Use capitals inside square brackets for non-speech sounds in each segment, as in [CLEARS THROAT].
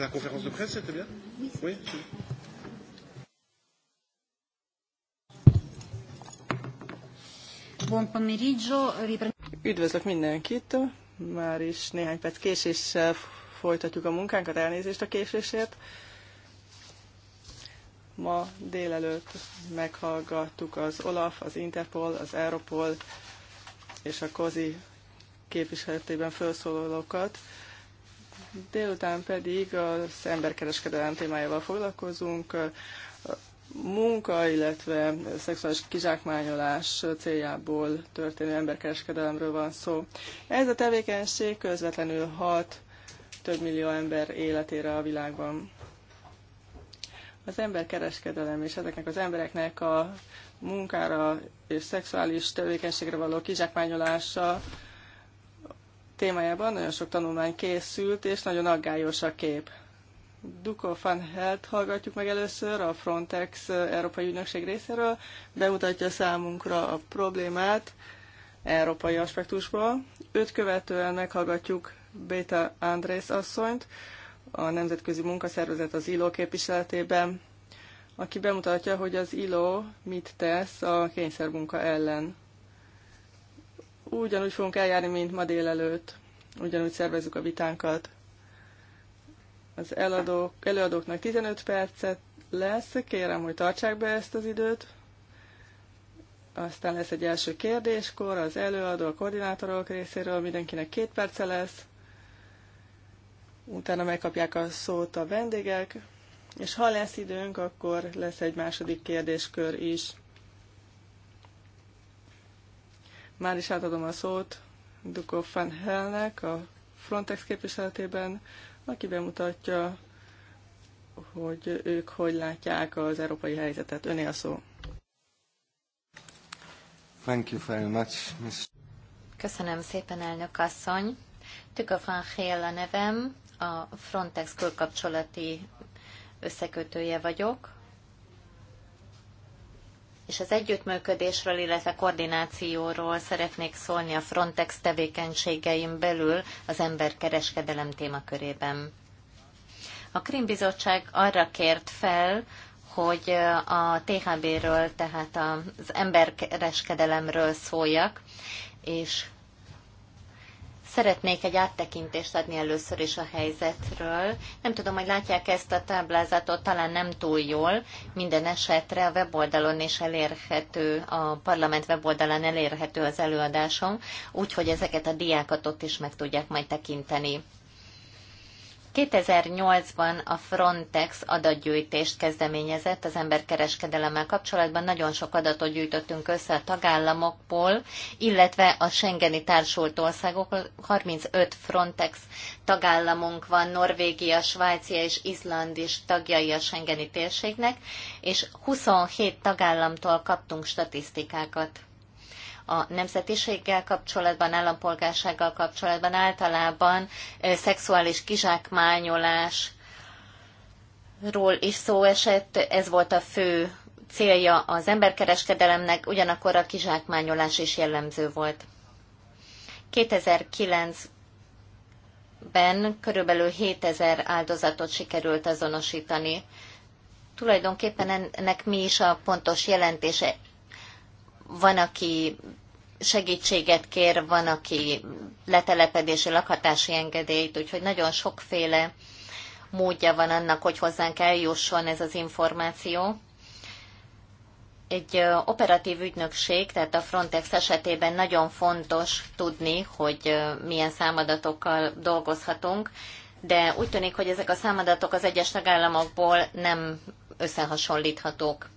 La conférence de presse, c'était bien Oui. Bon pomeriggio. Üdvözlök mindenkit! Már is néhány perc késéssel folytatjuk a munkánkat, elnézést a késésért. Ma délelőtt meghallgattuk az OLAF, az Interpol, az Europol és a COZI képviseletében felszólalókat délután pedig az emberkereskedelem témájával foglalkozunk, munka, illetve szexuális kizsákmányolás céljából történő emberkereskedelemről van szó. Ez a tevékenység közvetlenül hat több millió ember életére a világban. Az emberkereskedelem és ezeknek az embereknek a munkára és szexuális tevékenységre való kizsákmányolása témájában nagyon sok tanulmány készült, és nagyon aggályos a kép. Duko van Helt hallgatjuk meg először a Frontex Európai Ügynökség részéről, bemutatja számunkra a problémát európai aspektusból. Őt követően meghallgatjuk Béta Andrész asszonyt, a Nemzetközi Munkaszervezet az ILO képviseletében, aki bemutatja, hogy az ILO mit tesz a kényszermunka ellen ugyanúgy fogunk eljárni, mint ma délelőtt. Ugyanúgy szervezzük a vitánkat. Az eladók, előadóknak 15 percet lesz, kérem, hogy tartsák be ezt az időt. Aztán lesz egy első kérdéskor, az előadó, a koordinátorok részéről mindenkinek két perce lesz. Utána megkapják a szót a vendégek, és ha lesz időnk, akkor lesz egy második kérdéskör is. Már is átadom a szót Duko van Hellnek a Frontex képviseletében, aki bemutatja, hogy ők hogy látják az európai helyzetet. Öné a szó. Thank you very much, Ms. Köszönöm szépen, elnök asszony. Tüka van Hél a nevem, a Frontex külkapcsolati összekötője vagyok és az együttműködésről, illetve koordinációról szeretnék szólni a Frontex tevékenységeim belül az emberkereskedelem témakörében. A Krimbizottság arra kért fel, hogy a THB-ről, tehát az emberkereskedelemről szóljak, és Szeretnék egy áttekintést adni először is a helyzetről. Nem tudom, hogy látják ezt a táblázatot, talán nem túl jól. Minden esetre a weboldalon is elérhető, a parlament weboldalán elérhető az előadásom, úgyhogy ezeket a diákat ott is meg tudják majd tekinteni. 2008-ban a Frontex adatgyűjtést kezdeményezett az emberkereskedelemmel kapcsolatban. Nagyon sok adatot gyűjtöttünk össze a tagállamokból, illetve a Schengeni társult országok. 35 Frontex tagállamunk van, Norvégia, Svájcia és Izland is tagjai a Schengeni térségnek, és 27 tagállamtól kaptunk statisztikákat a nemzetiséggel kapcsolatban, állampolgársággal kapcsolatban általában szexuális kizsákmányolás, ról is szó esett, ez volt a fő célja az emberkereskedelemnek, ugyanakkor a kizsákmányolás is jellemző volt. 2009-ben körülbelül 7000 áldozatot sikerült azonosítani. Tulajdonképpen ennek mi is a pontos jelentése? Van, aki segítséget kér, van, aki letelepedési lakhatási engedélyt, úgyhogy nagyon sokféle módja van annak, hogy hozzánk eljusson ez az információ. Egy operatív ügynökség, tehát a Frontex esetében nagyon fontos tudni, hogy milyen számadatokkal dolgozhatunk, de úgy tűnik, hogy ezek a számadatok az egyes tagállamokból nem összehasonlíthatók.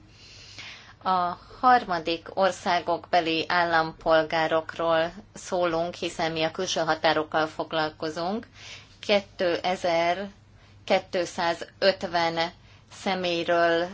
A harmadik országokbeli állampolgárokról szólunk, hiszen mi a külső határokkal foglalkozunk. 2250 személyről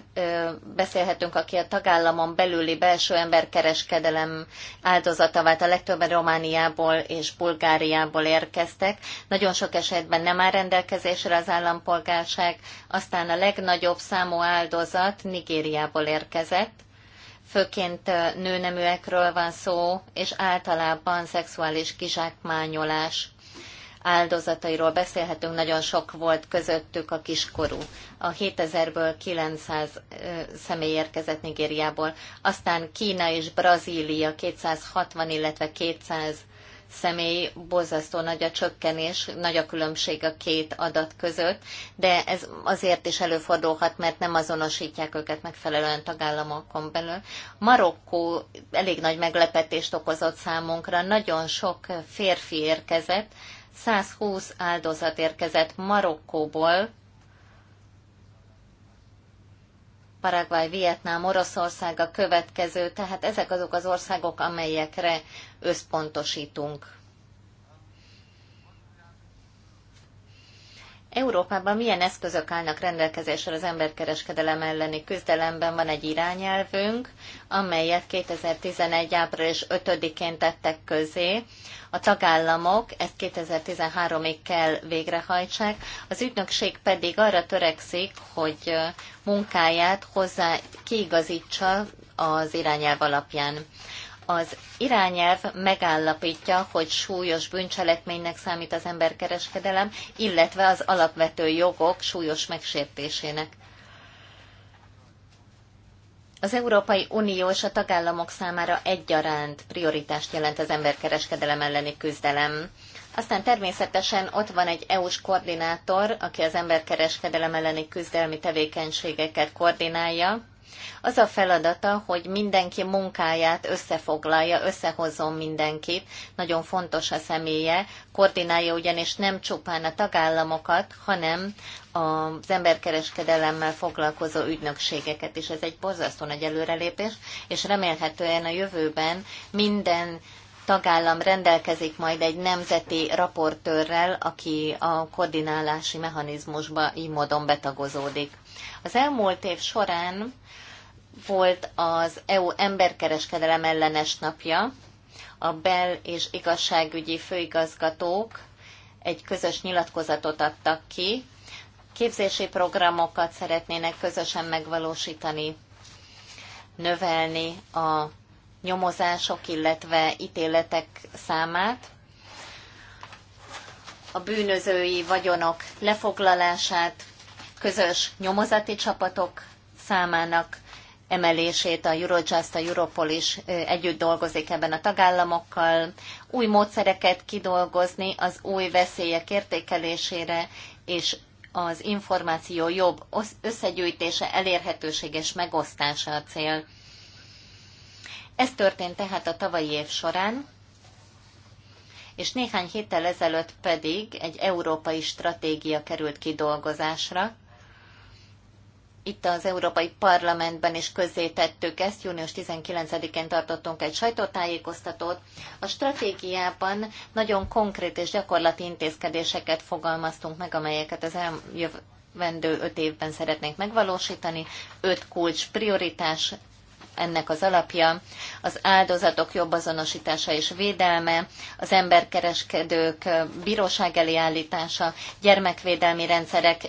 beszélhetünk, aki a tagállamon belüli belső emberkereskedelem áldozata vált. A legtöbben Romániából és Bulgáriából érkeztek. Nagyon sok esetben nem áll rendelkezésre az állampolgárság, aztán a legnagyobb számú áldozat Nigériából érkezett főként nőneműekről van szó, és általában szexuális kizsákmányolás áldozatairól beszélhetünk, nagyon sok volt közöttük a kiskorú. A 7000-ből 900 személy érkezett Nigériából, aztán Kína és Brazília 260, illetve 200 személy, borzasztó nagy a csökkenés, nagy a különbség a két adat között, de ez azért is előfordulhat, mert nem azonosítják őket megfelelően tagállamokon belül. Marokkó elég nagy meglepetést okozott számunkra, nagyon sok férfi érkezett, 120 áldozat érkezett Marokkóból, Paraguay, Vietnám, Oroszország a következő, tehát ezek azok az országok, amelyekre összpontosítunk. Európában milyen eszközök állnak rendelkezésre az emberkereskedelem elleni küzdelemben? Van egy irányelvünk, amelyet 2011. április 5-én tettek közé. A tagállamok ezt 2013-ig kell végrehajtsák, az ügynökség pedig arra törekszik, hogy munkáját hozzá kiigazítsa az irányelv alapján. Az irányelv megállapítja, hogy súlyos bűncselekménynek számít az emberkereskedelem, illetve az alapvető jogok súlyos megsértésének. Az Európai Unió és a tagállamok számára egyaránt prioritást jelent az emberkereskedelem elleni küzdelem. Aztán természetesen ott van egy EU-s koordinátor, aki az emberkereskedelem elleni küzdelmi tevékenységeket koordinálja. Az a feladata, hogy mindenki munkáját összefoglalja, összehozom mindenkit, nagyon fontos a személye, koordinálja ugyanis nem csupán a tagállamokat, hanem az emberkereskedelemmel foglalkozó ügynökségeket is. Ez egy borzasztó nagy előrelépés, és remélhetően a jövőben minden tagállam rendelkezik majd egy nemzeti raportőrrel, aki a koordinálási mechanizmusba így módon betagozódik. Az elmúlt év során volt az EU emberkereskedelem ellenes napja, a bel- és igazságügyi főigazgatók egy közös nyilatkozatot adtak ki, képzési programokat szeretnének közösen megvalósítani, növelni a nyomozások, illetve ítéletek számát, a bűnözői vagyonok lefoglalását, közös nyomozati csapatok számának emelését, a Eurojust, a Europol is együtt dolgozik ebben a tagállamokkal, új módszereket kidolgozni az új veszélyek értékelésére, és az információ jobb összegyűjtése, elérhetőséges megosztása a cél. Ez történt tehát a tavalyi év során, és néhány héttel ezelőtt pedig egy európai stratégia került kidolgozásra. Itt az Európai Parlamentben is közzétettük ezt, június 19-én tartottunk egy sajtótájékoztatót. A stratégiában nagyon konkrét és gyakorlati intézkedéseket fogalmaztunk meg, amelyeket az eljövendő öt évben szeretnénk megvalósítani. Öt kulcs prioritás ennek az alapja az áldozatok jobb és védelme, az emberkereskedők bíróság elé állítása, gyermekvédelmi rendszerek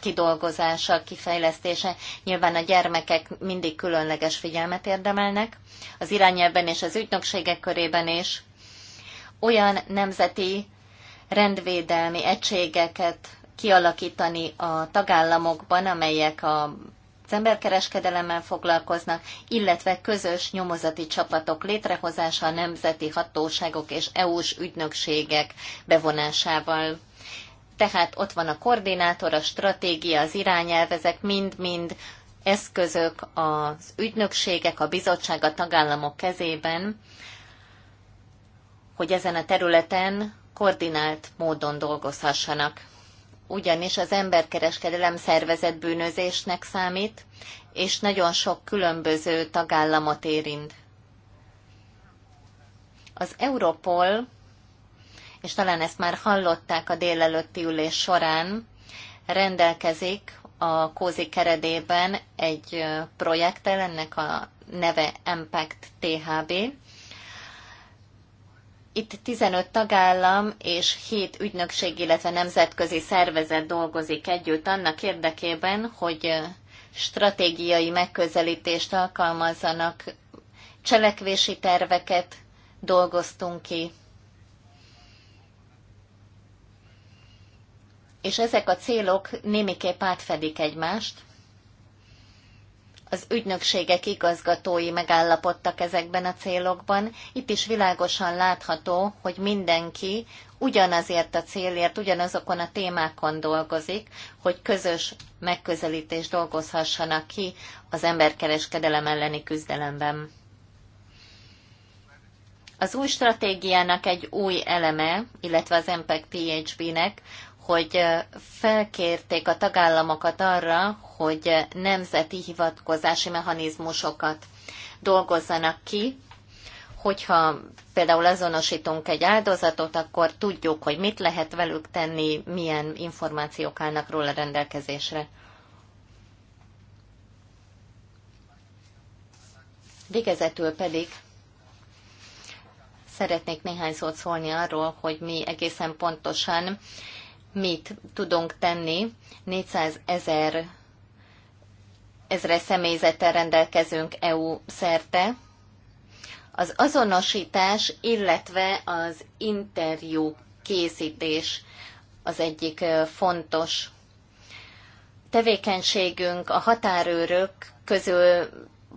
kidolgozása, kifejlesztése. Nyilván a gyermekek mindig különleges figyelmet érdemelnek, az irányelben és az ügynökségek körében is. Olyan nemzeti rendvédelmi egységeket kialakítani a tagállamokban, amelyek a az emberkereskedelemmel foglalkoznak, illetve közös nyomozati csapatok létrehozása a nemzeti hatóságok és EU-s ügynökségek bevonásával. Tehát ott van a koordinátor, a stratégia, az irányelv, ezek mind-mind eszközök az ügynökségek, a bizottság, a tagállamok kezében, hogy ezen a területen koordinált módon dolgozhassanak ugyanis az emberkereskedelem szervezett bűnözésnek számít, és nagyon sok különböző tagállamot érint. Az Europol, és talán ezt már hallották a délelőtti ülés során, rendelkezik a Kózi keredében egy projekttel, ennek a neve Impact THB, itt 15 tagállam és 7 ügynökség, illetve nemzetközi szervezet dolgozik együtt annak érdekében, hogy stratégiai megközelítést alkalmazzanak, cselekvési terveket dolgoztunk ki, és ezek a célok némiképp átfedik egymást, az ügynökségek igazgatói megállapodtak ezekben a célokban. Itt is világosan látható, hogy mindenki ugyanazért a célért, ugyanazokon a témákon dolgozik, hogy közös megközelítést dolgozhassanak ki az emberkereskedelem elleni küzdelemben. Az új stratégiának egy új eleme, illetve az MPEG PHB-nek, hogy felkérték a tagállamokat arra, hogy nemzeti hivatkozási mechanizmusokat dolgozzanak ki, hogyha például azonosítunk egy áldozatot, akkor tudjuk, hogy mit lehet velük tenni, milyen információk állnak róla rendelkezésre. Végezetül pedig szeretnék néhány szót szólni arról, hogy mi egészen pontosan mit tudunk tenni 400 ezer ezre személyzettel rendelkezünk EU szerte. Az azonosítás, illetve az interjú készítés az egyik fontos tevékenységünk. A határőrök közül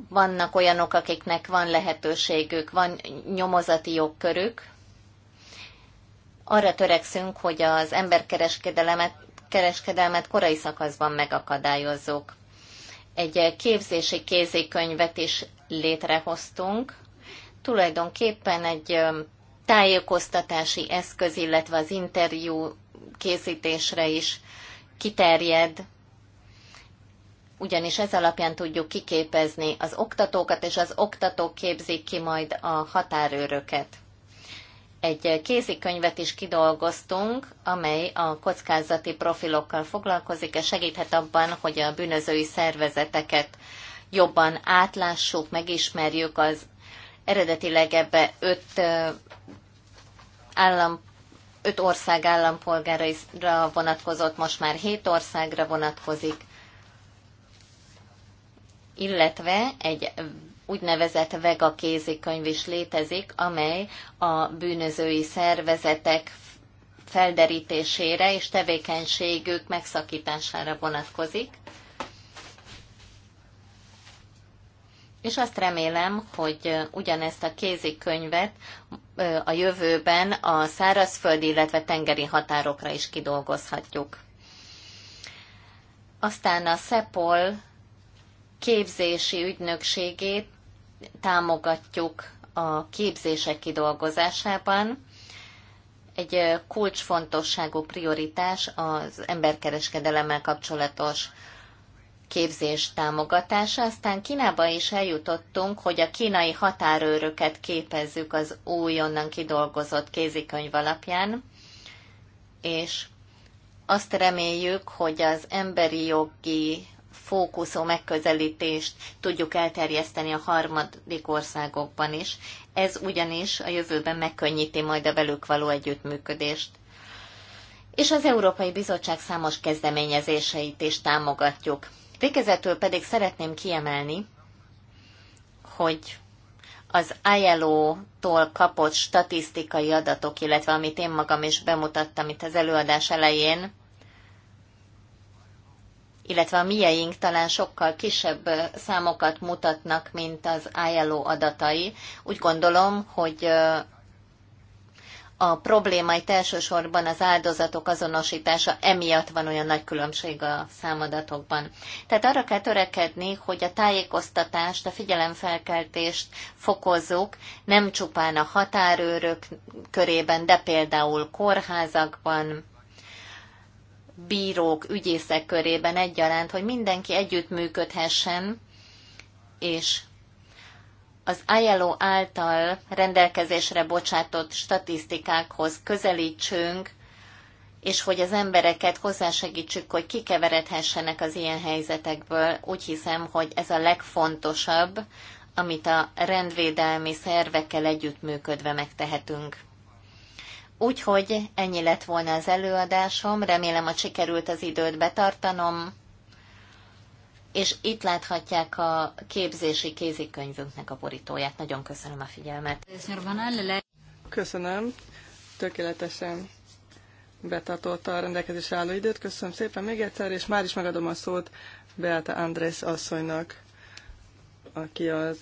vannak olyanok, akiknek van lehetőségük, van nyomozati jogkörük. Arra törekszünk, hogy az emberkereskedelmet kereskedelmet korai szakaszban megakadályozzuk egy eh, képzési kézikönyvet is létrehoztunk. Tulajdonképpen egy eh, tájékoztatási eszköz, illetve az interjú készítésre is kiterjed, ugyanis ez alapján tudjuk kiképezni az oktatókat, és az oktatók képzik ki majd a határőröket egy kézikönyvet is kidolgoztunk, amely a kockázati profilokkal foglalkozik, és segíthet abban, hogy a bűnözői szervezeteket jobban átlássuk, megismerjük az eredetileg ebbe öt, állam, öt ország állampolgára vonatkozott, most már hét országra vonatkozik, illetve egy úgynevezett Vega kézikönyv is létezik, amely a bűnözői szervezetek felderítésére és tevékenységük megszakítására vonatkozik. És azt remélem, hogy ugyanezt a kézikönyvet a jövőben a szárazföldi, illetve tengeri határokra is kidolgozhatjuk. Aztán a SEPOL képzési ügynökségét támogatjuk a képzések kidolgozásában. Egy kulcsfontosságú prioritás az emberkereskedelemmel kapcsolatos képzés támogatása. Aztán Kínába is eljutottunk, hogy a kínai határőröket képezzük az újonnan kidolgozott kézikönyv alapján, és azt reméljük, hogy az emberi jogi fókuszú megközelítést tudjuk elterjeszteni a harmadik országokban is. Ez ugyanis a jövőben megkönnyíti majd a velük való együttműködést. És az Európai Bizottság számos kezdeményezéseit is támogatjuk. Végezetül pedig szeretném kiemelni, hogy az ILO-tól kapott statisztikai adatok, illetve amit én magam is bemutattam itt az előadás elején, illetve a mieink talán sokkal kisebb számokat mutatnak, mint az ILO adatai. Úgy gondolom, hogy a probléma itt elsősorban az áldozatok azonosítása, emiatt van olyan nagy különbség a számadatokban. Tehát arra kell törekedni, hogy a tájékoztatást, a figyelemfelkeltést fokozzuk, nem csupán a határőrök körében, de például kórházakban, bírók, ügyészek körében egyaránt, hogy mindenki együttműködhessen, és az ILO által rendelkezésre bocsátott statisztikákhoz közelítsünk, és hogy az embereket hozzásegítsük, hogy kikeveredhessenek az ilyen helyzetekből. Úgy hiszem, hogy ez a legfontosabb, amit a rendvédelmi szervekkel együttműködve megtehetünk. Úgyhogy ennyi lett volna az előadásom, remélem, hogy sikerült az időt betartanom, és itt láthatják a képzési kézikönyvünknek a borítóját. Nagyon köszönöm a figyelmet. Köszönöm, tökéletesen betartotta a rendelkezésre álló időt. Köszönöm szépen még egyszer, és már is megadom a szót Beata Andrész asszonynak aki az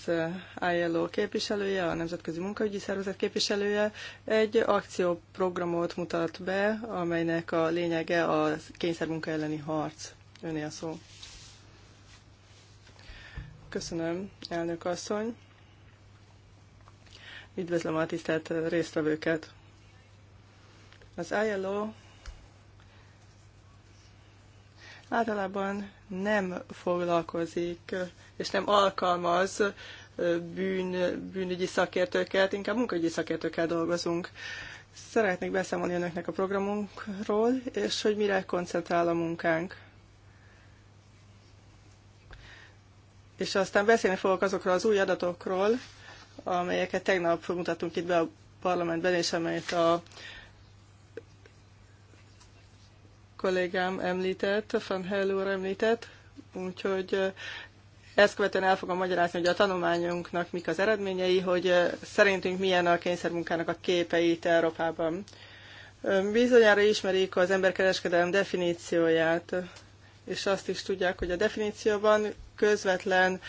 eh, ILO képviselője, a Nemzetközi Munkaügyi Szervezet képviselője, egy akcióprogramot mutat be, amelynek a lényege a kényszermunka elleni harc. Öné a szó. Köszönöm, elnök asszony. Üdvözlöm a tisztelt résztvevőket. Az ILO általában nem foglalkozik és nem alkalmaz bűn, bűnügyi szakértőket, inkább munkaügyi szakértőkkel dolgozunk. Szeretnék beszámolni önöknek a programunkról, és hogy mire koncentrál a munkánk. És aztán beszélni fogok azokról az új adatokról, amelyeket tegnap mutattunk itt be a parlamentben, és amelyet a kollégám említett, Van Hell említett, úgyhogy ezt követően el fogom magyarázni, hogy a tanulmányunknak mik az eredményei, hogy szerintünk milyen a kényszermunkának a képeit Európában. Bizonyára ismerik az emberkereskedelem definícióját, és azt is tudják, hogy a definícióban közvetlen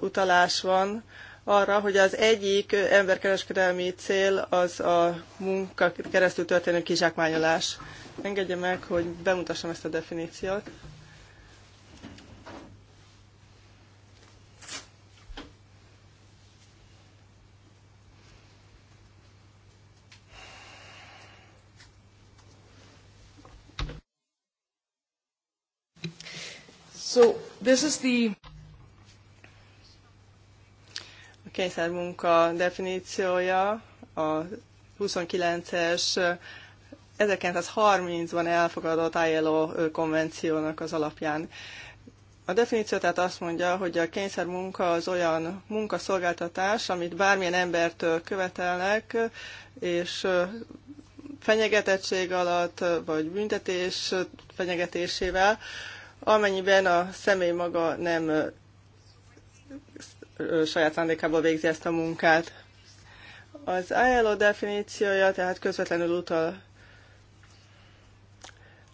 utalás van arra, hogy az egyik emberkereskedelmi cél az a munka keresztül történő kizsákmányolás. Engedje meg, hogy bemutassam ezt a definíciót. So, this is the... A kényszermunka definíciója a 29-es 1930-ban elfogadott ILO konvenciónak az alapján. A definíció tehát azt mondja, hogy a kényszermunka az olyan munkaszolgáltatás, amit bármilyen embertől követelnek, és fenyegetettség alatt, vagy büntetés fenyegetésével amennyiben a személy maga nem saját szándékából végzi ezt a munkát. Az ILO definíciója tehát közvetlenül utal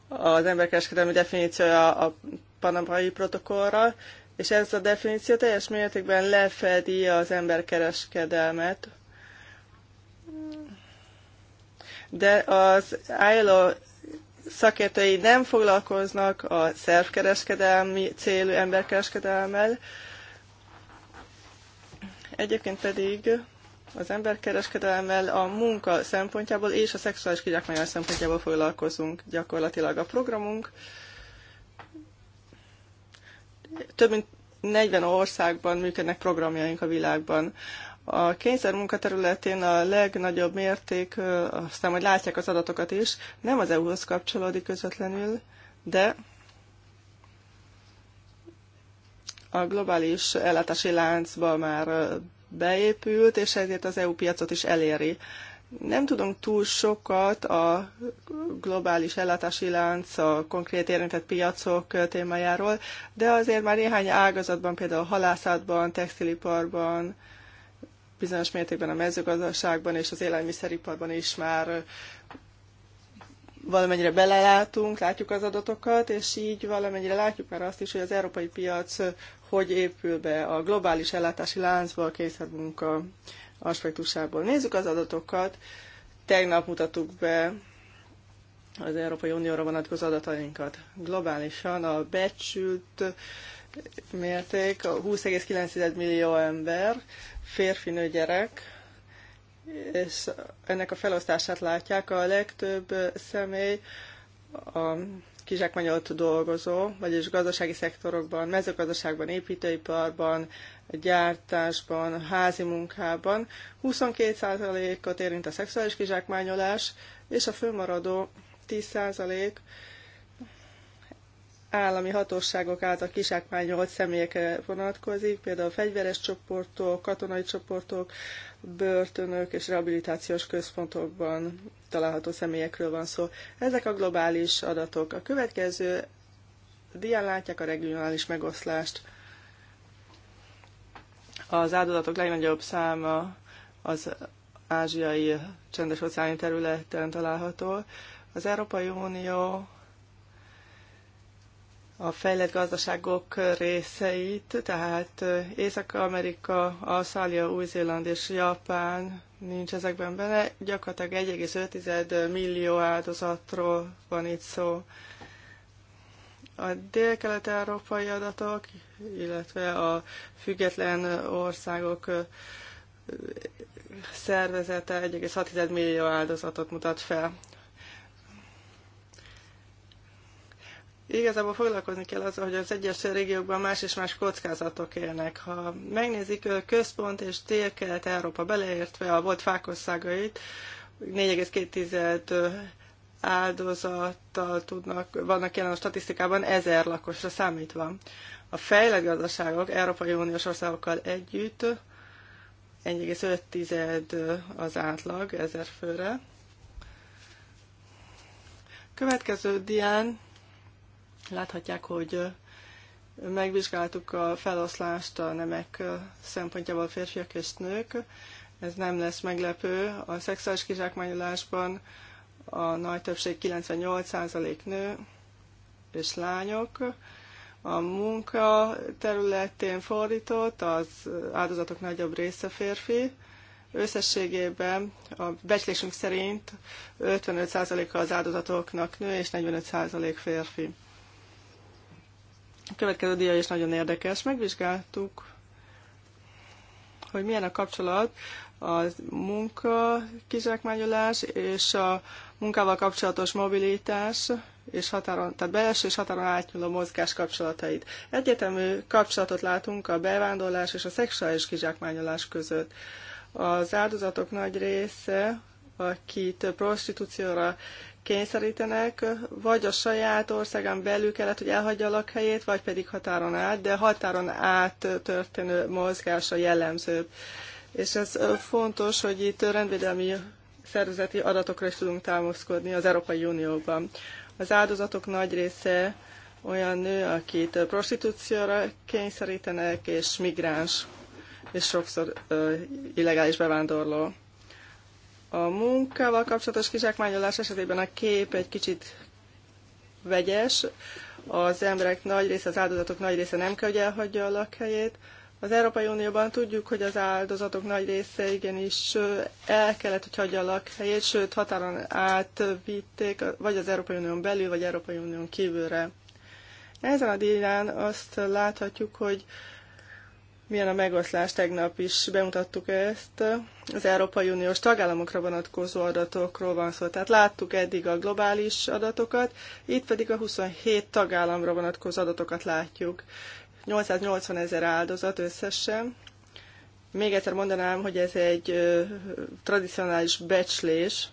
az emberkereskedelmi definíciója a panamai protokollra, és ez a definíció teljes mértékben lefedi az emberkereskedelmet. De az ILO szakértői nem foglalkoznak a szervkereskedelmi célú emberkereskedelmmel. Egyébként pedig az emberkereskedelemmel a munka szempontjából és a szexuális kizsákmányolás szempontjából foglalkozunk gyakorlatilag a programunk. Több mint 40 országban működnek programjaink a világban. A kényszer munkaterületén a legnagyobb mérték, aztán hogy látják az adatokat is, nem az EU-hoz kapcsolódik közvetlenül, de a globális ellátási láncba már beépült, és ezért az EU piacot is eléri. Nem tudunk túl sokat a globális ellátási lánc, a konkrét érintett piacok témájáról, de azért már néhány ágazatban, például a halászatban, textiliparban, bizonyos mértékben a mezőgazdaságban és az élelmiszeriparban is már valamennyire belelátunk, látjuk az adatokat, és így valamennyire látjuk már azt is, hogy az európai piac hogy épül be a globális ellátási láncba a kényszermunka aspektusából. Nézzük az adatokat. Tegnap mutattuk be az Európai Unióra vonatkozó adatainkat. Globálisan a becsült mérték, 20,9 millió ember, férfi, nő, gyerek, és ennek a felosztását látják. A legtöbb személy a kizsákmányolt dolgozó, vagyis gazdasági szektorokban, mezőgazdaságban, építőiparban, gyártásban, házi munkában. 22%-ot érint a szexuális kizsákmányolás, és a fölmaradó 10% állami hatóságok által kisákmányolt személyekre vonatkozik, például fegyveres csoportok, katonai csoportok, börtönök és rehabilitációs központokban található személyekről van szó. Ezek a globális adatok. A következő dián látják a regionális megoszlást. Az áldozatok legnagyobb száma az ázsiai csendes óceáni területen található. Az Európai Unió a fejlett gazdaságok részeit, tehát Észak-Amerika, Ausztrália, Új-Zéland és Japán nincs ezekben benne. Gyakorlatilag 1,5 millió áldozatról van itt szó. A dél-kelet-európai adatok, illetve a független országok szervezete 1,6 millió áldozatot mutat fel. Igazából foglalkozni kell azzal, hogy az egyes régiókban más és más kockázatok élnek. Ha megnézik központ és télkelet Európa beleértve a volt fákosszágait, 4,2 áldozattal tudnak, vannak jelen a statisztikában ezer lakosra számítva. A fejlett gazdaságok Európai Uniós országokkal együtt 1,5 az átlag ezer főre. Következő dián Láthatják, hogy megvizsgáltuk a feloszlást a nemek szempontjából férfiak és nők. Ez nem lesz meglepő. A szexuális kizsákmányolásban a nagy többség 98% nő és lányok. A munka területén fordított, az áldozatok nagyobb része férfi. Összességében a becslésünk szerint 55%-a az áldozatoknak nő és 45% férfi a következő dia is nagyon érdekes. Megvizsgáltuk, hogy milyen a kapcsolat a munka kizsákmányolás és a munkával kapcsolatos mobilitás és határon, tehát belső és határon átnyúló mozgás kapcsolatait. Egyetemű kapcsolatot látunk a bevándorlás és a szexuális kizsákmányolás között. Az áldozatok nagy része, aki több prostitúcióra kényszerítenek, vagy a saját országán belül kellett, hogy elhagyja a lakhelyét, vagy pedig határon át, de határon át történő mozgás a jellemzőbb. És ez fontos, hogy itt rendvédelmi szervezeti adatokra is tudunk támaszkodni az Európai Unióban. Az áldozatok nagy része olyan nő, akit prostitúcióra kényszerítenek, és migráns, és sokszor illegális bevándorló. A munkával kapcsolatos kizsákmányolás esetében a kép egy kicsit vegyes. Az emberek nagy része, az áldozatok nagy része nem kell, hogy elhagyja a lakhelyét. Az Európai Unióban tudjuk, hogy az áldozatok nagy része igenis el kellett, hogy hagyja a lakhelyét, sőt határon átvitték, vagy az Európai Unión belül, vagy Európai Unión kívülre. Ezen a díján azt láthatjuk, hogy milyen a megoszlás, tegnap is bemutattuk ezt. Az Európai Uniós tagállamokra vonatkozó adatokról van szó. Tehát láttuk eddig a globális adatokat, itt pedig a 27 tagállamra vonatkozó adatokat látjuk. 880 ezer áldozat összesen. Még egyszer mondanám, hogy ez egy ö, tradicionális becslés,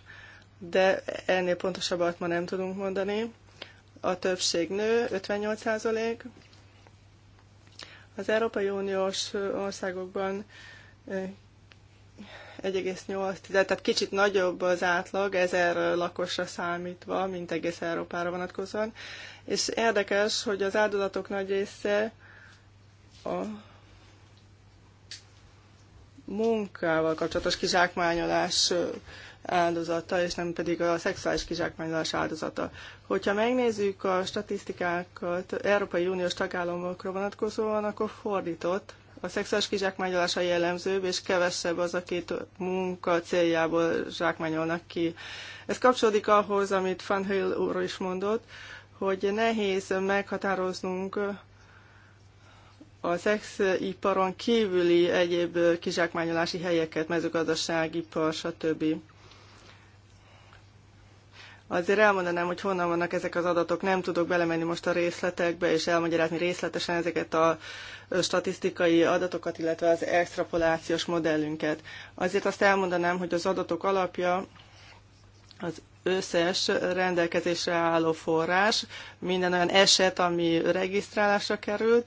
de ennél pontosabbat ma nem tudunk mondani. A többség nő, 58 százalék, az Európai Uniós országokban 1,8, tehát kicsit nagyobb az átlag, ezer lakosra számítva, mint egész Európára vonatkozóan. És érdekes, hogy az áldozatok nagy része a munkával kapcsolatos kizsákmányolás áldozata, és nem pedig a szexuális kizsákmányolás áldozata. Hogyha megnézzük a statisztikákat Európai Uniós tagállamokra vonatkozóan, akkor fordított, a szexuális a jellemzőbb, és kevesebb az, akit munka céljából zsákmányolnak ki. Ez kapcsolódik ahhoz, amit Van Hill úr is mondott, hogy nehéz meghatároznunk a szexiparon kívüli egyéb kizsákmányolási helyeket, mezőgazdaság, ipar, stb. Azért elmondanám, hogy honnan vannak ezek az adatok, nem tudok belemenni most a részletekbe, és elmagyarázni részletesen ezeket a statisztikai adatokat, illetve az extrapolációs modellünket. Azért azt elmondanám, hogy az adatok alapja az összes rendelkezésre álló forrás, minden olyan eset, ami regisztrálásra került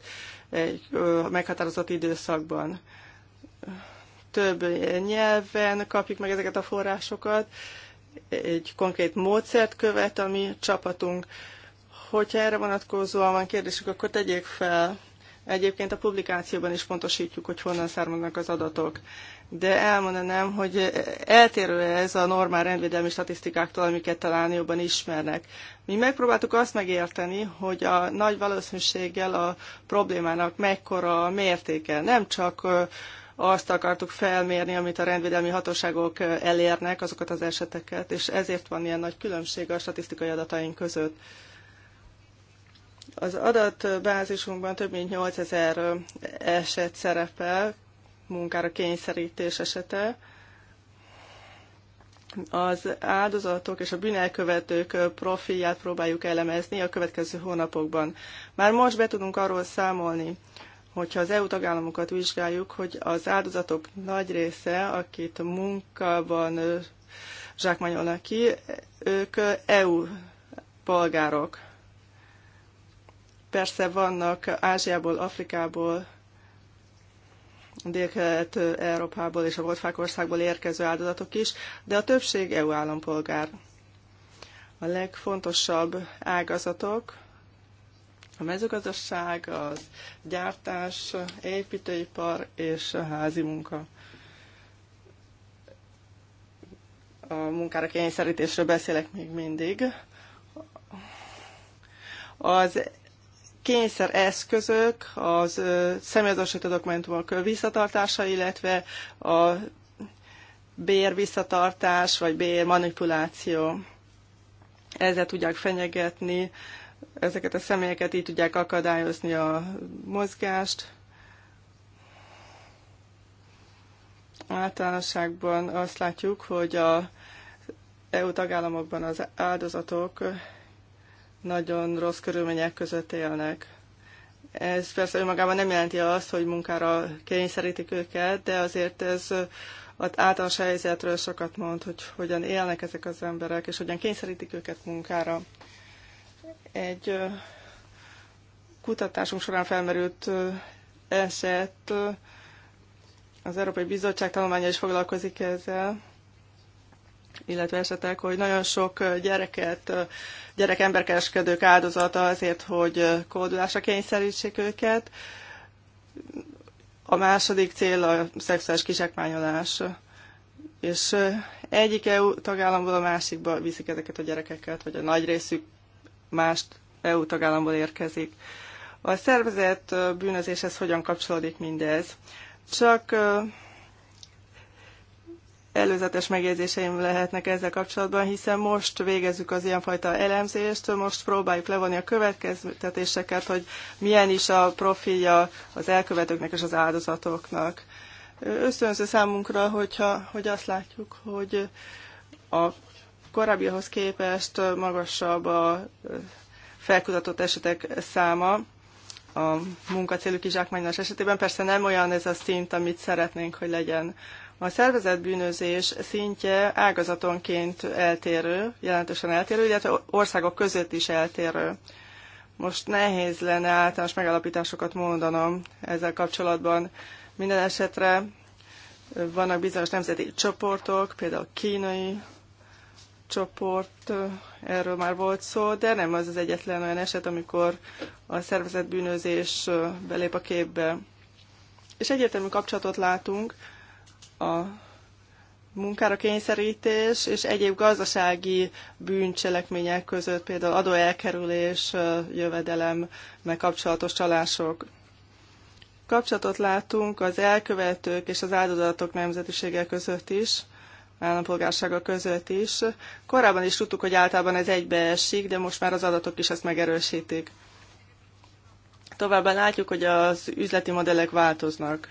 egy meghatározott időszakban. Több nyelven kapjuk meg ezeket a forrásokat, egy konkrét módszert követ a mi csapatunk. Hogyha erre vonatkozóan van kérdésük, akkor tegyék fel. Egyébként a publikációban is pontosítjuk, hogy honnan származnak az adatok. De elmondanám, hogy eltérő -e ez a normál rendvédelmi statisztikáktól, amiket talán jobban ismernek. Mi megpróbáltuk azt megérteni, hogy a nagy valószínűséggel a problémának mekkora a mértéke. Nem csak azt akartuk felmérni, amit a rendvédelmi hatóságok elérnek, azokat az eseteket, és ezért van ilyen nagy különbség a statisztikai adataink között. Az adatbázisunkban több mint 8000 eset szerepel, munkára kényszerítés esete. Az áldozatok és a bűnelkövetők profilját próbáljuk elemezni a következő hónapokban. Már most be tudunk arról számolni, hogyha az EU tagállamokat vizsgáljuk, hogy az áldozatok nagy része, akit munkában zsákmányolnak ki, ők EU polgárok. Persze vannak Ázsiából, Afrikából, Dél-Kelet-Európából és a Voltfákországból érkező áldozatok is, de a többség EU állampolgár. A legfontosabb ágazatok a mezőgazdaság, a gyártás, építőipar és a házi munka. A munkára kényszerítésről beszélek még mindig. Az kényszer eszközök, az személyazosító dokumentumok visszatartása, illetve a bér visszatartás vagy bér manipuláció. Ezzel tudják fenyegetni Ezeket a személyeket így tudják akadályozni a mozgást. Általánosságban azt látjuk, hogy a EU tagállamokban az áldozatok nagyon rossz körülmények között élnek. Ez persze önmagában nem jelenti azt, hogy munkára kényszerítik őket, de azért ez az általános helyzetről sokat mond, hogy hogyan élnek ezek az emberek, és hogyan kényszerítik őket munkára. Egy kutatásunk során felmerült eset, az Európai Bizottság tanulmánya is foglalkozik ezzel, illetve esetek, hogy nagyon sok gyereket, gyerek emberkereskedők áldozata azért, hogy kódulásra kényszerítsék őket. A második cél a szexuális kizsákmányolás, és egyik EU tagállamból a másikba viszik ezeket a gyerekeket, vagy a nagy részük más EU tagállamból érkezik. A szervezet bűnözéshez hogyan kapcsolódik mindez? Csak előzetes megjegyzéseim lehetnek ezzel kapcsolatban, hiszen most végezzük az ilyenfajta elemzést, most próbáljuk levonni a következtetéseket, hogy milyen is a profilja az elkövetőknek és az áldozatoknak. Ösztönző számunkra, hogyha, hogy azt látjuk, hogy a korábbihoz képest magasabb a felkutatott esetek száma a munkacélú kizsákmányolás esetében. Persze nem olyan ez a szint, amit szeretnénk, hogy legyen. A szervezetbűnözés szintje ágazatonként eltérő, jelentősen eltérő, illetve országok között is eltérő. Most nehéz lenne általános megalapításokat mondanom ezzel kapcsolatban. Minden esetre vannak bizonyos nemzeti csoportok, például kínai csoport, erről már volt szó, de nem az az egyetlen olyan eset, amikor a szervezett bűnözés belép a képbe. És egyértelmű kapcsolatot látunk a munkára kényszerítés és egyéb gazdasági bűncselekmények között, például adóelkerülés, meg kapcsolatos csalások. Kapcsolatot látunk az elkövetők és az áldozatok nemzetisége között is, állampolgársága között is. Korábban is tudtuk, hogy általában ez egybeesik, de most már az adatok is ezt megerősítik. Továbbá látjuk, hogy az üzleti modellek változnak.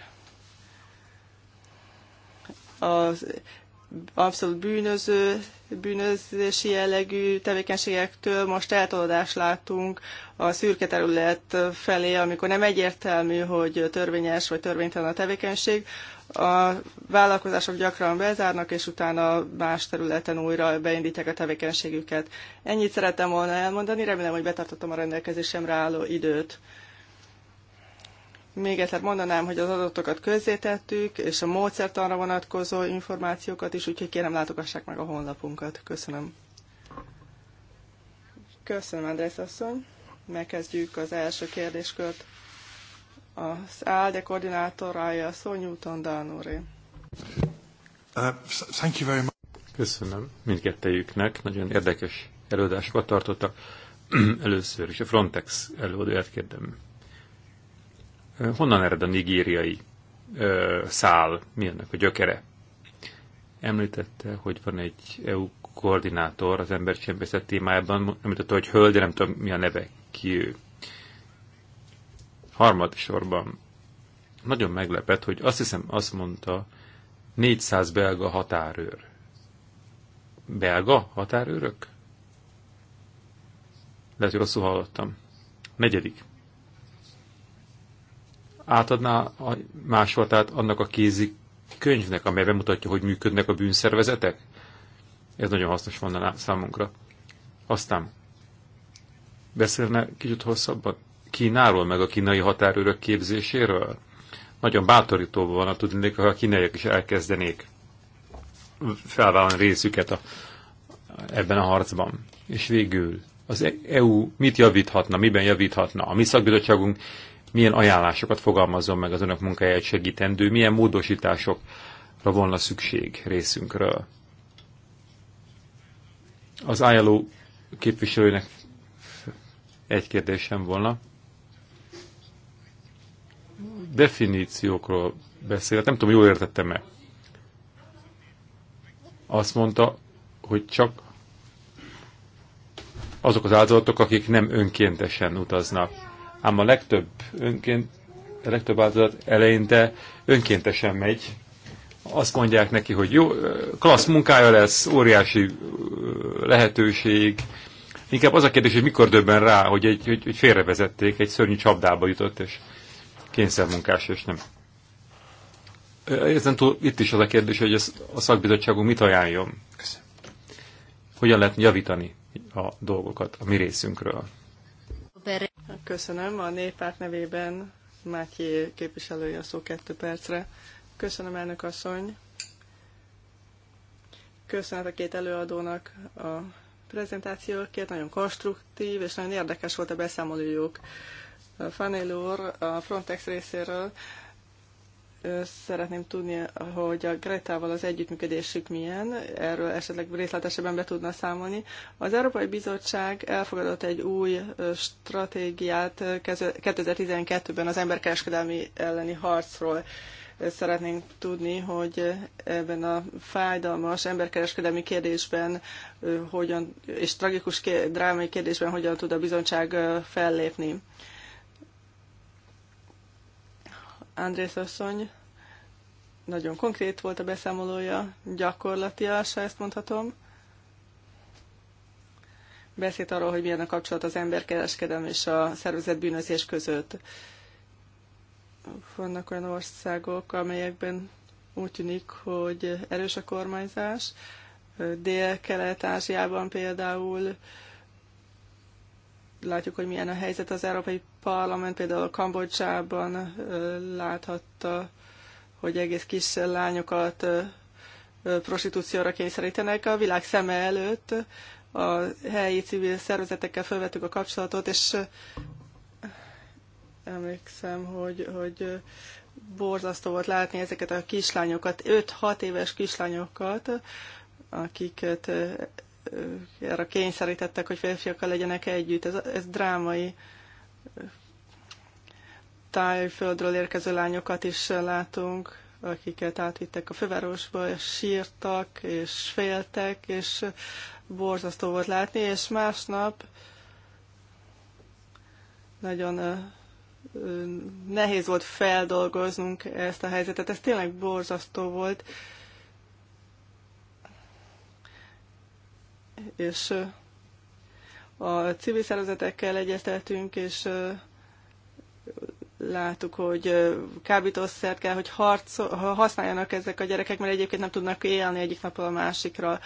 Az abszolút bűnöző, bűnözési jellegű tevékenységektől most eltolódást látunk a szürke terület felé, amikor nem egyértelmű, hogy törvényes vagy törvénytelen a tevékenység, a vállalkozások gyakran bezárnak, és utána más területen újra beindítják a tevékenységüket. Ennyit szerettem volna elmondani, remélem, hogy betartottam a rendelkezésemre álló időt. Még egyszer mondanám, hogy az adatokat közzétettük, és a módszert arra vonatkozó információkat is, úgyhogy kérem látogassák meg a honlapunkat. Köszönöm. Köszönöm, Andrész asszony. Megkezdjük az első kérdéskört. Az ALDE koordinátorája Szó Newton uh, thank you very much. Köszönöm mindkettejüknek. Nagyon érdekes előadásokat tartottak. [CLEARS THROAT] Először is a Frontex előadóját kérdem Honnan ered a nigériai szál? Mi ennek a gyökere? Említette, hogy van egy EU koordinátor az embercsempészet témájában, említette, hogy hölgy, nem tudom mi a neve, ki ő. Harmadsorban nagyon meglepett, hogy azt hiszem azt mondta, 400 belga határőr. Belga határőrök? Lehet, hogy rosszul hallottam. Negyedik átadná a másolatát annak a kézi könyvnek, amely bemutatja, hogy működnek a bűnszervezetek? Ez nagyon hasznos volna számunkra. Aztán beszélne kicsit hosszabban Kínáról, meg a kínai határőrök képzéséről? Nagyon bátorító volna tudnék, ha a kínaiak is elkezdenék felvállalni részüket a, ebben a harcban. És végül az EU e mit javíthatna, miben javíthatna? A mi szakbizottságunk milyen ajánlásokat fogalmazzon meg az önök munkáját segítendő, milyen módosításokra volna szükség részünkről. Az ILO képviselőnek egy kérdésem volna. Definíciókról beszélt, nem tudom, jól értettem-e. Azt mondta, hogy csak azok az áldozatok, akik nem önkéntesen utaznak ám a legtöbb, önként, a legtöbb áldozat eleinte önkéntesen megy. Azt mondják neki, hogy jó, klassz munkája lesz, óriási lehetőség. Inkább az a kérdés, hogy mikor döbben rá, hogy, egy, hogy, hogy félrevezették, egy szörnyű csapdába jutott, és kényszermunkás, és nem. Ezen túl itt is az a kérdés, hogy ez, a szakbizottságunk mit ajánljon. Hogyan lehet javítani a dolgokat a mi részünkről. Köszönöm. A néppárt nevében Mátyi képviselője a szó kettő percre. Köszönöm, elnök asszony. Köszönet a két előadónak a prezentációkért. Nagyon konstruktív és nagyon érdekes volt a beszámolójuk. Fanel úr a Frontex részéről szeretném tudni, hogy a Gretával az együttműködésük milyen, erről esetleg részletesebben be tudna számolni. Az Európai Bizottság elfogadott egy új stratégiát 2012-ben az emberkereskedelmi elleni harcról. Szeretnénk tudni, hogy ebben a fájdalmas emberkereskedelmi kérdésben hogyan, és tragikus drámai kérdésben hogyan tud a bizottság fellépni. Andrész asszony. Nagyon konkrét volt a beszámolója, gyakorlatias, ezt mondhatom. Beszélt arról, hogy milyen a kapcsolat az emberkereskedelem és a szervezett bűnözés között. Vannak olyan országok, amelyekben úgy tűnik, hogy erős a kormányzás. Dél-Kelet-Ázsiában például látjuk, hogy milyen a helyzet az Európai Parlament, például Kambodzsában láthatta, hogy egész kis lányokat prostitúcióra kényszerítenek a világ szeme előtt. A helyi civil szervezetekkel felvettük a kapcsolatot, és emlékszem, hogy, hogy borzasztó volt látni ezeket a kislányokat, 5-6 éves kislányokat, akiket arra kényszerítettek, hogy férfiakkal legyenek együtt. Ez, ez drámai. Tájföldről érkező lányokat is látunk, akiket átvittek a fővárosba, és sírtak, és féltek, és borzasztó volt látni, és másnap nagyon nehéz volt feldolgoznunk ezt a helyzetet. Ez tényleg borzasztó volt, és a civil szervezetekkel egyeztetünk, és láttuk, hogy kábítószert kell, hogy harc, használjanak ezek a gyerekek, mert egyébként nem tudnak élni egyik napról a másikra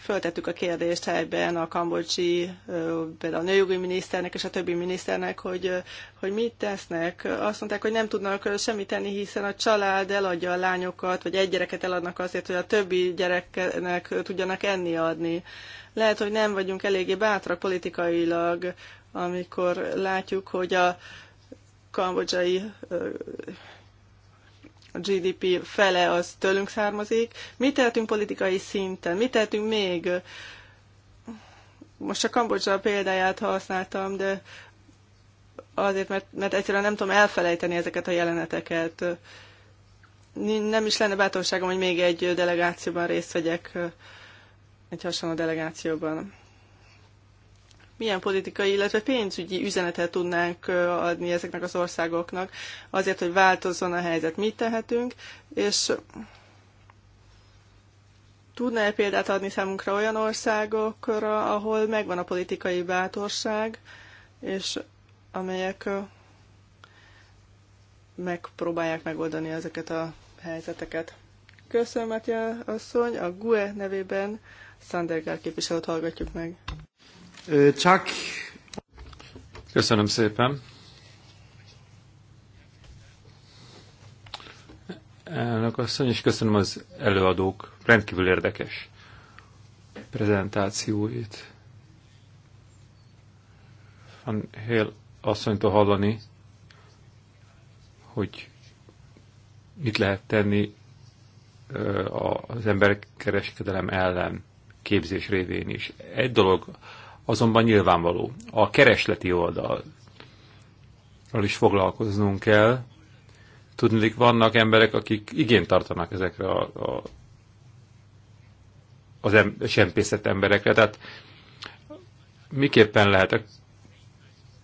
föltettük a kérdést helyben a kambodzsi, például a nőjogi miniszternek és a többi miniszternek, hogy, hogy mit tesznek. Azt mondták, hogy nem tudnak semmit tenni, hiszen a család eladja a lányokat, vagy egy gyereket eladnak azért, hogy a többi gyereknek tudjanak enni adni. Lehet, hogy nem vagyunk eléggé bátrak politikailag, amikor látjuk, hogy a kambodzsai a GDP fele az tőlünk származik. Mit tehetünk politikai szinten? Mit tehetünk még? Most a Kambodzsa példáját használtam, de azért, mert, mert egyszerűen nem tudom elfelejteni ezeket a jeleneteket. Nem is lenne bátorságom, hogy még egy delegációban részt vegyek, egy hasonló delegációban milyen politikai, illetve pénzügyi üzenetet tudnánk adni ezeknek az országoknak azért, hogy változzon a helyzet, mit tehetünk, és tudná-e példát adni számunkra olyan országokra, ahol megvan a politikai bátorság, és amelyek megpróbálják megoldani ezeket a helyzeteket. Köszönöm, Matya asszony, a GUE nevében Szandergár képviselőt hallgatjuk meg. Csak... Köszönöm szépen. Elnök asszony, és köszönöm az előadók rendkívül érdekes prezentációit. Van Hél asszonytól hallani, hogy mit lehet tenni az emberkereskedelem ellen képzés révén is. Egy dolog azonban nyilvánvaló. A keresleti oldalról is foglalkoznunk kell. Tudnék, vannak emberek, akik igényt tartanak ezekre a, a, az em, sempészet emberekre. Tehát miképpen lehet a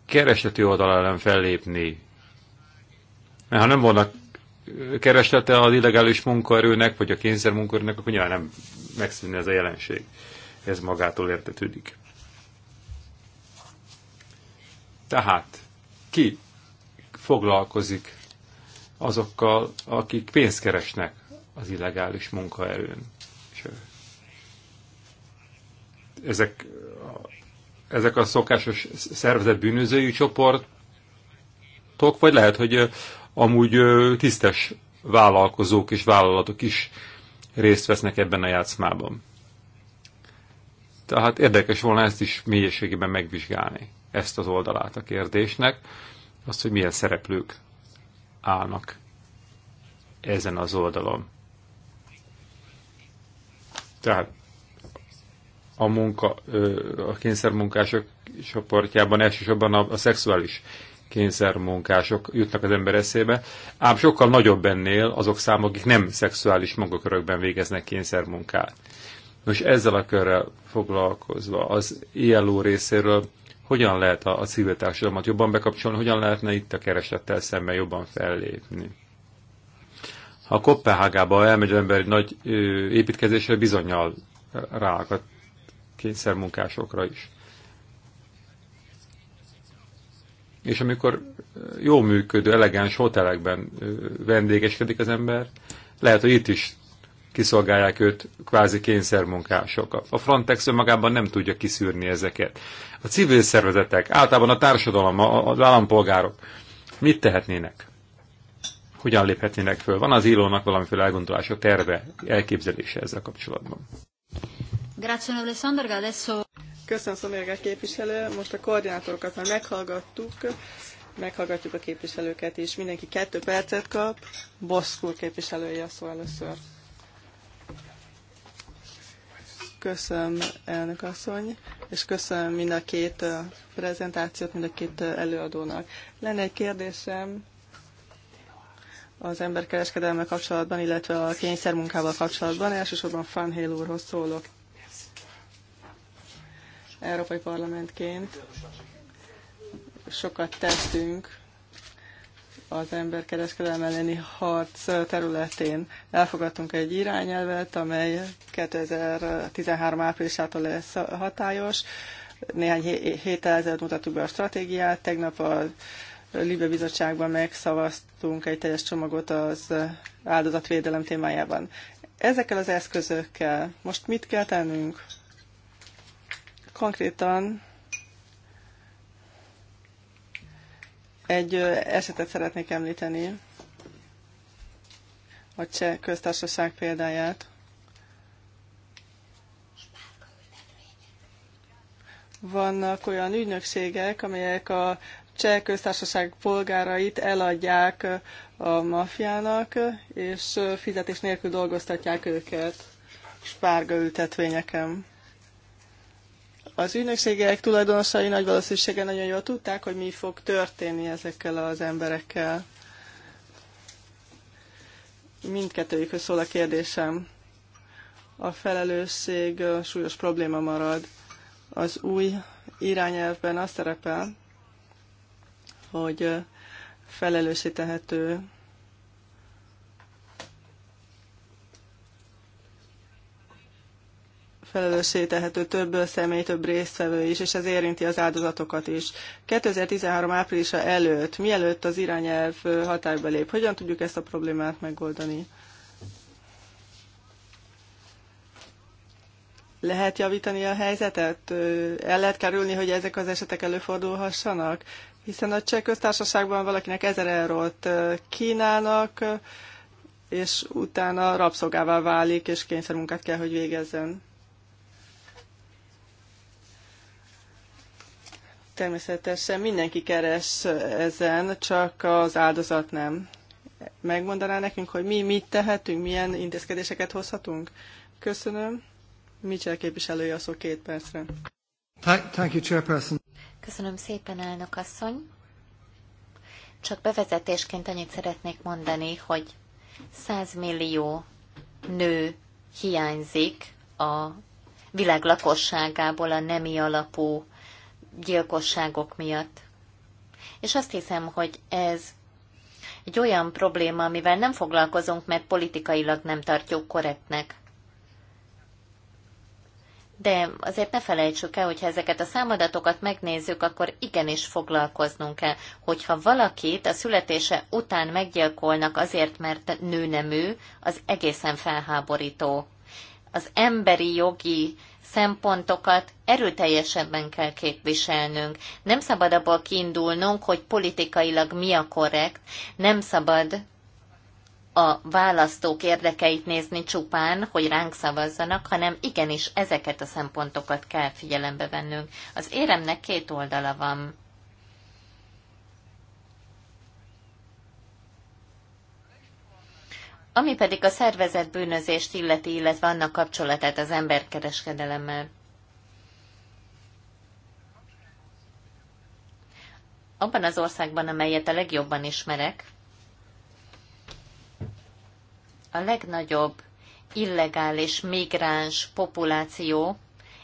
keresleti oldal ellen fellépni? Mert ha nem vannak kereslete az illegális munkaerőnek, vagy a munkaerőnek, akkor nyilván nem megszűnne ez a jelenség. Ez magától értetődik. Tehát ki foglalkozik azokkal, akik pénzt keresnek az illegális munkaerőn? Ezek, ezek a szokásos szervezet bűnözői csoportok, vagy lehet, hogy amúgy tisztes vállalkozók és vállalatok is részt vesznek ebben a játszmában. Tehát érdekes volna ezt is mélységében megvizsgálni ezt az oldalát a kérdésnek, azt, hogy milyen szereplők állnak ezen az oldalon. Tehát a munka, a kényszermunkások csoportjában elsősorban a, a szexuális kényszermunkások jutnak az ember eszébe, ám sokkal nagyobb ennél azok számok, akik nem szexuális munkakörökben végeznek kényszermunkát. Most ezzel a körrel foglalkozva az ILO részéről hogyan lehet a, a civil társadalmat jobban bekapcsolni, hogyan lehetne itt a keresettel szemben jobban fellépni. Ha Kopenhágába elmegy az ember egy nagy ö, építkezésre, bizonyal rá, a kényszermunkásokra is. És amikor jó működő, elegáns hotelekben vendégeskedik az ember, lehet, hogy itt is kiszolgálják őt kvázi kényszermunkások. A Frontex önmagában nem tudja kiszűrni ezeket. A civil szervezetek, általában a társadalom, az állampolgárok mit tehetnének? Hogyan léphetnének föl? Van az írónak valamiféle elgondolása, terve, elképzelése ezzel kapcsolatban? Grazie, Alessandro. Adesso... Köszönöm, Szomérgá képviselő. Most a koordinátorokat már meghallgattuk meghallgatjuk a képviselőket is. Mindenki kettő percet kap. Boszkul képviselője a szó először. Köszönöm, elnök asszony, és köszönöm mind a két prezentációt, mind a két előadónak. Lenne egy kérdésem az emberkereskedelme kapcsolatban, illetve a kényszermunkával kapcsolatban. Elsősorban Fanhél úrhoz szólok. Európai Parlamentként sokat tettünk az emberkereskedelem elleni harc területén elfogadtunk egy irányelvet, amely 2013 áprilisától lesz hatályos. Néhány héttel ezelőtt mutattuk be a stratégiát, tegnap a Libe Bizottságban megszavaztunk egy teljes csomagot az áldozatvédelem témájában. Ezekkel az eszközökkel most mit kell tennünk? Konkrétan Egy esetet szeretnék említeni, a cseh köztársaság példáját. Vannak olyan ügynökségek, amelyek a cseh köztársaság polgárait eladják a mafiának, és fizetés nélkül dolgoztatják őket spárga ültetvényeken. Az ügynökségek tulajdonosai nagy valószínűséggel nagyon jól tudták, hogy mi fog történni ezekkel az emberekkel. Mindkettőjükhöz szól a kérdésem. A felelősség súlyos probléma marad. Az új irányelvben azt szerepel, hogy felelősítehető felelőssé tehető több személy, több résztvevő is, és ez érinti az áldozatokat is. 2013 áprilisa előtt, mielőtt az irányelv hatályba lép, hogyan tudjuk ezt a problémát megoldani? Lehet javítani a helyzetet? El lehet kerülni, hogy ezek az esetek előfordulhassanak? Hiszen a cseh köztársaságban valakinek ezer eurót kínálnak, és utána rabszolgává válik, és kényszermunkát kell, hogy végezzen. Természetesen mindenki keres ezen, csak az áldozat nem. Megmondaná nekünk, hogy mi mit tehetünk, milyen intézkedéseket hozhatunk? Köszönöm. Mitchell képviselője a szó két percre. Thank you, Chairperson. Köszönöm szépen, elnök asszony. Csak bevezetésként annyit szeretnék mondani, hogy 100 millió nő hiányzik a világ lakosságából a nemi alapú gyilkosságok miatt. És azt hiszem, hogy ez egy olyan probléma, amivel nem foglalkozunk, mert politikailag nem tartjuk korrektnek. De azért ne felejtsük el, hogyha ezeket a számadatokat megnézzük, akkor igenis foglalkoznunk kell. Hogyha valakit a születése után meggyilkolnak azért, mert nő ő, az egészen felháborító. Az emberi jogi szempontokat erőteljesebben kell képviselnünk. Nem szabad abból kiindulnunk, hogy politikailag mi a korrekt, nem szabad a választók érdekeit nézni csupán, hogy ránk szavazzanak, hanem igenis ezeket a szempontokat kell figyelembe vennünk. Az éremnek két oldala van. Ami pedig a szervezett bűnözést illeti, illetve annak kapcsolatát az emberkereskedelemmel. Abban az országban, amelyet a legjobban ismerek, a legnagyobb illegális migráns populáció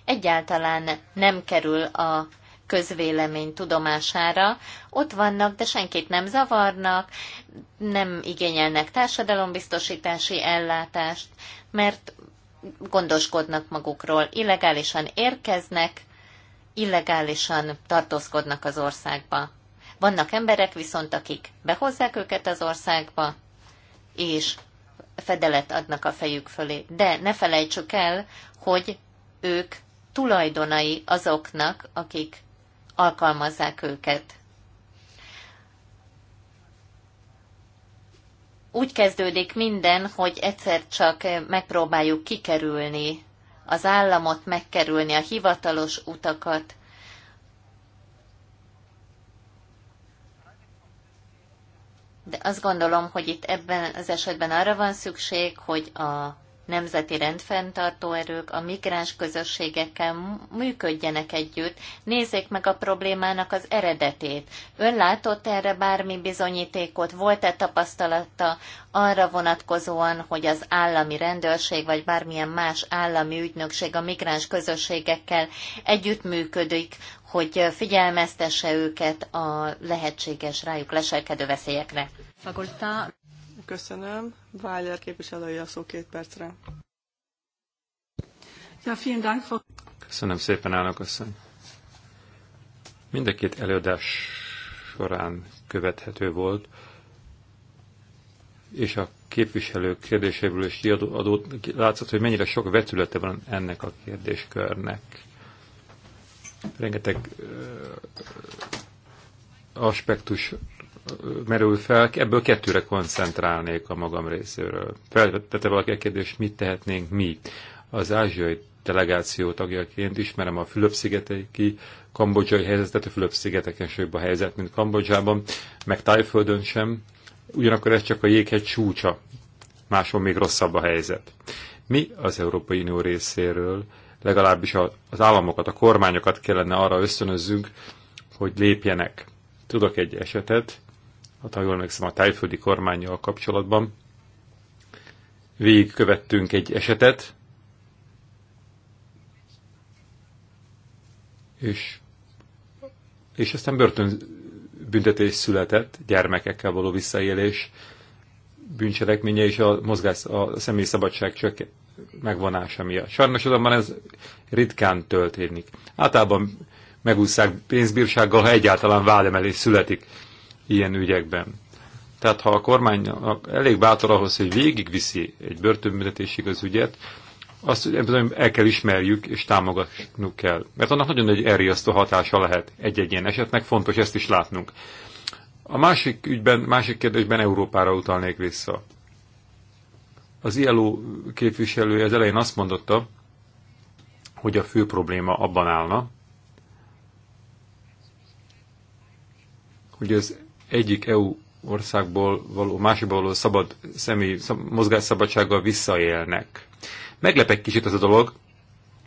egyáltalán nem kerül a közvélemény tudomására. Ott vannak, de senkit nem zavarnak, nem igényelnek társadalombiztosítási ellátást, mert gondoskodnak magukról, illegálisan érkeznek, illegálisan tartózkodnak az országba. Vannak emberek viszont, akik behozzák őket az országba, és fedelet adnak a fejük fölé. De ne felejtsük el, hogy ők tulajdonai azoknak, akik alkalmazzák őket. Úgy kezdődik minden, hogy egyszer csak megpróbáljuk kikerülni az államot, megkerülni a hivatalos utakat, De azt gondolom, hogy itt ebben az esetben arra van szükség, hogy a nemzeti rendfenntartó erők a migráns közösségekkel működjenek együtt, nézzék meg a problémának az eredetét. Ön látott erre bármi bizonyítékot, volt-e tapasztalata arra vonatkozóan, hogy az állami rendőrség vagy bármilyen más állami ügynökség a migráns közösségekkel együttműködik, hogy figyelmeztesse őket a lehetséges rájuk leselkedő veszélyekre. Fakultá. Köszönöm. Weiler képviselője a szó két percre. Ja, vielen Dank, Frau... Köszönöm szépen, állnak asszony. Mind a két előadás során követhető volt, és a képviselők kérdéséből is adott, látszott, hogy mennyire sok vetülete van ennek a kérdéskörnek. Rengeteg ö, aspektus merül fel, ebből kettőre koncentrálnék a magam részéről. Feltette valaki a kérdést, mit tehetnénk mi? Az ázsiai delegáció tagjaként ismerem a Fülöp-szigeteki kambodzsai helyzetet, a Fülöp-szigeteken sőbb a helyzet, mint Kambodzsában, meg Tájföldön sem. Ugyanakkor ez csak a jéghegy csúcsa, máshol még rosszabb a helyzet. Mi az Európai Unió részéről legalábbis az államokat, a kormányokat kellene arra ösztönözzünk, hogy lépjenek. Tudok egy esetet, a hát, ha jól emlékszem, a tájföldi kormányjal kapcsolatban. Végigkövettünk egy esetet, és, és aztán börtönbüntetés született, gyermekekkel való visszaélés bűncselekménye és a mozgás, a személyi szabadság csak megvonása miatt. Sajnos azonban ez ritkán történik. Általában megúszszák pénzbírsággal, ha egyáltalán vádemelés születik ilyen ügyekben. Tehát ha a kormány elég bátor ahhoz, hogy végigviszi egy börtönbüntetésig az ügyet, azt el kell ismerjük és támogatnunk kell. Mert annak nagyon egy elriasztó hatása lehet egy-egy ilyen esetnek, fontos ezt is látnunk. A másik ügyben, másik kérdésben Európára utalnék vissza. Az ILO képviselője az elején azt mondotta, hogy a fő probléma abban állna, hogy az egyik EU országból való, másikból való szabad személy mozgásszabadsággal visszaélnek. Meglep egy kicsit ez a dolog,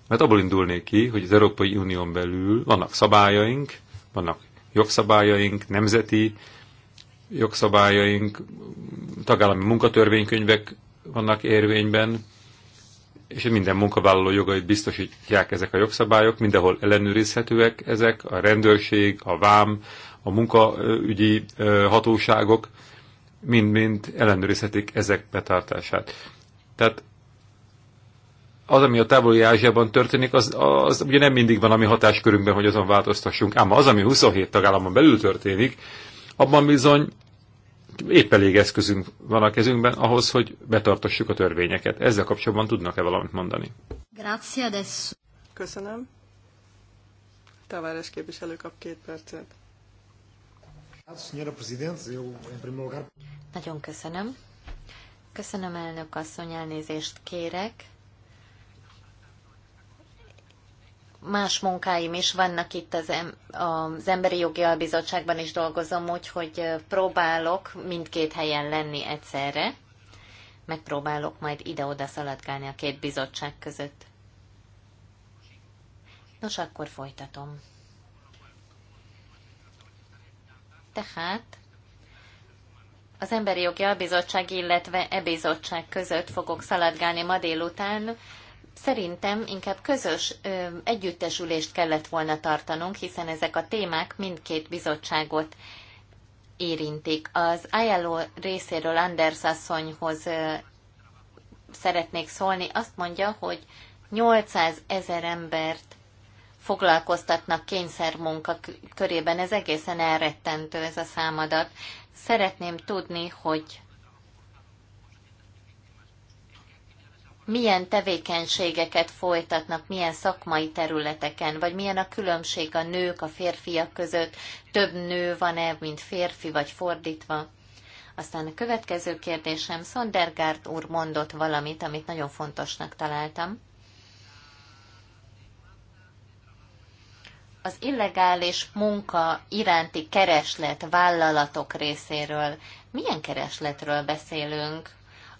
mert abból indulnék ki, hogy az Európai Unión belül vannak szabályaink, vannak jogszabályaink, nemzeti jogszabályaink, tagállami munkatörvénykönyvek vannak érvényben, és minden munkavállaló jogait biztosítják ezek a jogszabályok, mindenhol ellenőrizhetőek ezek, a rendőrség, a vám, a munkaügyi hatóságok mind-mind ellenőrizhetik ezek betartását. Tehát az, ami a távoli Ázsiában történik, az, az ugye nem mindig van a mi hatáskörünkben, hogy azon változtassunk. Ám az, ami 27 tagállamon belül történik, abban bizony épp elég eszközünk van a kezünkben ahhoz, hogy betartassuk a törvényeket. Ezzel kapcsolatban tudnak-e valamit mondani? Grazie adesso. Köszönöm. Tavares képviselő kap két percet. Nagyon köszönöm. Köszönöm, elnök asszony, elnézést kérek. Más munkáim is vannak itt az, em- az Emberi Jogi Albizottságban is dolgozom, úgyhogy próbálok mindkét helyen lenni egyszerre. Megpróbálok majd ide-oda szaladgálni a két bizottság között. Nos, akkor folytatom. Tehát az Emberi Jogi Albizottság, illetve E-bizottság között fogok szaladgálni ma délután. Szerintem inkább közös ö, együttesülést kellett volna tartanunk, hiszen ezek a témák mindkét bizottságot érintik. Az ILO részéről Anders asszonyhoz ö, szeretnék szólni. Azt mondja, hogy 800 ezer embert foglalkoztatnak kényszermunka körében. Ez egészen elrettentő ez a számadat. Szeretném tudni, hogy milyen tevékenységeket folytatnak, milyen szakmai területeken, vagy milyen a különbség a nők, a férfiak között, több nő van-e, mint férfi, vagy fordítva. Aztán a következő kérdésem, Szondergárt úr mondott valamit, amit nagyon fontosnak találtam. az illegális munka iránti kereslet vállalatok részéről. Milyen keresletről beszélünk?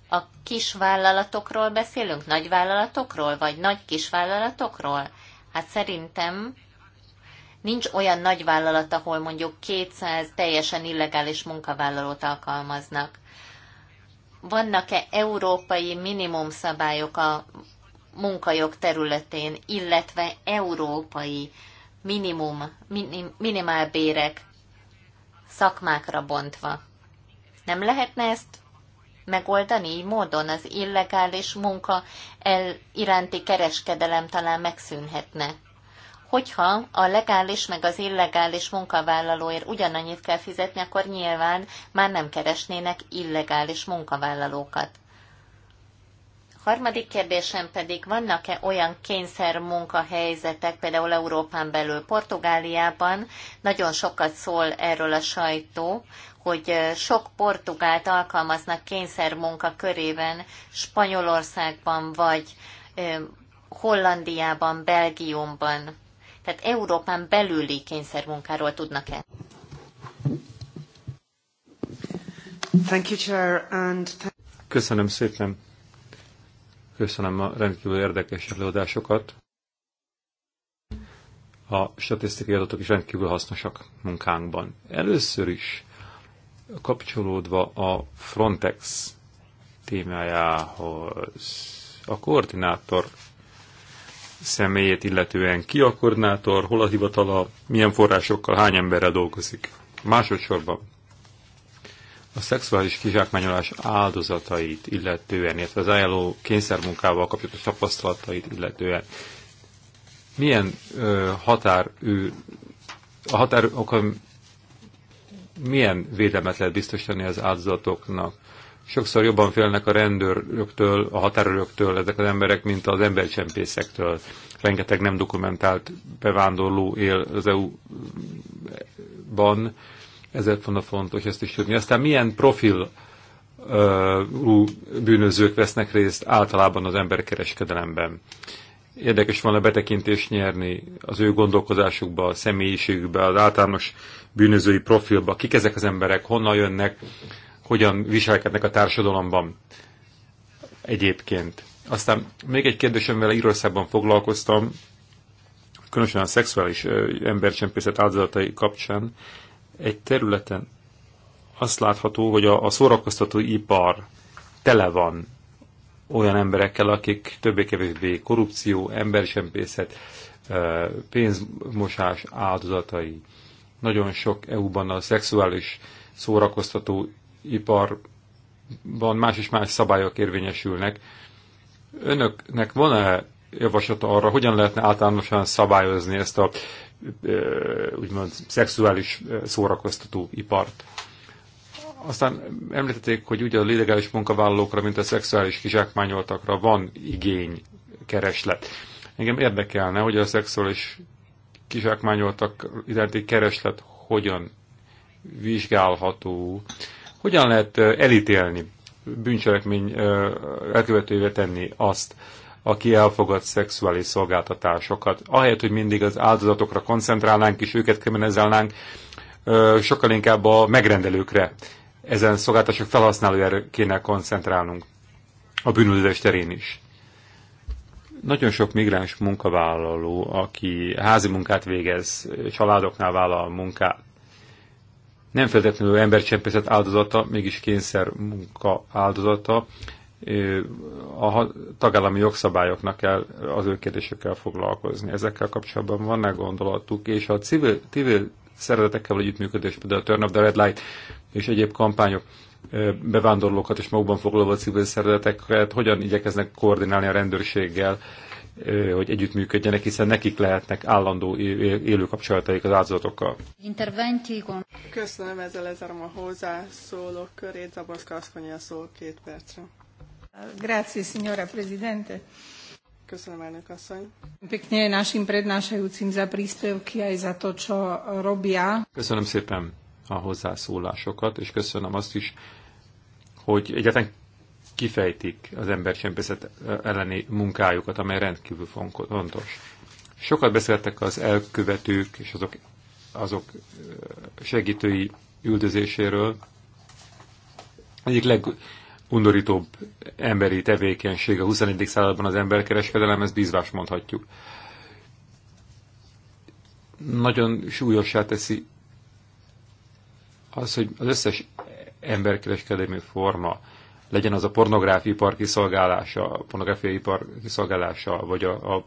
A kisvállalatokról beszélünk? Nagyvállalatokról? Vagy nagy kisvállalatokról? Hát szerintem nincs olyan nagyvállalat, ahol mondjuk 200 teljesen illegális munkavállalót alkalmaznak. Vannak-e európai minimumszabályok a munkajog területén, illetve európai minimum, minim, bérek szakmákra bontva. Nem lehetne ezt megoldani így módon? Az illegális munka el iránti kereskedelem talán megszűnhetne. Hogyha a legális meg az illegális munkavállalóért ugyanannyit kell fizetni, akkor nyilván már nem keresnének illegális munkavállalókat. Harmadik kérdésem pedig, vannak-e olyan kényszer munkahelyzetek, például Európán belül, Portugáliában, nagyon sokat szól erről a sajtó, hogy sok portugált alkalmaznak kényszer munka körében, Spanyolországban vagy Hollandiában, Belgiumban. Tehát Európán belüli kényszermunkáról tudnak-e? Köszönöm szépen. Köszönöm a rendkívül érdekes előadásokat. A statisztikai adatok is rendkívül hasznosak munkánkban. Először is kapcsolódva a Frontex témájához. A koordinátor személyét illetően ki a koordinátor, hol a hivatala, milyen forrásokkal, hány emberrel dolgozik. Másodszorban a szexuális kizsákmányolás áldozatait illetően, illetve az ajánló kényszermunkával kapcsolatos tapasztalatait illetően, milyen ö, határ ő, a határokon milyen védelmet lehet biztosítani az áldozatoknak? Sokszor jobban félnek a rendőröktől, a határőröktől ezek az emberek, mint az embercsempészektől. Rengeteg nem dokumentált bevándorló él az EU-ban, ezért van a fontos ezt is tudni. Aztán milyen profil uh, bűnözők vesznek részt általában az emberkereskedelemben. Érdekes van a betekintést nyerni az ő gondolkozásukba, a személyiségükbe, az általános bűnözői profilba. Kik ezek az emberek, honnan jönnek, hogyan viselkednek a társadalomban egyébként. Aztán még egy amivel Írországban foglalkoztam, különösen a szexuális embercsempészet áldozatai kapcsán egy területen azt látható, hogy a, a szórakoztató ipar tele van olyan emberekkel, akik többé-kevésbé korrupció, embersempészet, pénzmosás áldozatai. Nagyon sok EU-ban a szexuális szórakoztató iparban más és más szabályok érvényesülnek. Önöknek van-e javaslata arra, hogyan lehetne általánosan szabályozni ezt a úgymond szexuális szórakoztató ipart. Aztán említették, hogy ugye a illegális munkavállalókra, mint a szexuális kizsákmányoltakra van igény, kereslet. Engem érdekelne, hogy a szexuális kizsákmányoltak iránti kereslet hogyan vizsgálható, hogyan lehet elítélni, bűncselekmény elkövetőjével tenni azt, aki elfogad szexuális szolgáltatásokat. Ahelyett, hogy mindig az áldozatokra koncentrálnánk és őket kriminalizálnánk, sokkal inkább a megrendelőkre, ezen szolgáltatások felhasználójára kéne koncentrálnunk a bűnüldözés terén is. Nagyon sok migráns munkavállaló, aki házi munkát végez, családoknál vállal munkát, nem feltétlenül embercsempészet áldozata, mégis kényszer munka áldozata, a tagállami jogszabályoknak kell az ő kérdésekkel foglalkozni. Ezekkel kapcsolatban van-e gondolatuk, és a civil, civil szervezetekkel együttműködés, például a Turn of the Red Light és egyéb kampányok bevándorlókat és magukban a civil szervezeteket hogyan igyekeznek koordinálni a rendőrséggel, hogy együttműködjenek, hiszen nekik lehetnek állandó élő kapcsolataik az áldozatokkal. Köszönöm, ezzel lezárom a hozzászólók körét. Zaborszka asszony a szó két percre. Grazie, signora Presidente. Köszönöm, elnök asszony. Pekne našim prednášajúcim za príspevky aj za to, čo robia. Köszönöm szépen a hozzászólásokat, és köszönöm azt is, hogy egyáltalán kifejtik az embercsempészet elleni munkájukat, amely rendkívül fontos. Sokat beszéltek az elkövetők és azok, azok segítői üldözéséről. Egyik leg, Undorítóbb emberi tevékenység a 21. században az emberkereskedelem, ezt bízvás mondhatjuk. Nagyon súlyossá teszi az, hogy az összes emberkereskedelmi forma, legyen az a pornográfiaipar kiszolgálása, a pornográfiaipar kiszolgálása, vagy a, a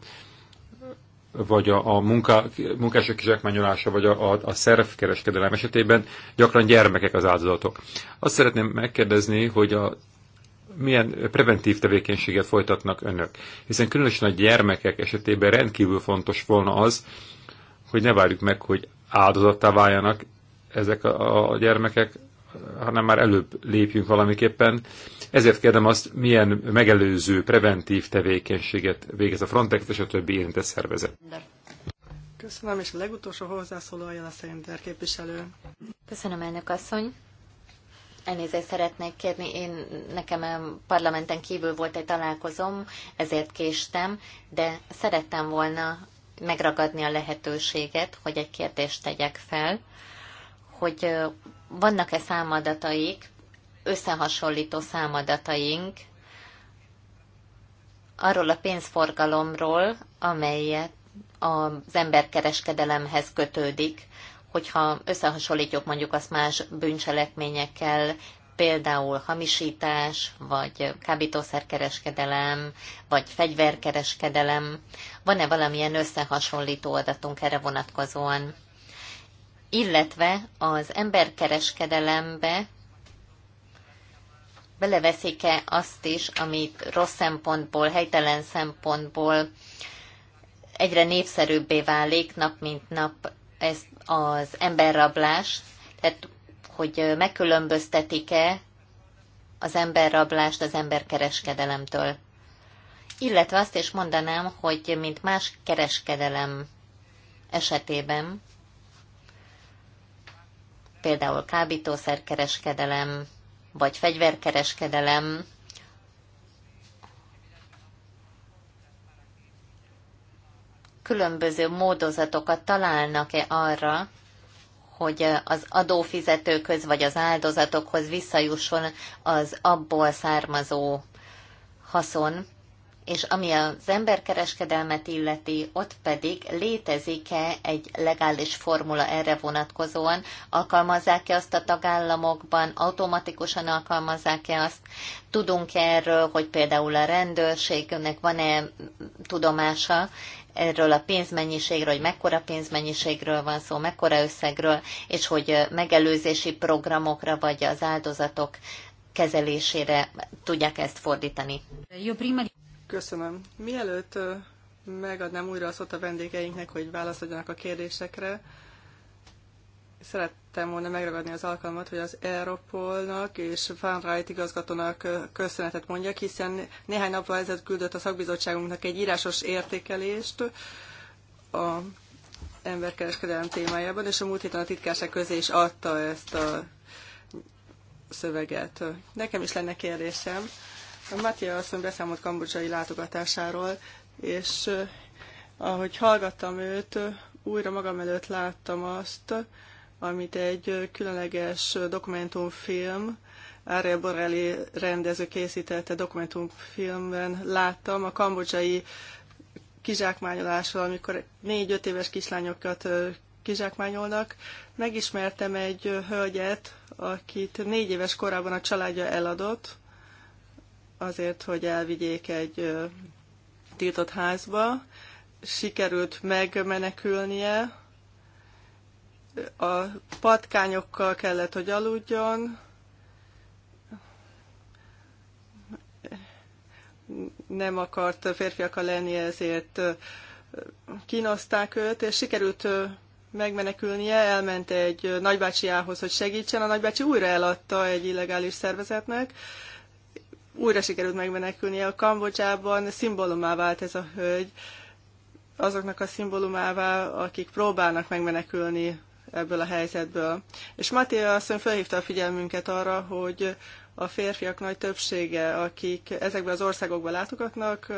vagy a, a munka, munkások kizsákmányolása, vagy a, a, a szervkereskedelem esetében gyakran gyermekek az áldozatok. Azt szeretném megkérdezni, hogy a milyen preventív tevékenységet folytatnak önök. Hiszen különösen a gyermekek esetében rendkívül fontos volna az, hogy ne várjuk meg, hogy áldozattá váljanak ezek a, a gyermekek, hanem már előbb lépjünk valamiképpen. Ezért kérdem azt, milyen megelőző, preventív tevékenységet végez a Frontex és a többi érintett szervezet. Köszönöm, és a legutolsó hozzászóló a Szender képviselő. Köszönöm, elnök asszony. Elnézést szeretnék kérni, én nekem a parlamenten kívül volt egy találkozom, ezért késtem, de szerettem volna megragadni a lehetőséget, hogy egy kérdést tegyek fel, hogy vannak-e számadataik, összehasonlító számadataink arról a pénzforgalomról, amelyet az emberkereskedelemhez kötődik, hogyha összehasonlítjuk mondjuk azt más bűncselekményekkel, például hamisítás, vagy kábítószerkereskedelem, vagy fegyverkereskedelem, van-e valamilyen összehasonlító adatunk erre vonatkozóan? Illetve az emberkereskedelembe beleveszik-e azt is, amit rossz szempontból, helytelen szempontból egyre népszerűbbé válik nap mint nap, ezt az emberrablás, tehát hogy megkülönböztetik-e az emberrablást az emberkereskedelemtől. Illetve azt is mondanám, hogy mint más kereskedelem esetében, például kábítószerkereskedelem, vagy fegyverkereskedelem, különböző módozatokat találnak-e arra, hogy az adófizetőkhöz vagy az áldozatokhoz visszajusson az abból származó haszon, és ami az emberkereskedelmet illeti, ott pedig létezik-e egy legális formula erre vonatkozóan, alkalmazzák-e azt a tagállamokban, automatikusan alkalmazzák-e azt, tudunk -e erről, hogy például a rendőrségnek van-e tudomása, erről a pénzmennyiségről, hogy mekkora pénzmennyiségről van szó, mekkora összegről, és hogy megelőzési programokra vagy az áldozatok kezelésére tudják ezt fordítani. Köszönöm. Mielőtt megadnám újra a szót a vendégeinknek, hogy válaszoljanak a kérdésekre, szerettem volna megragadni az alkalmat, hogy az Europolnak és Van Wright igazgatónak köszönetet mondjak, hiszen néhány nappal ezelőtt küldött a szakbizottságunknak egy írásos értékelést a emberkereskedelem témájában, és a múlt héten a titkárság közé is adta ezt a szöveget. Nekem is lenne kérdésem. Mattia asszony beszámolt kambodzsai látogatásáról, és eh, ahogy hallgattam őt, újra magam előtt láttam azt, amit egy különleges dokumentumfilm, Ariel Borelli rendező készítette dokumentumfilmben láttam a kambodzsai kizsákmányolásról, amikor négy-öt éves kislányokat kizsákmányolnak. Megismertem egy hölgyet, akit négy éves korában a családja eladott, azért, hogy elvigyék egy tiltott házba. Sikerült megmenekülnie, a patkányokkal kellett, hogy aludjon, nem akart férfiakkal lenni, ezért kínoszták őt, és sikerült megmenekülnie, elment egy nagybácsiához, hogy segítsen. A nagybácsi újra eladta egy illegális szervezetnek, újra sikerült megmenekülnie. A Kambodzsában szimbólumá vált ez a hölgy, azoknak a szimbólumává, akik próbálnak megmenekülni ebből a helyzetből. És Maté asszony felhívta a figyelmünket arra, hogy a férfiak nagy többsége, akik ezekben az országokban látogatnak,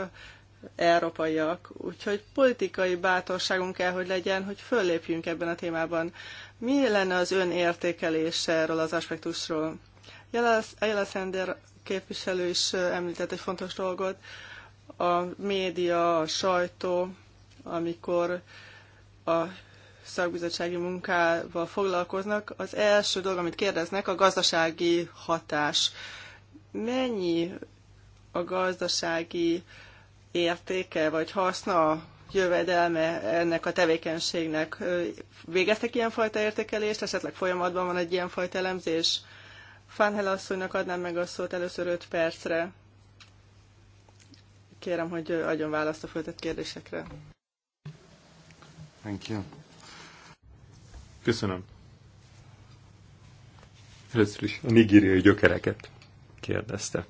európaiak. Úgyhogy politikai bátorságunk kell, hogy legyen, hogy föllépjünk ebben a témában. Mi lenne az ön értékelése erről az aspektusról? Jela Szender képviselő is említett egy fontos dolgot, a média, a sajtó, amikor a szakbizottsági munkával foglalkoznak, az első dolog, amit kérdeznek, a gazdasági hatás. Mennyi a gazdasági értéke vagy haszna jövedelme ennek a tevékenységnek? Végeztek ilyenfajta értékelést, esetleg folyamatban van egy ilyenfajta elemzés? Fánhel asszonynak adnám meg a szót először 5 percre. Kérem, hogy adjon választ a föltett kérdésekre. Thank you. Köszönöm. Először is a nigériai gyökereket kérdezte.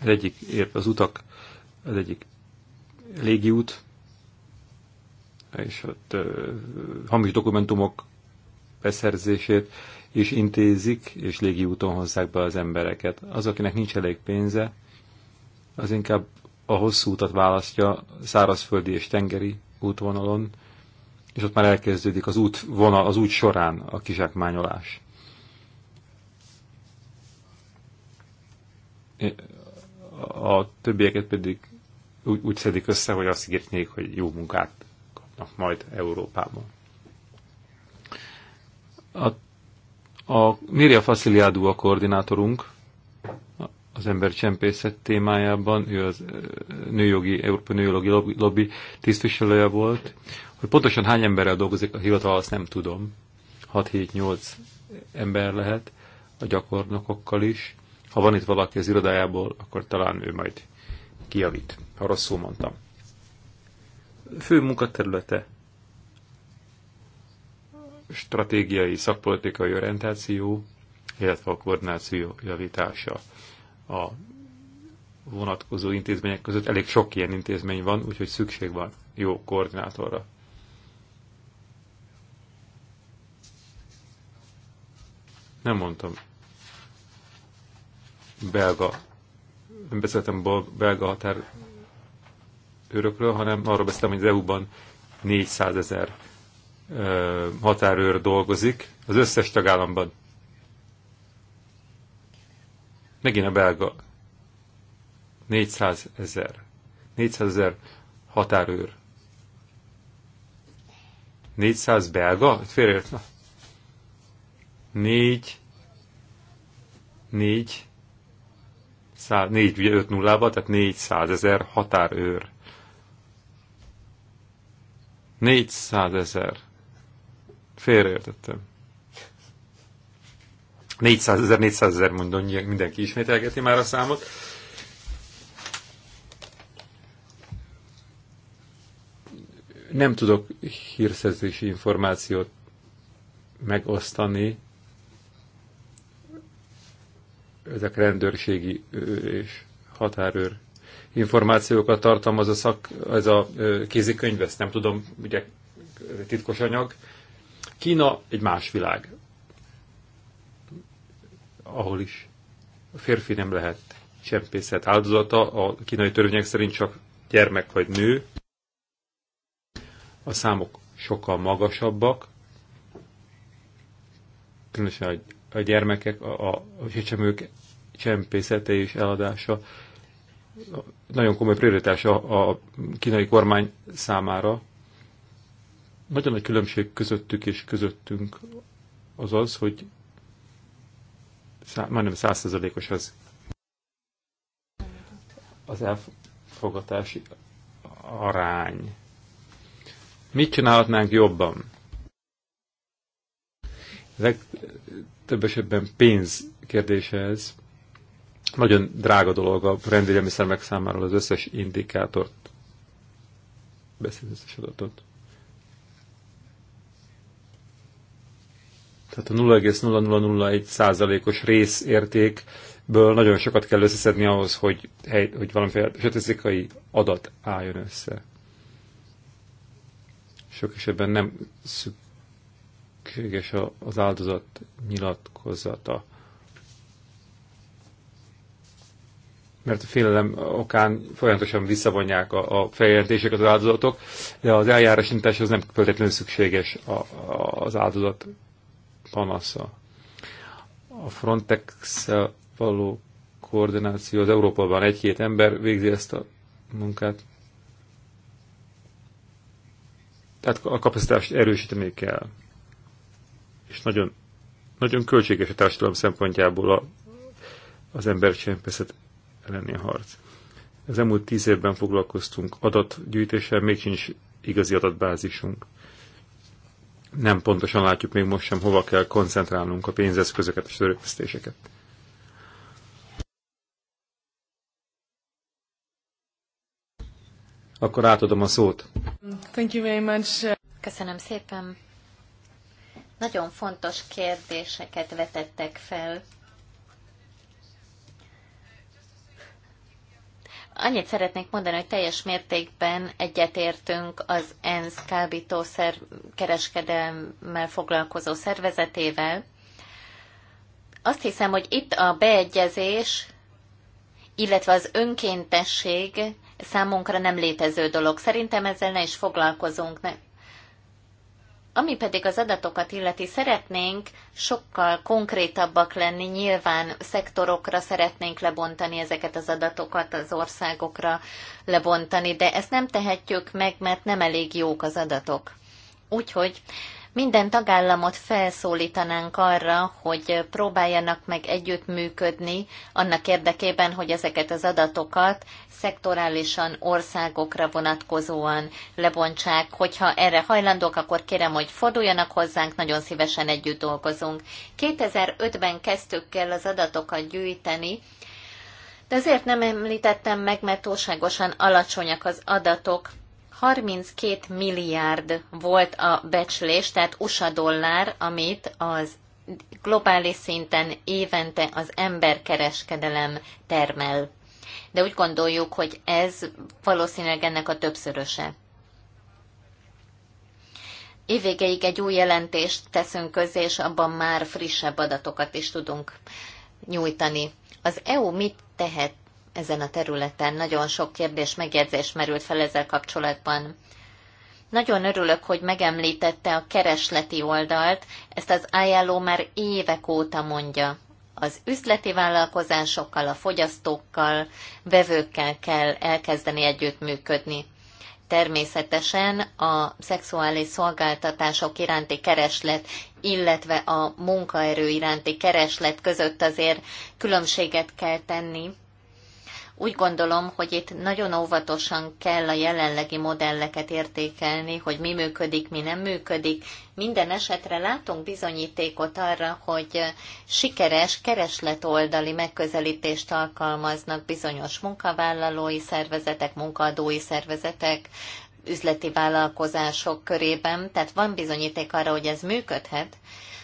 Az egyik épp az utak, az egyik légiút, és ott ö, hamis dokumentumok beszerzését is intézik, és légi úton hozzák be az embereket. Az, akinek nincs elég pénze, az inkább a hosszú utat választja szárazföldi és tengeri útvonalon, és ott már elkezdődik az út vonal, az út során a kizsákmányolás. A többieket pedig úgy, úgy szedik össze, hogy azt ígértnék, hogy jó munkát kapnak majd Európában. A, a Miria Faciliádú a koordinátorunk az csempészet témájában, ő az nőjogi, Európai Nőjogi Lobby tisztviselője volt, hogy pontosan hány emberrel dolgozik a hivatal, azt nem tudom. 6-7-8 ember lehet a gyakornokokkal is. Ha van itt valaki az irodájából, akkor talán ő majd kijavít, ha rosszul mondtam. Fő munkaterülete stratégiai, szakpolitikai orientáció, illetve a koordináció javítása a vonatkozó intézmények között. Elég sok ilyen intézmény van, úgyhogy szükség van jó koordinátorra. nem mondtam belga, nem beszéltem belga határ őrökről, hanem arról beszéltem, hogy az EU-ban 400 ezer határőr dolgozik, az összes tagállamban. Megint a belga 400 ezer. 400 ezer határőr. 400 belga? Félreértem. 4, 4, 100, 4, ugye 5 nullába, tehát 400 ezer határőr. 400 ezer. Félreértettem. 400 ezer, 400 ezer mondom, mindenki ismételgeti már a számot. Nem tudok hírszerzési információt megosztani, ezek rendőrségi és határőr információkat tartalmaz a szak, ez a kézikönyv, ezt nem tudom, ugye ez egy titkos anyag. Kína egy más világ, ahol is a férfi nem lehet csempészet áldozata, a kínai törvények szerint csak gyermek vagy nő. A számok sokkal magasabbak, különösen a, a gyermekek, a, a, a csecsemők csempészete és eladása nagyon komoly prioritása a kínai kormány számára. Nagyon nagy különbség közöttük és közöttünk az az, hogy szá, majdnem százszerzalékos az az elfogatási arány. Mit csinálhatnánk jobban? Legtöbb esetben pénz kérdése ez. Nagyon drága dolog a rendvédelmi megszámáról számára az összes indikátort, beszél összes adatot. Tehát a 0,0001 százalékos részértékből nagyon sokat kell összeszedni ahhoz, hogy, hely, hogy valamiféle statisztikai adat álljon össze. Sok esetben nem szükséges az áldozat nyilatkozata. mert a félelem okán folyamatosan visszavonják a, a feljelentéseket az áldozatok, de az eljárás az nem feltétlenül szükséges a, a, az áldozat panasza. A frontex való koordináció az Európában egy-két ember végzi ezt a munkát. Tehát a kapacitást erősíteni kell. És nagyon, nagyon költséges a társadalom szempontjából a, az embercsempészet lenni a harc. Az elmúlt tíz évben foglalkoztunk adatgyűjtéssel, még sincs igazi adatbázisunk. Nem pontosan látjuk még most sem, hova kell koncentrálnunk a pénzeszközöket és törőfesztéseket. Akkor átadom a szót. Thank you very much. Köszönöm szépen. Nagyon fontos kérdéseket vetettek fel Annyit szeretnék mondani, hogy teljes mértékben egyetértünk az ENSZ kábítószer kereskedelmmel foglalkozó szervezetével. Azt hiszem, hogy itt a beegyezés, illetve az önkéntesség számunkra nem létező dolog. Szerintem ezzel ne is foglalkozunk, ne, ami pedig az adatokat illeti, szeretnénk sokkal konkrétabbak lenni, nyilván szektorokra szeretnénk lebontani ezeket az adatokat, az országokra lebontani, de ezt nem tehetjük meg, mert nem elég jók az adatok. Úgyhogy minden tagállamot felszólítanánk arra, hogy próbáljanak meg együttműködni annak érdekében, hogy ezeket az adatokat szektorálisan országokra vonatkozóan lebontsák. Hogyha erre hajlandók, akkor kérem, hogy forduljanak hozzánk, nagyon szívesen együtt dolgozunk. 2005-ben kezdtük el az adatokat gyűjteni, de azért nem említettem meg, mert túlságosan alacsonyak az adatok 32 milliárd volt a becslés, tehát USA dollár, amit az globális szinten évente az emberkereskedelem termel. De úgy gondoljuk, hogy ez valószínűleg ennek a többszöröse. Évvégeig egy új jelentést teszünk közé, és abban már frissebb adatokat is tudunk nyújtani. Az EU mit tehet ezen a területen. Nagyon sok kérdés, megjegyzés merült fel ezzel kapcsolatban. Nagyon örülök, hogy megemlítette a keresleti oldalt, ezt az ajánló már évek óta mondja. Az üzleti vállalkozásokkal, a fogyasztókkal, vevőkkel kell elkezdeni együttműködni. Természetesen a szexuális szolgáltatások iránti kereslet, illetve a munkaerő iránti kereslet között azért különbséget kell tenni, úgy gondolom, hogy itt nagyon óvatosan kell a jelenlegi modelleket értékelni, hogy mi működik, mi nem működik. Minden esetre látunk bizonyítékot arra, hogy sikeres keresletoldali megközelítést alkalmaznak bizonyos munkavállalói szervezetek, munkaadói szervezetek, üzleti vállalkozások körében, tehát van bizonyíték arra, hogy ez működhet,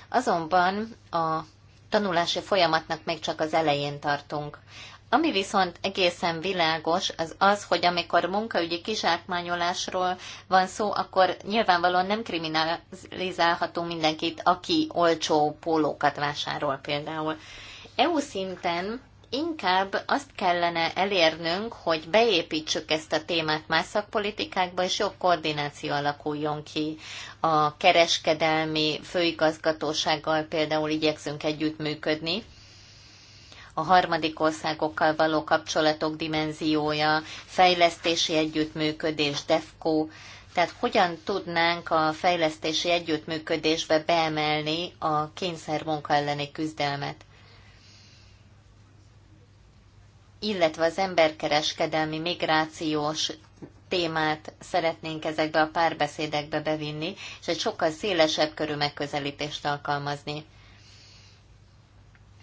azonban a tanulási folyamatnak még csak az elején tartunk. Ami viszont egészen világos, az az, hogy amikor munkaügyi kizsákmányolásról van szó, akkor nyilvánvalóan nem kriminalizálható mindenkit, aki olcsó pólókat vásárol például. EU szinten inkább azt kellene elérnünk, hogy beépítsük ezt a témát más szakpolitikákba, és jobb koordináció alakuljon ki. A kereskedelmi főigazgatósággal például igyekszünk együttműködni, a harmadik országokkal való kapcsolatok dimenziója, fejlesztési együttműködés, DEFCO, tehát hogyan tudnánk a fejlesztési együttműködésbe beemelni a kényszermunka elleni küzdelmet? illetve az emberkereskedelmi migrációs témát szeretnénk ezekbe a párbeszédekbe bevinni, és egy sokkal szélesebb körű megközelítést alkalmazni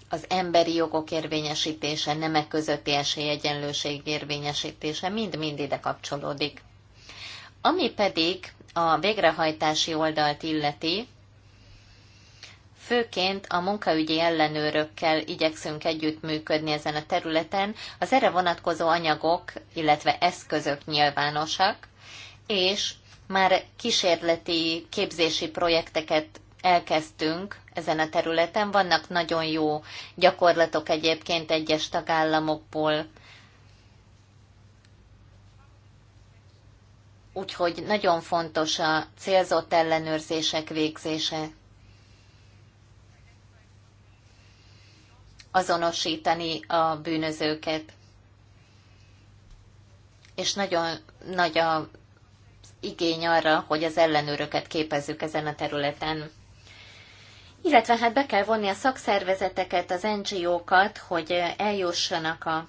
az emberi jogok érvényesítése, nemek közötti esélyegyenlőség érvényesítése mind-mind ide kapcsolódik. Ami pedig a végrehajtási oldalt illeti, főként a munkaügyi ellenőrökkel igyekszünk együttműködni ezen a területen, az erre vonatkozó anyagok, illetve eszközök nyilvánosak, és már kísérleti képzési projekteket elkezdtünk ezen a területen. Vannak nagyon jó gyakorlatok egyébként egyes tagállamokból. Úgyhogy nagyon fontos a célzott ellenőrzések végzése. Azonosítani a bűnözőket. És nagyon nagy a igény arra, hogy az ellenőröket képezzük ezen a területen illetve hát be kell vonni a szakszervezeteket, az NGO-kat, hogy eljussanak a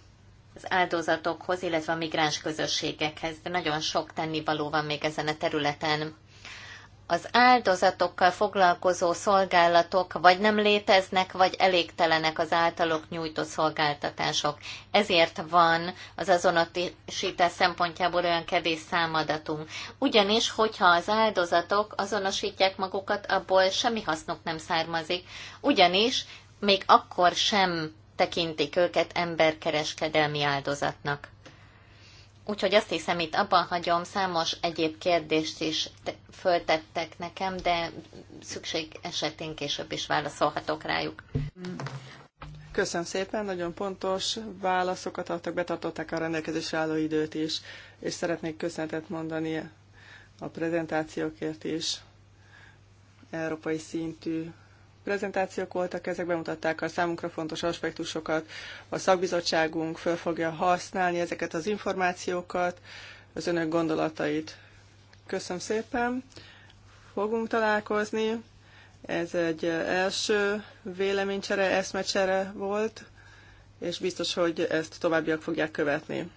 az áldozatokhoz, illetve a migráns közösségekhez. De nagyon sok tennivaló van még ezen a területen az áldozatokkal foglalkozó szolgálatok vagy nem léteznek, vagy elégtelenek az általuk nyújtott szolgáltatások. Ezért van az azonosítás szempontjából olyan kevés számadatunk. Ugyanis, hogyha az áldozatok azonosítják magukat, abból semmi hasznuk nem származik, ugyanis még akkor sem tekintik őket emberkereskedelmi áldozatnak. Úgyhogy azt hiszem, itt abban hagyom, számos egyéb kérdést is föltettek nekem, de szükség esetén később is válaszolhatok rájuk. Köszönöm szépen, nagyon pontos válaszokat adtak, betartották a rendelkezésre álló időt is, és szeretnék köszönetet mondani a prezentációkért is. Európai szintű prezentációk voltak, ezek bemutatták a számunkra fontos aspektusokat. A szakbizottságunk föl fogja használni ezeket az információkat, az önök gondolatait. Köszönöm szépen, fogunk találkozni. Ez egy első véleménycsere, eszmecsere volt, és biztos, hogy ezt továbbiak fogják követni.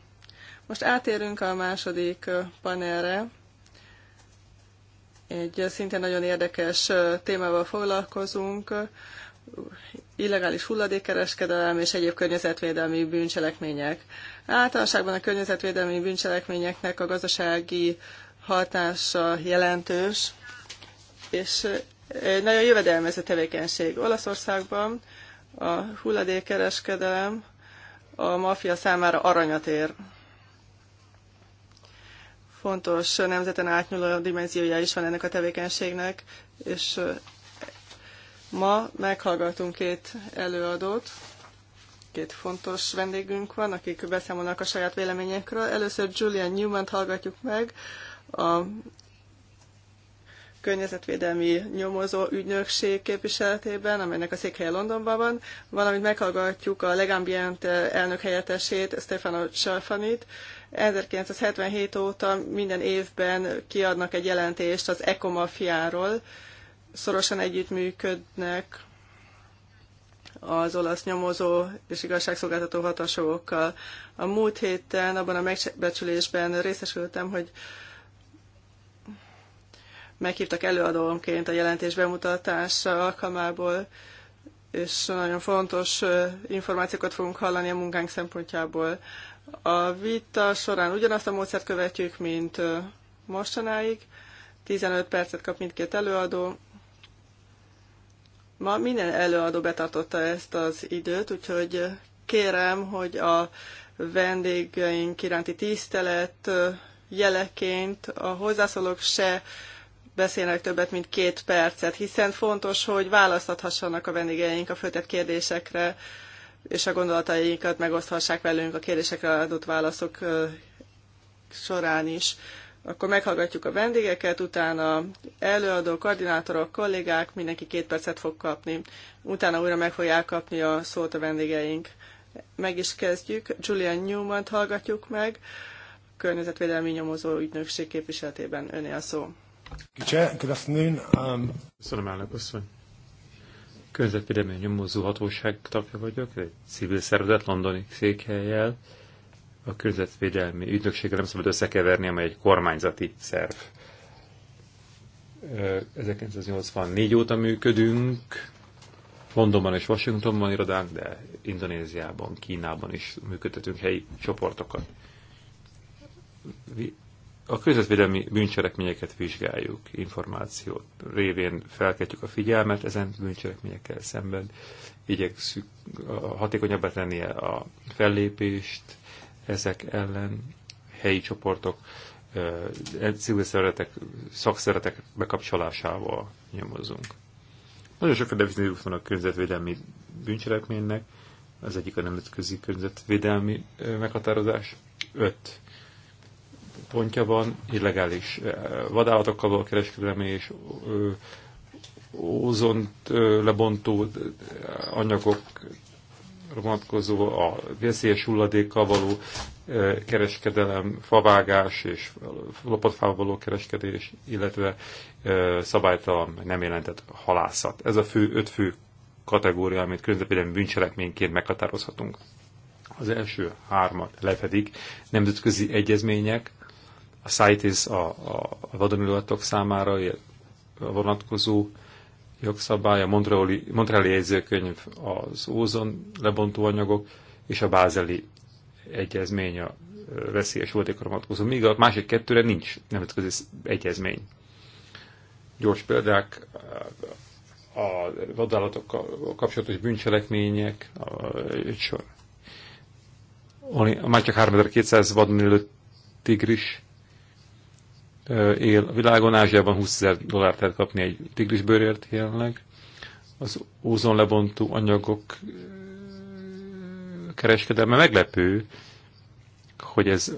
Most átérünk a második panelre. Egy szintén nagyon érdekes témával foglalkozunk, illegális hulladékkereskedelem és egyéb környezetvédelmi bűncselekmények. Általánoságban a környezetvédelmi bűncselekményeknek a gazdasági hatása jelentős, és egy nagyon jövedelmező tevékenység. Olaszországban a hulladékkereskedelem a maffia számára aranyat ér fontos nemzeten átnyúló dimenziója is van ennek a tevékenységnek, és ma meghallgatunk két előadót, két fontos vendégünk van, akik beszámolnak a saját véleményekről. Először Julian newman hallgatjuk meg, a környezetvédelmi nyomozó ügynökség képviseletében, amelynek a székhelye Londonban van, valamint meghallgatjuk a Legambient elnök helyettesét, Stefano Csalfanit, 1977 óta minden évben kiadnak egy jelentést az ekomafiáról, szorosan együttműködnek az olasz nyomozó és igazságszolgáltató hatóságokkal. A múlt héten abban a megbecsülésben részesültem, hogy meghívtak előadónként a jelentés bemutatása alkalmából, és nagyon fontos információkat fogunk hallani a munkánk szempontjából. A vita során ugyanazt a módszert követjük, mint mostanáig. 15 percet kap mindkét előadó. Ma minden előadó betartotta ezt az időt, úgyhogy kérem, hogy a vendégeink iránti tisztelet jeleként a hozzászólók se beszélnek többet, mint két percet, hiszen fontos, hogy választathassanak a vendégeink a föltett kérdésekre, és a gondolataikat megoszthassák velünk a kérdésekre adott válaszok során is. Akkor meghallgatjuk a vendégeket, utána előadó, koordinátorok, kollégák, mindenki két percet fog kapni. Utána újra meg fogják kapni a szót a vendégeink. Meg is kezdjük. Julian Newman-t hallgatjuk meg, környezetvédelmi nyomozó ügynökség képviseletében. Öné a szó. Um, Köszönöm, elnök asszony környezetvédelmi nyomozó hatóság tagja vagyok, egy civil szervezet londoni székhelyjel. A környezetvédelmi ügynökséggel nem szabad összekeverni, amely egy kormányzati szerv. 1984 óta működünk, Londonban és Washingtonban irodánk, de Indonéziában, Kínában is működtetünk helyi csoportokat a közvetvédelmi bűncselekményeket vizsgáljuk, információt révén felkeltjük a figyelmet, ezen bűncselekményekkel szemben igyekszük hatékonyabbá tenni a fellépést ezek ellen, helyi csoportok, e, civil szervezetek, szakszeretek bekapcsolásával nyomozunk. Nagyon sok definíciók van a környezetvédelmi bűncselekménynek, az egyik a nemzetközi környezetvédelmi meghatározás, öt pontja van, illegális vadállatokkal való kereskedelmi és ózont lebontó anyagok vonatkozó, a veszélyes hulladékkal való kereskedelem, favágás és lopatfával való kereskedés, illetve szabálytalan, nem jelentett halászat. Ez a fő, öt fő kategória, amit környezetvédelmi bűncselekményként meghatározhatunk. Az első hármat lefedik nemzetközi egyezmények, a CITES a, a vadonulatok számára a vonatkozó jogszabály, a Montreali, Montreali jegyzőkönyv az ózon lebontó anyagok, és a bázeli egyezmény a veszélyes voltékra vonatkozó, míg a másik kettőre nincs nemzetközi egyezmény. Gyors példák, a vadállatokkal kapcsolatos bűncselekmények, a, egy sor. Már csak 3200 vadonülő tigris él a világon, Ázsiában 20 ezer dollárt lehet kapni egy tigrisbőrért jelenleg. Az ózon lebontó anyagok kereskedelme meglepő, hogy ez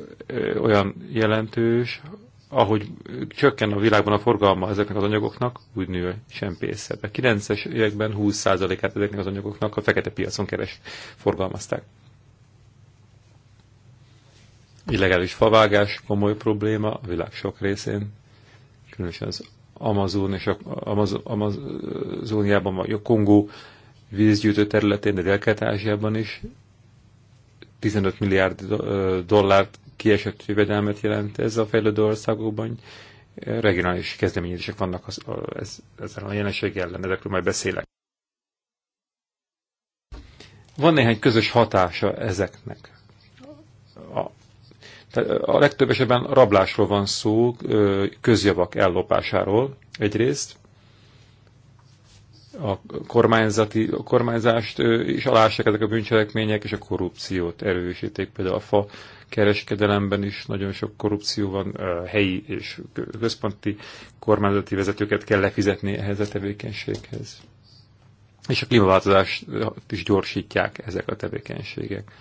olyan jelentős, ahogy csökken a világban a forgalma ezeknek az anyagoknak, úgy nő a csempészet. A 90-es években 20%-át ezeknek az anyagoknak a fekete piacon keres forgalmazták illegális favágás komoly probléma a világ sok részén, különösen az Amazon és a Amazoniában, vagy a Kongó vízgyűjtő területén, de dél ázsiában is 15 milliárd dollárt kiesett jövedelmet jelent ez a fejlődő országokban. Regionális kezdeményezések vannak az, ez, ezzel a jelenség ellen, ezekről majd beszélek. Van néhány közös hatása ezeknek. A legtöbb esetben rablásról van szó, közjavak ellopásáról egyrészt. A, kormányzati, a kormányzást is alássák ezek a bűncselekmények, és a korrupciót erősíték. Például a fa kereskedelemben is nagyon sok korrupció van, helyi és központi kormányzati vezetőket kell lefizetni ehhez a tevékenységhez. És a klímaváltozást is gyorsítják ezek a tevékenységek.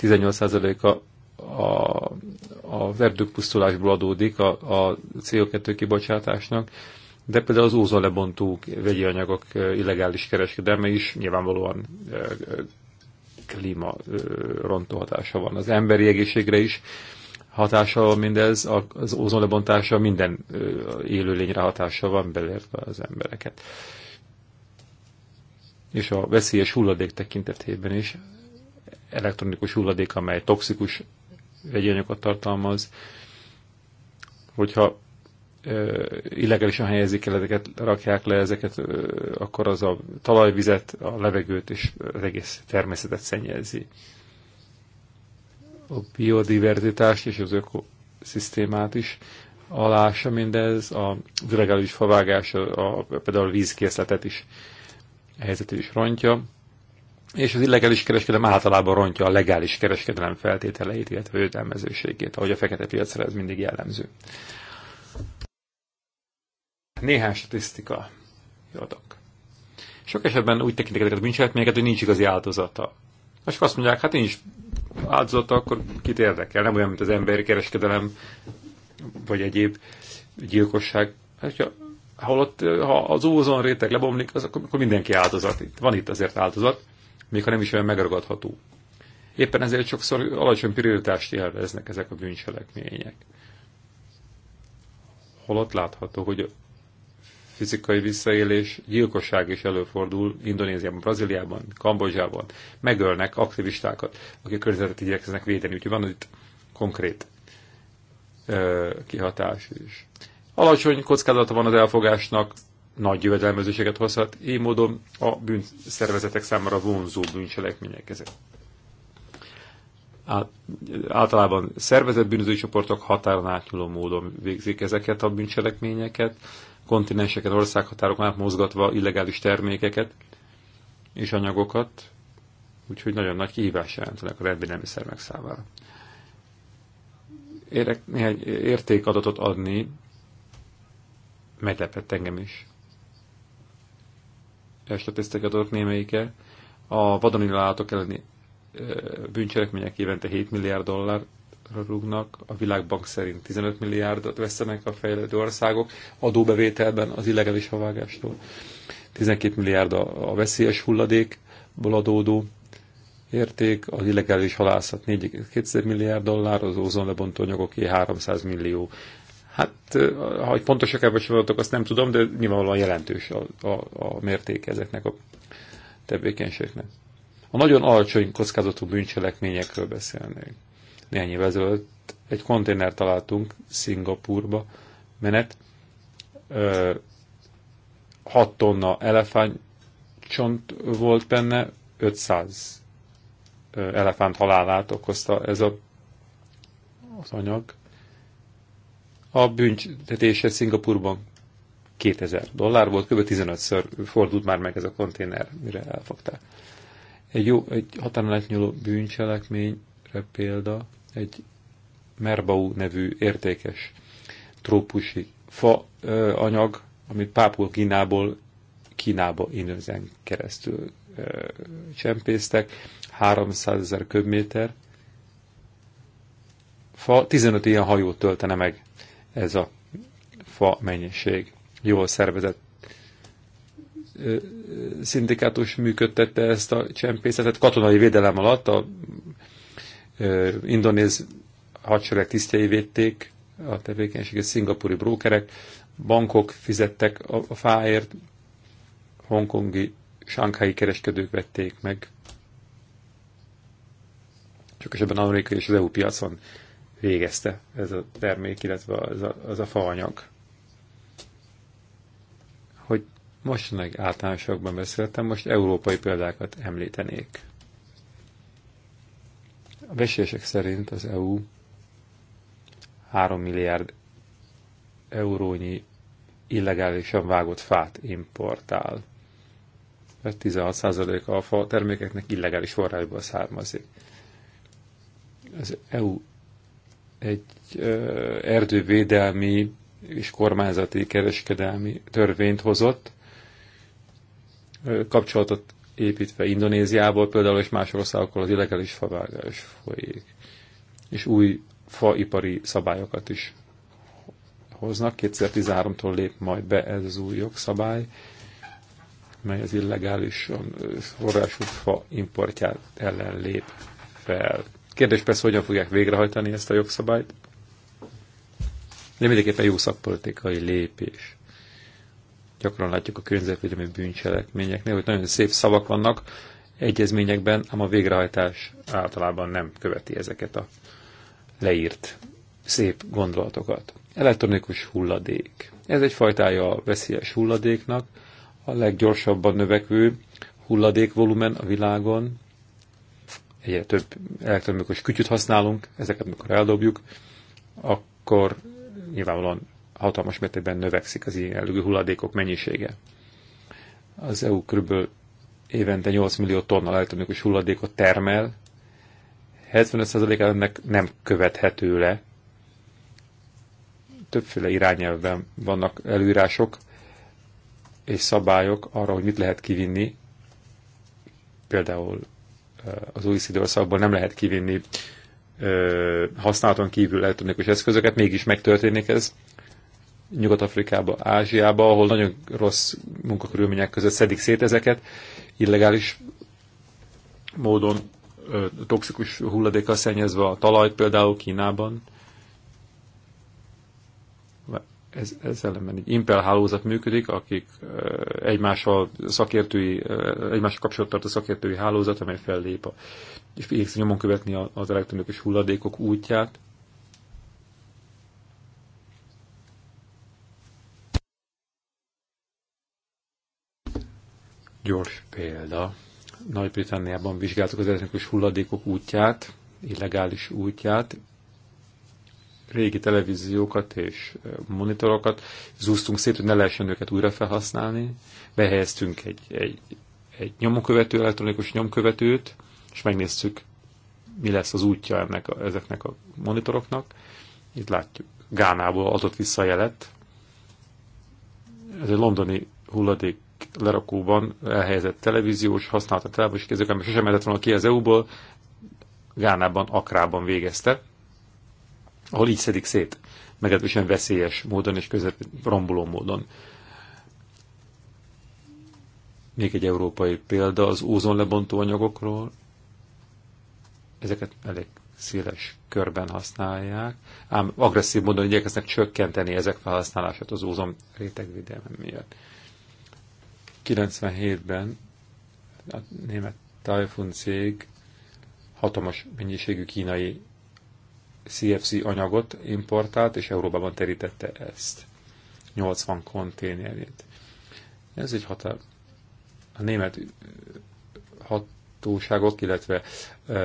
18%-a a, a verdőpusztulásból adódik a, a CO2 kibocsátásnak, de például az ózonlebontó vegyi anyagok illegális kereskedelme is nyilvánvalóan klíma rontó hatása van. Az emberi egészségre is hatása van mindez, az ózonlebontása minden élőlényre hatása van, beleértve az embereket. És a veszélyes hulladék tekintetében is elektronikus hulladék, amely toxikus vegyi anyagot tartalmaz, hogyha illegálisan helyezik el ezeket, rakják le ezeket, akkor az a talajvizet, a levegőt és az egész természetet szennyezi. A biodiverzitást és az ökoszisztémát is alása mindez, a illegális favágás, a, a, például a vízkészletet is, a helyzetet is rontja és az illegális kereskedelem általában rontja a legális kereskedelem feltételeit, illetve jövedelmezőségét, ahogy a fekete piacra ez mindig jellemző. Néhány statisztika Jodok. Sok esetben úgy tekintik ezeket a bűncselekményeket, hogy nincs igazi áldozata. És azt mondják, hát nincs áldozata, akkor kit érdekel? Nem olyan, mint az emberi kereskedelem, vagy egyéb gyilkosság. Hát, hogyha holott ha az ózon réteg lebomlik, az, akkor, akkor mindenki áldozat. Itt, van itt azért áldozat még ha nem is olyan megragadható. Éppen ezért sokszor alacsony prioritást élveznek ezek a bűncselekmények. Holott látható, hogy a fizikai visszaélés, gyilkosság is előfordul Indonéziában, Brazíliában, Kambodzsában. Megölnek aktivistákat, akik környezetet igyekeznek védeni, úgyhogy van hogy itt konkrét ö, kihatás is. Alacsony kockázata van az elfogásnak, nagy jövedelmezőséget hozhat, így módon a bűnszervezetek számára vonzó bűncselekmények ezek. Általában szervezett bűnözői csoportok határon átnyúló módon végzik ezeket a bűncselekményeket, kontinenseket, országhatárokon át mozgatva illegális termékeket és anyagokat, úgyhogy nagyon nagy kihívás jelentenek a rendvédelmi szervek számára. Érek, néhány értékadatot adni meglepett engem is statisztikai adatok némelyike a vadonilátok elleni bűncselekmények évente 7 milliárd dollár rúgnak, a világbank szerint 15 milliárdot vesztenek a fejlődő országok adóbevételben az illegális havágástól. 12 milliárd a veszélyes hulladékból adódó érték, az illegális halászat 4,2 milliárd dollár, az ózonlebontó anyagoké 300 millió Hát, ha pontosak-e vagy azt nem tudom, de nyilvánvalóan jelentős a, a, a mérték ezeknek a tevékenységnek. A nagyon alacsony kockázatú bűncselekményekről beszélnék. Néhány évvel ezelőtt egy konténer találtunk Szingapurba menet, 6 tonna elefántcsont volt benne, 500 elefánt halálát okozta ez a, az anyag. A büntetése Szingapurban 2000 dollár volt, kb. 15-ször fordult már meg ez a konténer, mire elfogták. Egy jó, egy határon bűncselekményre példa, egy merbau nevű értékes trópusi fa ö, anyag, amit Pápul Kínából Kínába Indonézián keresztül ö, csempésztek, 300 ezer köbméter. Fa 15 ilyen hajót töltene meg ez a fa mennyiség. Jól szervezett szindikátus működtette ezt a csempészetet katonai védelem alatt, a indonéz hadsereg tisztjei védték a tevékenységet, szingapúri brókerek, bankok fizettek a, a fáért, hongkongi, sánkhái kereskedők vették meg, csak esetben amerikai és az EU piacon végezte ez a termék, illetve az a, az a faanyag. Hogy most meg általánosakban beszéltem, most európai példákat említenék. A beszések szerint az EU 3 milliárd eurónyi illegálisan vágott fát importál. Tehát 16%-a a fa termékeknek illegális forrásból származik. Az EU egy erdővédelmi és kormányzati kereskedelmi törvényt hozott, kapcsolatot építve Indonéziából például és más országokkal az illegális favágás folyik. És új faipari szabályokat is hoznak. 2013-tól lép majd be ez az új jogszabály, mely az illegális forrású fa importját ellen lép fel. Kérdés persze, hogyan fogják végrehajtani ezt a jogszabályt. De mindenképpen jó szakpolitikai lépés. Gyakran látjuk a környezetvédelmi bűncselekményeknél, hogy nagyon szép szavak vannak egyezményekben, ám a végrehajtás általában nem követi ezeket a leírt szép gondolatokat. Elektronikus hulladék. Ez egy fajtája a veszélyes hulladéknak, a leggyorsabban növekvő hulladékvolumen a világon, egyre több elektronikus kütyüt használunk, ezeket mikor eldobjuk, akkor nyilvánvalóan hatalmas mértékben növekszik az ilyen jellegű hulladékok mennyisége. Az EU kb. évente 8 millió tonna elektronikus hulladékot termel, 75%-a ennek nem követhető le. Többféle irányelvben vannak előírások és szabályok arra, hogy mit lehet kivinni, például az OECD országból nem lehet kivinni használaton kívül elektronikus eszközöket, mégis megtörténik ez. Nyugat-Afrikába, Ázsiába, ahol nagyon rossz munkakörülmények között szedik szét ezeket, illegális módon toxikus hulladékkal szennyezve a talajt például Kínában, ez, ez ellenben egy Impel hálózat működik, akik egymással szakértői, egymással kapcsolat tart a szakértői hálózat, amely fellép a, és igyekszik nyomon követni az elektronikus hulladékok útját. Gyors példa. Nagy-Britanniában vizsgáltuk az elektronikus hulladékok útját, illegális útját, régi televíziókat és monitorokat zúztunk szét, hogy ne lehessen őket újra felhasználni. Behelyeztünk egy, egy, egy nyomkövető, elektronikus nyomkövetőt, és megnéztük, mi lesz az útja ennek a, ezeknek a monitoroknak. Itt látjuk, Gánából adott jelet. Ez egy londoni hulladék lerakóban elhelyezett televíziós, használta televíziós kézők, ami sosem mehetett volna ki az EU-ból, Gánában, Akrában végezte ahol így szedik szét, meglehetősen veszélyes módon és között romboló módon. Még egy európai példa az ózonlebontó anyagokról. Ezeket elég széles körben használják, ám agresszív módon igyekeznek csökkenteni ezek felhasználását az ózon rétegvédelme miatt. 97-ben a német Typhoon cég hatalmas mennyiségű kínai CFC anyagot importált, és Európában terítette ezt. 80 konténerét. Ez egy határ. A német hatóságok, illetve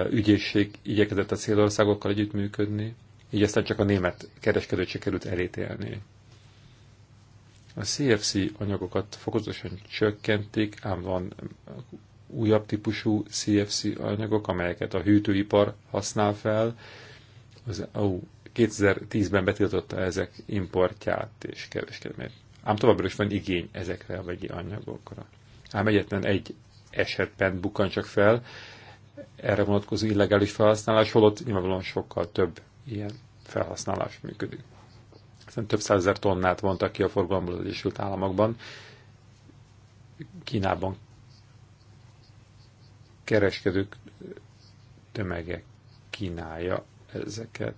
ügyészség igyekezett a célországokkal együttműködni, így aztán csak a német kereskedőt sikerült elítélni. A CFC anyagokat fokozatosan csökkentik, ám van újabb típusú CFC anyagok, amelyeket a hűtőipar használ fel, az EU 2010-ben betiltotta ezek importját és kereskedelmét. Ám továbbra is van igény ezekre a vegyi anyagokra. Ám egyetlen egy esetben bukkan csak fel erre vonatkozó illegális felhasználás, holott nyilvánvalóan sokkal több ilyen felhasználás működik. Aztán több százezer tonnát vontak ki a forgalomból az Egyesült Államokban, Kínában kereskedők tömege kínálja ezeket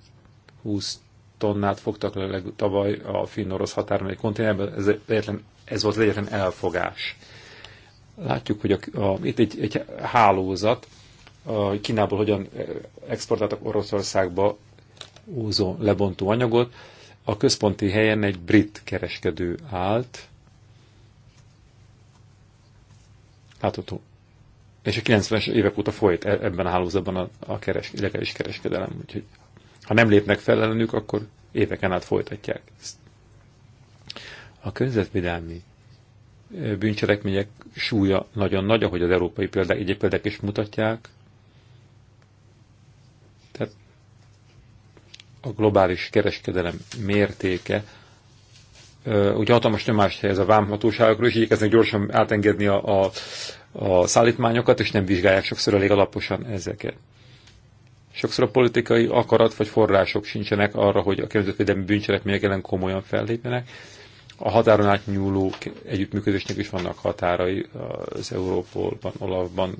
20 tonnát fogtak le tavaly a finn-orosz határon egy konténerben, ez, egyetlen, ez volt egyetlen elfogás. Látjuk, hogy a, a, itt egy, egy hálózat, a Kínából hogyan e, exportáltak Oroszországba úzó lebontó anyagot. A központi helyen egy brit kereskedő állt, látható és a 90-es évek óta folyt e- ebben a hálózatban a, a keres, illegális kereskedelem. Úgyhogy ha nem lépnek fel ellenük, akkor éveken át folytatják ezt. A környezetvédelmi bűncselekmények súlya nagyon nagy, ahogy az európai példák, egyéb példák is mutatják. Tehát a globális kereskedelem mértéke ugye hatalmas nyomást helyez a vámhatóságokra, és igyekeznek gyorsan átengedni a, a, a szállítmányokat, és nem vizsgálják sokszor elég alaposan ezeket. Sokszor a politikai akarat vagy források sincsenek arra, hogy a környezetvédelmi bűncselekmények ellen komolyan fellépjenek. A határon átnyúló együttműködésnek is vannak határai az Európolban, Olafban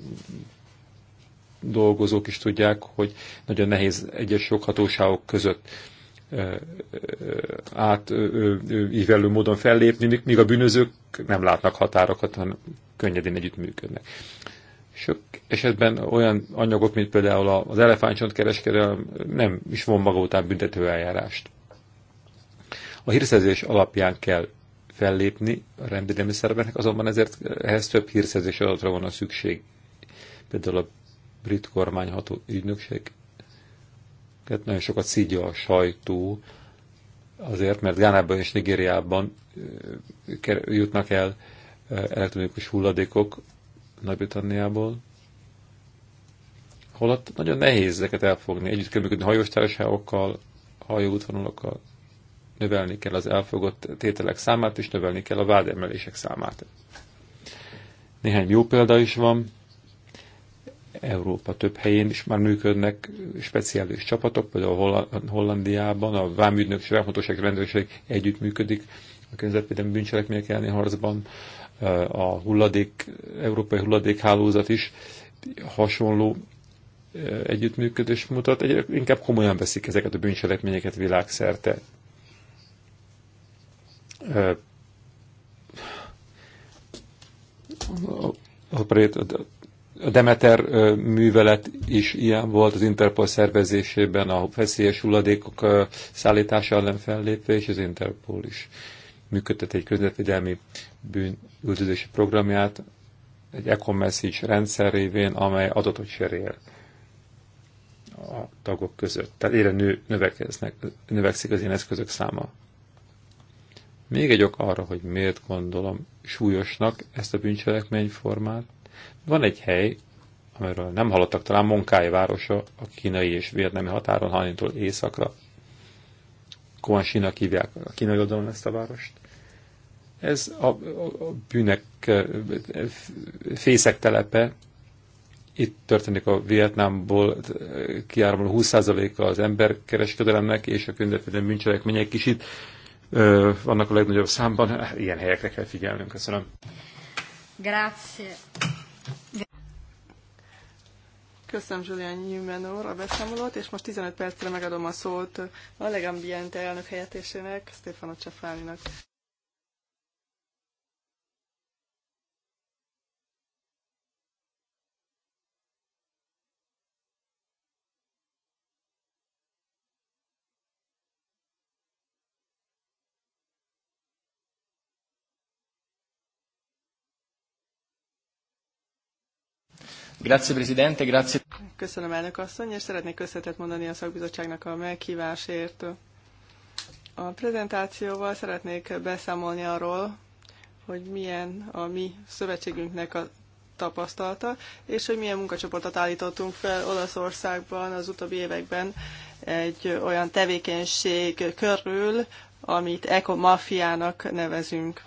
dolgozók is tudják, hogy nagyon nehéz egyes hatóságok között átívelő módon fellépni, míg a bűnözők nem látnak határokat, hanem könnyedén együttműködnek. Sok esetben olyan anyagok, mint például az elefántcsont kereskedelem nem is von maga után büntető eljárást. A hírszerzés alapján kell fellépni a rendvédelmi szerveknek, azonban ezért ehhez több hírszerzés adatra van a szükség. Például a brit kormányható ügynökség nagyon sokat szídja a sajtó, azért, mert Gánában és Nigériában jutnak el elektronikus hulladékok Nagy-Britanniából, holott nagyon nehéz ezeket elfogni. Együtt kell működni hajós társaságokkal, hajóútvonalakkal, növelni kell az elfogott tételek számát, és növelni kell a vádemelések számát. Néhány jó példa is van, Európa több helyén is már működnek speciális csapatok, például Hollandiában a vámügynök és vámhatóság rendőrség együttműködik a környezetvédelmi bűncselekmények elleni harcban, a hulladék, európai hulladékhálózat is hasonló együttműködés mutat, egyre inkább komolyan veszik ezeket a bűncselekményeket világszerte. A, a, a, a Demeter művelet is ilyen volt az Interpol szervezésében, a feszélyes hulladékok szállítása ellen fellépve, és az Interpol is működtet egy közvetvédelmi bűnüldözési programját, egy e-commerce rendszer révén, amely adatot cserél a tagok között. Tehát egyre nő, növekeznek, növekszik az én eszközök száma. Még egy ok arra, hogy miért gondolom súlyosnak ezt a formát, van egy hely, amiről nem hallottak talán Monkály városa a kínai és vietnami határon Hanintól északra. Kuansina hívják a kínai oldalon ezt a várost. Ez a, a, a bűnek fészek telepe. Itt történik a Vietnámból kiáramló 20%-a az emberkereskedelemnek és a könyvetlen bűncselekmények is itt ö, vannak a legnagyobb számban. Ilyen helyekre kell figyelnünk. Köszönöm. Grazie. Köszönöm Julián Newman úr a beszámolót, és most 15 percre megadom a szót a Legambiente elnök helyettésének, Stefano Csefráninak. Grazie, Presidente, grazie. Köszönöm, elnök asszony, és szeretnék köszönetet mondani a szakbizottságnak a meghívásért. A prezentációval szeretnék beszámolni arról, hogy milyen a mi szövetségünknek a tapasztalata, és hogy milyen munkacsoportot állítottunk fel Olaszországban az utóbbi években egy olyan tevékenység körül, amit ekomafiának nevezünk.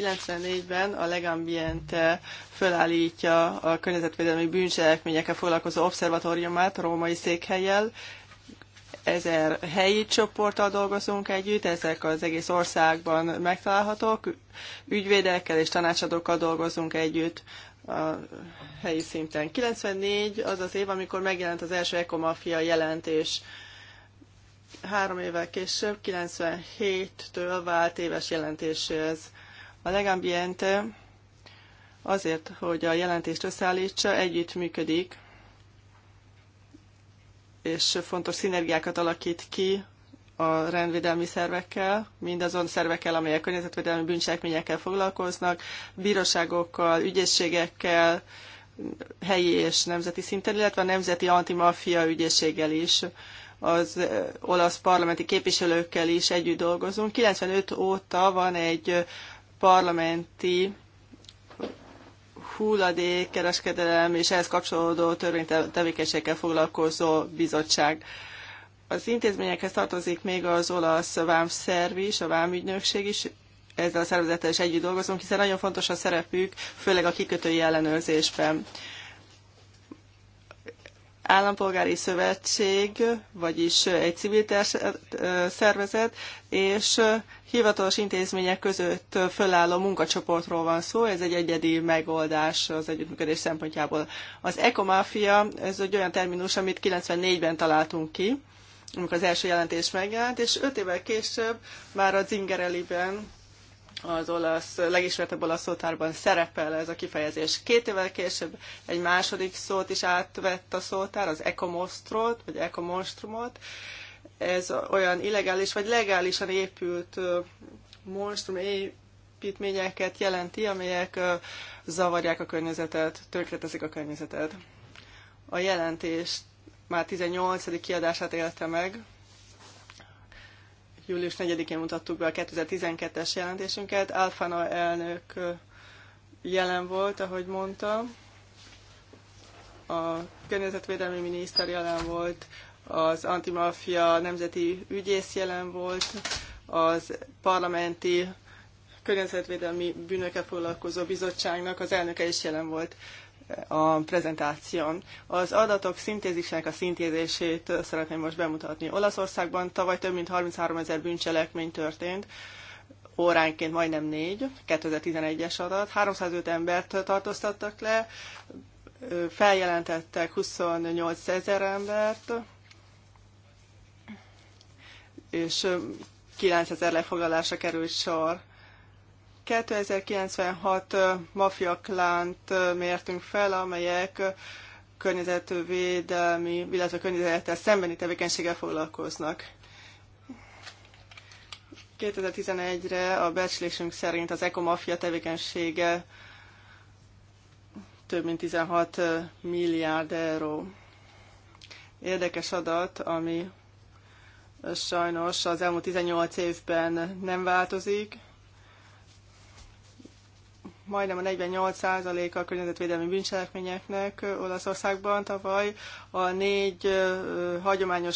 94-ben a Legambiente fölállítja a környezetvédelmi bűncselekményekkel foglalkozó obszervatóriumát római székhelyel. Ezer helyi csoporttal dolgozunk együtt, ezek az egész országban megtalálhatók. Ügyvédekkel és tanácsadókkal dolgozunk együtt a helyi szinten. 94 az az év, amikor megjelent az első ekomafia jelentés. Három évvel később, 97-től vált éves jelentés ez. A Legambiente azért, hogy a jelentést összeállítsa, együtt működik, és fontos szinergiákat alakít ki a rendvédelmi szervekkel, mindazon szervekkel, amelyek környezetvédelmi bűncselekményekkel foglalkoznak, bíróságokkal, ügyészségekkel, helyi és nemzeti szinten, illetve a Nemzeti Antimafia ügyészséggel is, az eh, olasz parlamenti képviselőkkel is együtt dolgozunk. 95 óta van egy parlamenti hulladékkereskedelem és ehhez kapcsolódó törvénytevékenységgel foglalkozó bizottság. Az intézményekhez tartozik még az olasz vámszerv is, a vámügynökség is, ezzel a szervezettel is együtt dolgozunk, hiszen nagyon fontos a szerepük, főleg a kikötői ellenőrzésben állampolgári szövetség, vagyis egy civil szervezet, és hivatalos intézmények között fölálló munkacsoportról van szó, ez egy egyedi megoldás az együttműködés szempontjából. Az ekomáfia, ez egy olyan terminus, amit 94-ben találtunk ki, amikor az első jelentés megjelent, és öt évvel később már a Zingereliben az olasz, legismertebb olasz szótárban szerepel ez a kifejezés. Két évvel később egy második szót is átvett a szótár, az ekomostrot, vagy ekomonstrumot. Ez olyan illegális, vagy legálisan épült monstrum építményeket jelenti, amelyek zavarják a környezetet, tönkreteszik a környezetet. A jelentés már 18. kiadását élte meg, Július 4-én mutattuk be a 2012-es jelentésünket. Alfano elnök jelen volt, ahogy mondtam. A környezetvédelmi miniszter jelen volt, az antimafia nemzeti ügyész jelen volt, az parlamenti környezetvédelmi bűnökkel foglalkozó bizottságnak az elnöke is jelen volt a prezentáción. Az adatok szintézisnek a szintézését szeretném most bemutatni. Olaszországban tavaly több mint 33 ezer bűncselekmény történt, óránként majdnem négy, 2011-es adat. 305 embert tartóztattak le, feljelentettek 28 ezer embert, és 9000 lefoglalásra került sor. 2096 mafia klánt mértünk fel, amelyek környezetvédelmi, illetve környezettel szembeni tevékenységgel foglalkoznak. 2011-re a becslésünk szerint az ekomafia tevékenysége több mint 16 milliárd euró. Érdekes adat, ami sajnos az elmúlt 18 évben nem változik, majdnem a 48% a környezetvédelmi bűncselekményeknek Olaszországban tavaly a négy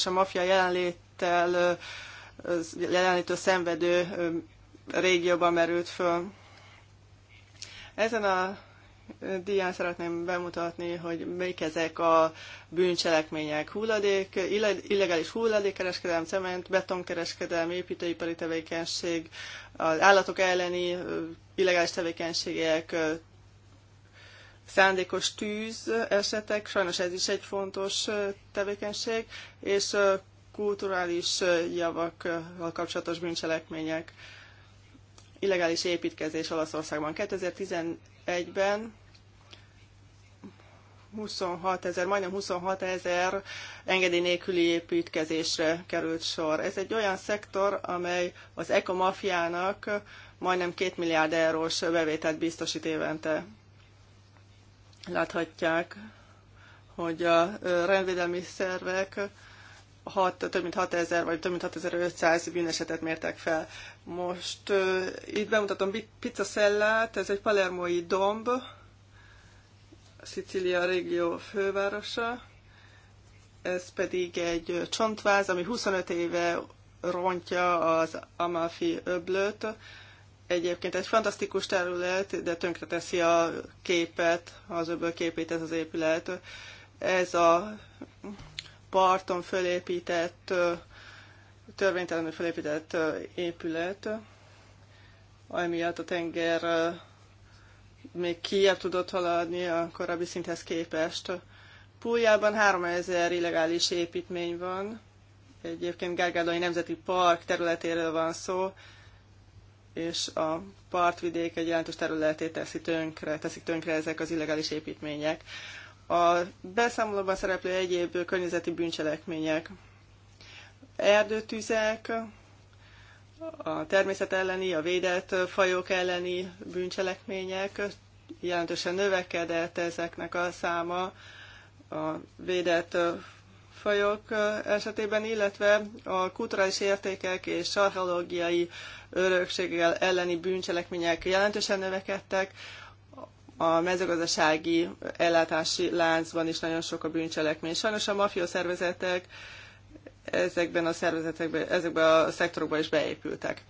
a mafia jelenléttel jelenlétől szenvedő régióban merült föl. Ezen a dián szeretném bemutatni, hogy mik ezek a bűncselekmények. Hulladék, illegális hulladékkereskedelem, cement, betonkereskedelem, építőipari tevékenység, az állatok elleni illegális tevékenységek, szándékos tűz esetek, sajnos ez is egy fontos tevékenység, és kulturális javakkal kapcsolatos bűncselekmények, illegális építkezés Olaszországban. 2011-ben 26 ezer, majdnem 26 ezer engedély nélküli építkezésre került sor. Ez egy olyan szektor, amely az ekomafiának majdnem 2 milliárd eurós bevételt biztosít évente. Láthatják, hogy a rendvédelmi szervek 6, több mint 6 ezer, vagy több mint 6500 bűnesetet mértek fel. Most uh, itt bemutatom pizzaszellát, ez egy palermói domb, Szicília régió fővárosa, ez pedig egy csontváz, ami 25 éve rontja az Amalfi öblöt. Egyébként egy fantasztikus terület, de tönkreteszi a képet, az öböl képét ez az épület. Ez a parton fölépített, törvénytelenül fölépített épület, amiatt a tenger még kiebb tudott haladni a korábbi szinthez képest. Púljában 3000 illegális építmény van, egyébként Gárgádai Nemzeti Park területéről van szó, és a partvidék egy jelentős területét teszi tönkre, teszik tönkre ezek az illegális építmények. A beszámolóban szereplő egyéb környezeti bűncselekmények, erdőtüzek, a természet elleni, a védett fajok elleni bűncselekmények. Jelentősen növekedett ezeknek a száma a védett fajok esetében, illetve a kulturális értékek és archeológiai örökséggel elleni bűncselekmények jelentősen növekedtek. A mezőgazdasági ellátási láncban is nagyon sok a bűncselekmény. Sajnos a mafió szervezetek ezekben a szervezetekben, ezekben a szektorokban is beépültek.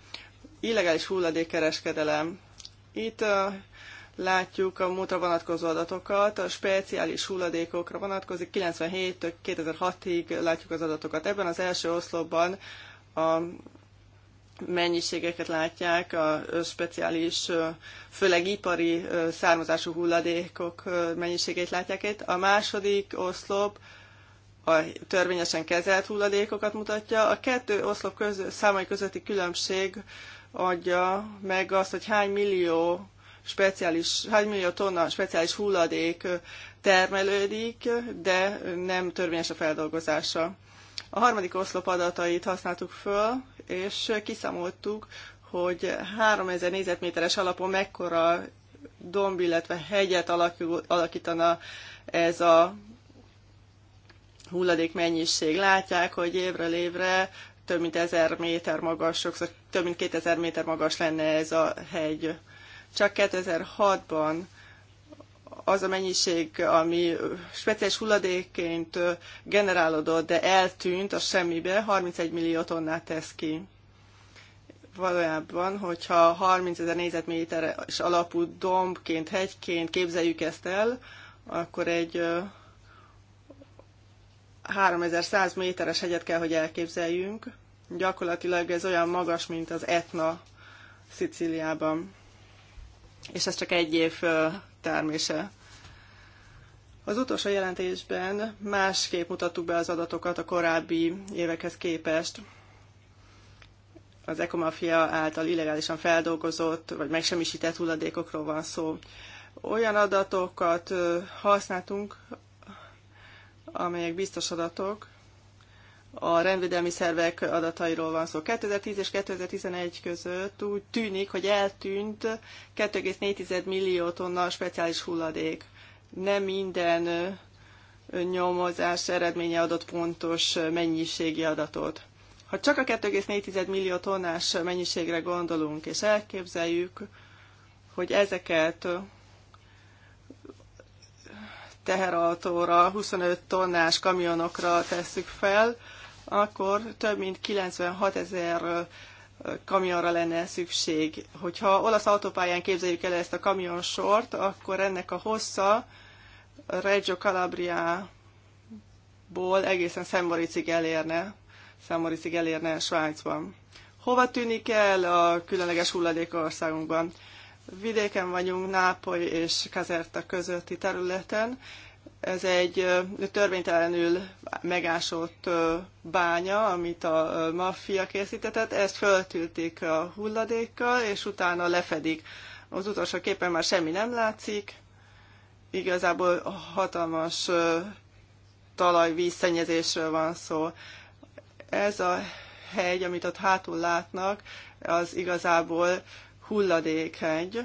Illegális hulladékkereskedelem. Itt uh, látjuk a múltra vonatkozó adatokat, a speciális hulladékokra vonatkozik, 97 2006-ig látjuk az adatokat. Ebben az első oszlopban a mennyiségeket látják, a speciális, főleg ipari származású hulladékok mennyiségét látják itt. A második oszlop a törvényesen kezelt hulladékokat mutatja. A kettő oszlop közö, számai közötti különbség adja meg azt, hogy hány millió speciális, hány millió tonna speciális hulladék termelődik, de nem törvényes a feldolgozása. A harmadik oszlop adatait használtuk föl, és kiszámoltuk, hogy 3000 négyzetméteres alapon mekkora domb, illetve hegyet alakítana ez a hulladék mennyiség. Látják, hogy évről évre több mint ezer méter magas, sokszor több mint 2000 méter magas lenne ez a hegy. Csak 2006-ban az a mennyiség, ami speciális hulladékként generálódott, de eltűnt a semmibe, 31 millió tonnát tesz ki. Valójában, hogyha 30 ezer négyzetméteres alapú dombként, hegyként képzeljük ezt el, akkor egy 3100 méteres hegyet kell, hogy elképzeljünk. Gyakorlatilag ez olyan magas, mint az Etna Szicíliában. És ez csak egy év termése. Az utolsó jelentésben másképp mutattuk be az adatokat a korábbi évekhez képest. Az ekomafia által illegálisan feldolgozott vagy megsemmisített hulladékokról van szó. Olyan adatokat használtunk, amelyek biztos adatok. A rendvédelmi szervek adatairól van szó. 2010 és 2011 között úgy tűnik, hogy eltűnt 2,4 millió tonna speciális hulladék. Nem minden nyomozás eredménye adott pontos mennyiségi adatot. Ha csak a 2,4 millió tonnás mennyiségre gondolunk, és elképzeljük, hogy ezeket teherautóra, 25 tonnás kamionokra tesszük fel, akkor több mint 96 ezer kamionra lenne szükség. Hogyha olasz autópályán képzeljük el ezt a kamionsort, akkor ennek a hossza Reggio Calabria-ból egészen Szemmoricig elérne, Szemmoricig elérne Svájcban. Hova tűnik el a különleges hulladék országunkban? Vidéken vagyunk Nápoly és Kazerta közötti területen. Ez egy törvénytelenül megásolt bánya, amit a maffia készítetett. Ezt föltülték a hulladékkal, és utána lefedik. Az utolsó képen már semmi nem látszik. Igazából hatalmas talajvízszennyezésről van szó. Ez a hegy, amit ott hátul látnak, az igazából hulladékhegy,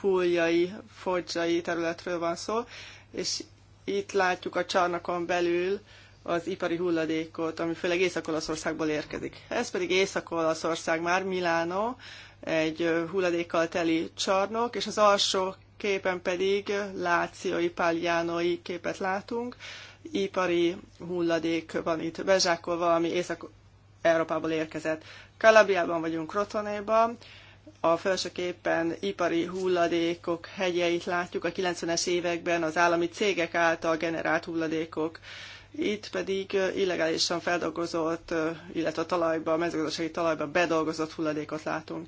púljai, forcsai területről van szó, és itt látjuk a csarnokon belül az ipari hulladékot, ami főleg Észak-Olaszországból érkezik. Ez pedig Észak-Olaszország már, Milánó, egy hulladékkal teli csarnok, és az alsó képen pedig lációi, páliánói képet látunk. Ipari hulladék van itt bezsákolva, ami Észak-Európából érkezett. Kalabriában vagyunk, Rotonéban, a felsőképpen ipari hulladékok hegyeit látjuk a 90-es években, az állami cégek által generált hulladékok. Itt pedig illegálisan feldolgozott, illetve a talajba, a mezőgazdasági talajba bedolgozott hulladékot látunk.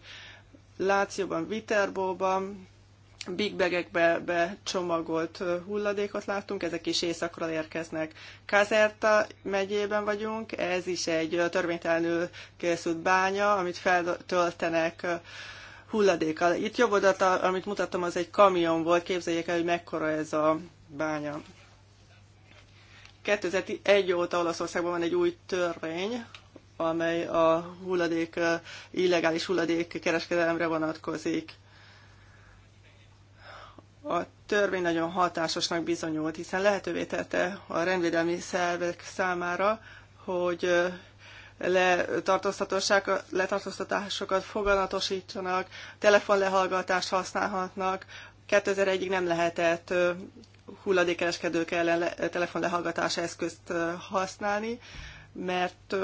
Lációban, Viterbóban, big bagekbe becsomagolt hulladékot látunk, ezek is északról érkeznek. Kazerta megyében vagyunk, ez is egy törvénytelenül készült bánya, amit feltöltenek hulladékkal. Itt jobb oldalt, amit mutattam, az egy kamion volt, képzeljék el, hogy mekkora ez a bánya. 2001 óta Olaszországban van egy új törvény, amely a hulladék, illegális hulladék kereskedelemre vonatkozik. A törvény nagyon hatásosnak bizonyult, hiszen lehetővé tette a rendvédelmi szervek számára, hogy letartóztatásokat foganatosítsanak, telefonlehallgatást használhatnak. 2001-ig nem lehetett hulladékereskedők ellen telefonlehallgatás eszközt használni, mert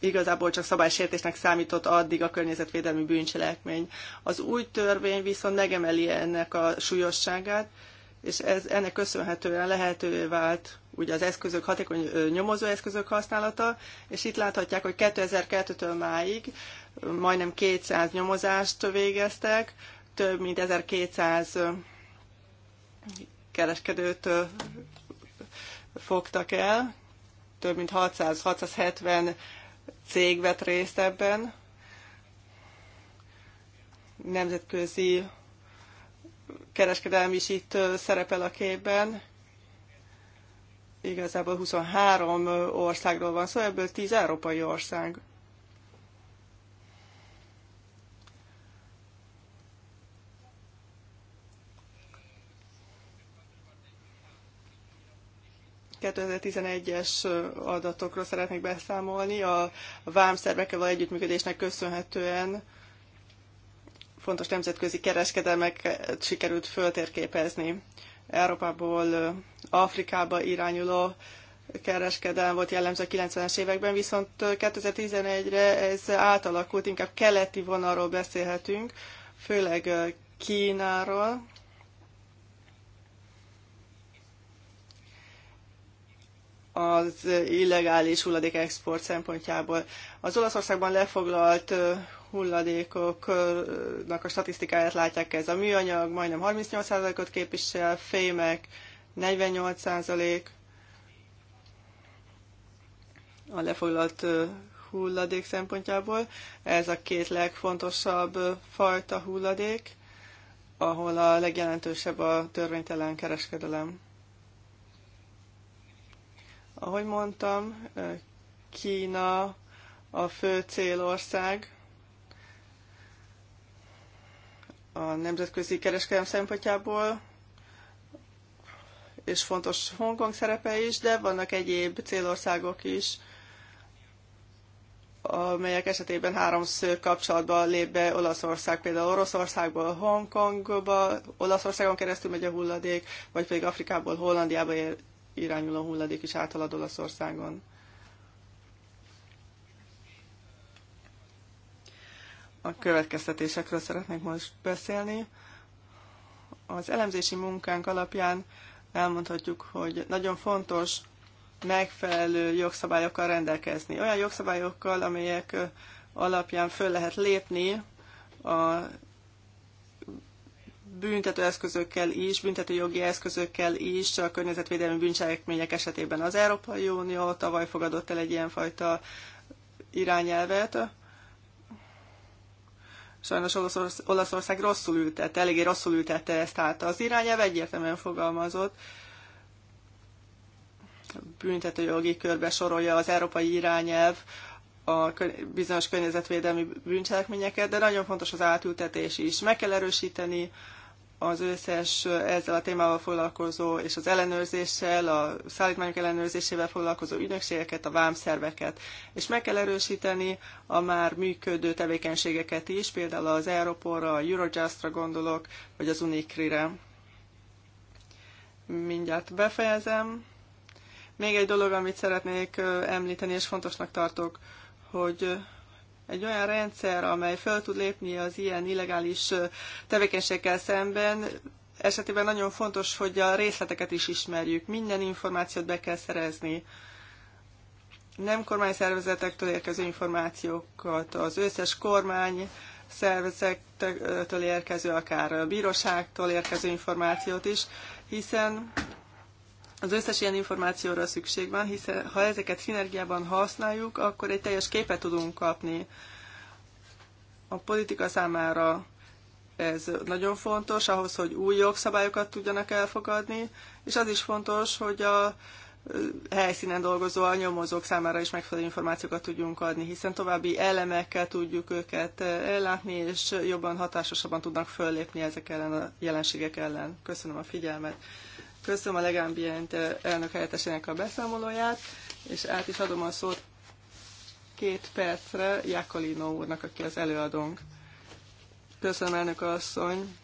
igazából csak szabálysértésnek számított addig a környezetvédelmi bűncselekmény. Az új törvény viszont megemeli ennek a súlyosságát, és ez, ennek köszönhetően lehetővé vált ugye az eszközök, hatékony nyomozó eszközök használata, és itt láthatják, hogy 2002-től máig majdnem 200 nyomozást végeztek, több mint 1200 kereskedőt fogtak el, több mint 600-670 cég vett részt ebben, nemzetközi kereskedelmi is itt szerepel a képben, igazából 23 országról van szó, szóval ebből 10 európai ország. ...2011-es adatokról szeretnék beszámolni. A vámszervekkel való együttműködésnek köszönhetően fontos nemzetközi kereskedelmeket sikerült föltérképezni. Európából Afrikába irányuló kereskedelem volt jellemző a 90-es években, viszont 2011-re ez átalakult, inkább keleti vonalról beszélhetünk, főleg Kínáról. az illegális hulladék export szempontjából. Az Olaszországban lefoglalt hulladékoknak a statisztikáját látják ez. A műanyag majdnem 38%-ot képvisel, fémek 48%, a lefoglalt hulladék szempontjából. Ez a két legfontosabb fajta hulladék, ahol a legjelentősebb a törvénytelen kereskedelem. Ahogy mondtam, Kína a fő célország, a nemzetközi kereskedelem szempontjából, és fontos Hongkong szerepe is, de vannak egyéb célországok is, amelyek esetében háromször kapcsolatba lép be Olaszország, például Oroszországból Hongkongba, Olaszországon keresztül megy a hulladék, vagy pedig Afrikából Hollandiába ér, irányuló hulladék is áthalad Olaszországon. a következtetésekről szeretnék most beszélni. Az elemzési munkánk alapján elmondhatjuk, hogy nagyon fontos megfelelő jogszabályokkal rendelkezni. Olyan jogszabályokkal, amelyek alapján föl lehet lépni a büntető eszközökkel is, büntető jogi eszközökkel is a környezetvédelmi bűncselekmények esetében az Európai Unió tavaly fogadott el egy ilyenfajta irányelvet, Sajnos Olaszorsz- Olaszország rosszul ültette, eléggé rosszul ültette ezt át. Az irányelv egyértelműen fogalmazott, büntetőjogi körbe sorolja az európai irányelv a bizonyos környezetvédelmi bűncselekményeket, de nagyon fontos az átültetés is. Meg kell erősíteni az összes ezzel a témával foglalkozó és az ellenőrzéssel, a szállítmányok ellenőrzésével foglalkozó ügynökségeket, a vámszerveket. És meg kell erősíteni a már működő tevékenységeket is, például az Europolra, a Eurojustra gondolok, vagy az Unicri-re. Mindjárt befejezem. Még egy dolog, amit szeretnék említeni, és fontosnak tartok, hogy egy olyan rendszer, amely föl tud lépni az ilyen illegális tevékenységekkel szemben, esetében nagyon fontos, hogy a részleteket is ismerjük. Minden információt be kell szerezni. Nem kormány szervezetektől érkező információkat, az összes kormány szervezetektől érkező, akár a bíróságtól érkező információt is, hiszen az összes ilyen információra szükség van, hiszen ha ezeket szinergiában használjuk, akkor egy teljes képet tudunk kapni. A politika számára ez nagyon fontos, ahhoz, hogy új jogszabályokat tudjanak elfogadni, és az is fontos, hogy a helyszínen dolgozó a nyomozók számára is megfelelő információkat tudjunk adni, hiszen további elemekkel tudjuk őket ellátni, és jobban hatásosabban tudnak föllépni ezek ellen a jelenségek ellen. Köszönöm a figyelmet! Köszönöm a Legambient eh, elnök helyettesének a beszámolóját, és át is adom a szót két percre Jakolino úrnak, aki az előadónk. Köszönöm, elnök asszony.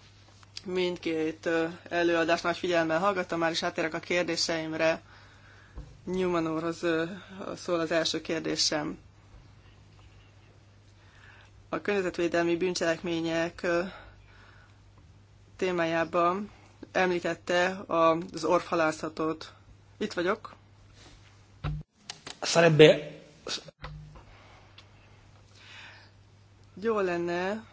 Mindkét eh, előadást nagy figyelemmel hallgattam, már is átérek a kérdéseimre. Newman úrhoz eh, szól az első kérdésem. A környezetvédelmi bűncselekmények témájában említette az orvhalászatot. Itt vagyok. Sarebbe... Jó lenne,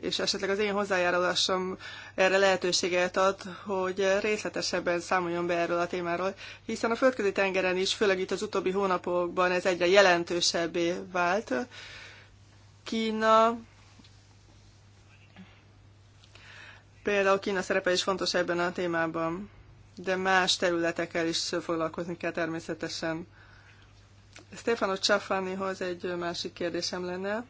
és esetleg az én hozzájárulásom erre lehetőséget ad, hogy részletesebben számoljon be erről a témáról, hiszen a földközi tengeren is, főleg itt az utóbbi hónapokban ez egyre jelentősebbé vált. Kína Például Kína szerepe is fontos ebben a témában, de más területekkel is foglalkozni kell természetesen. Stefano Csafánihoz egy másik kérdésem lenne.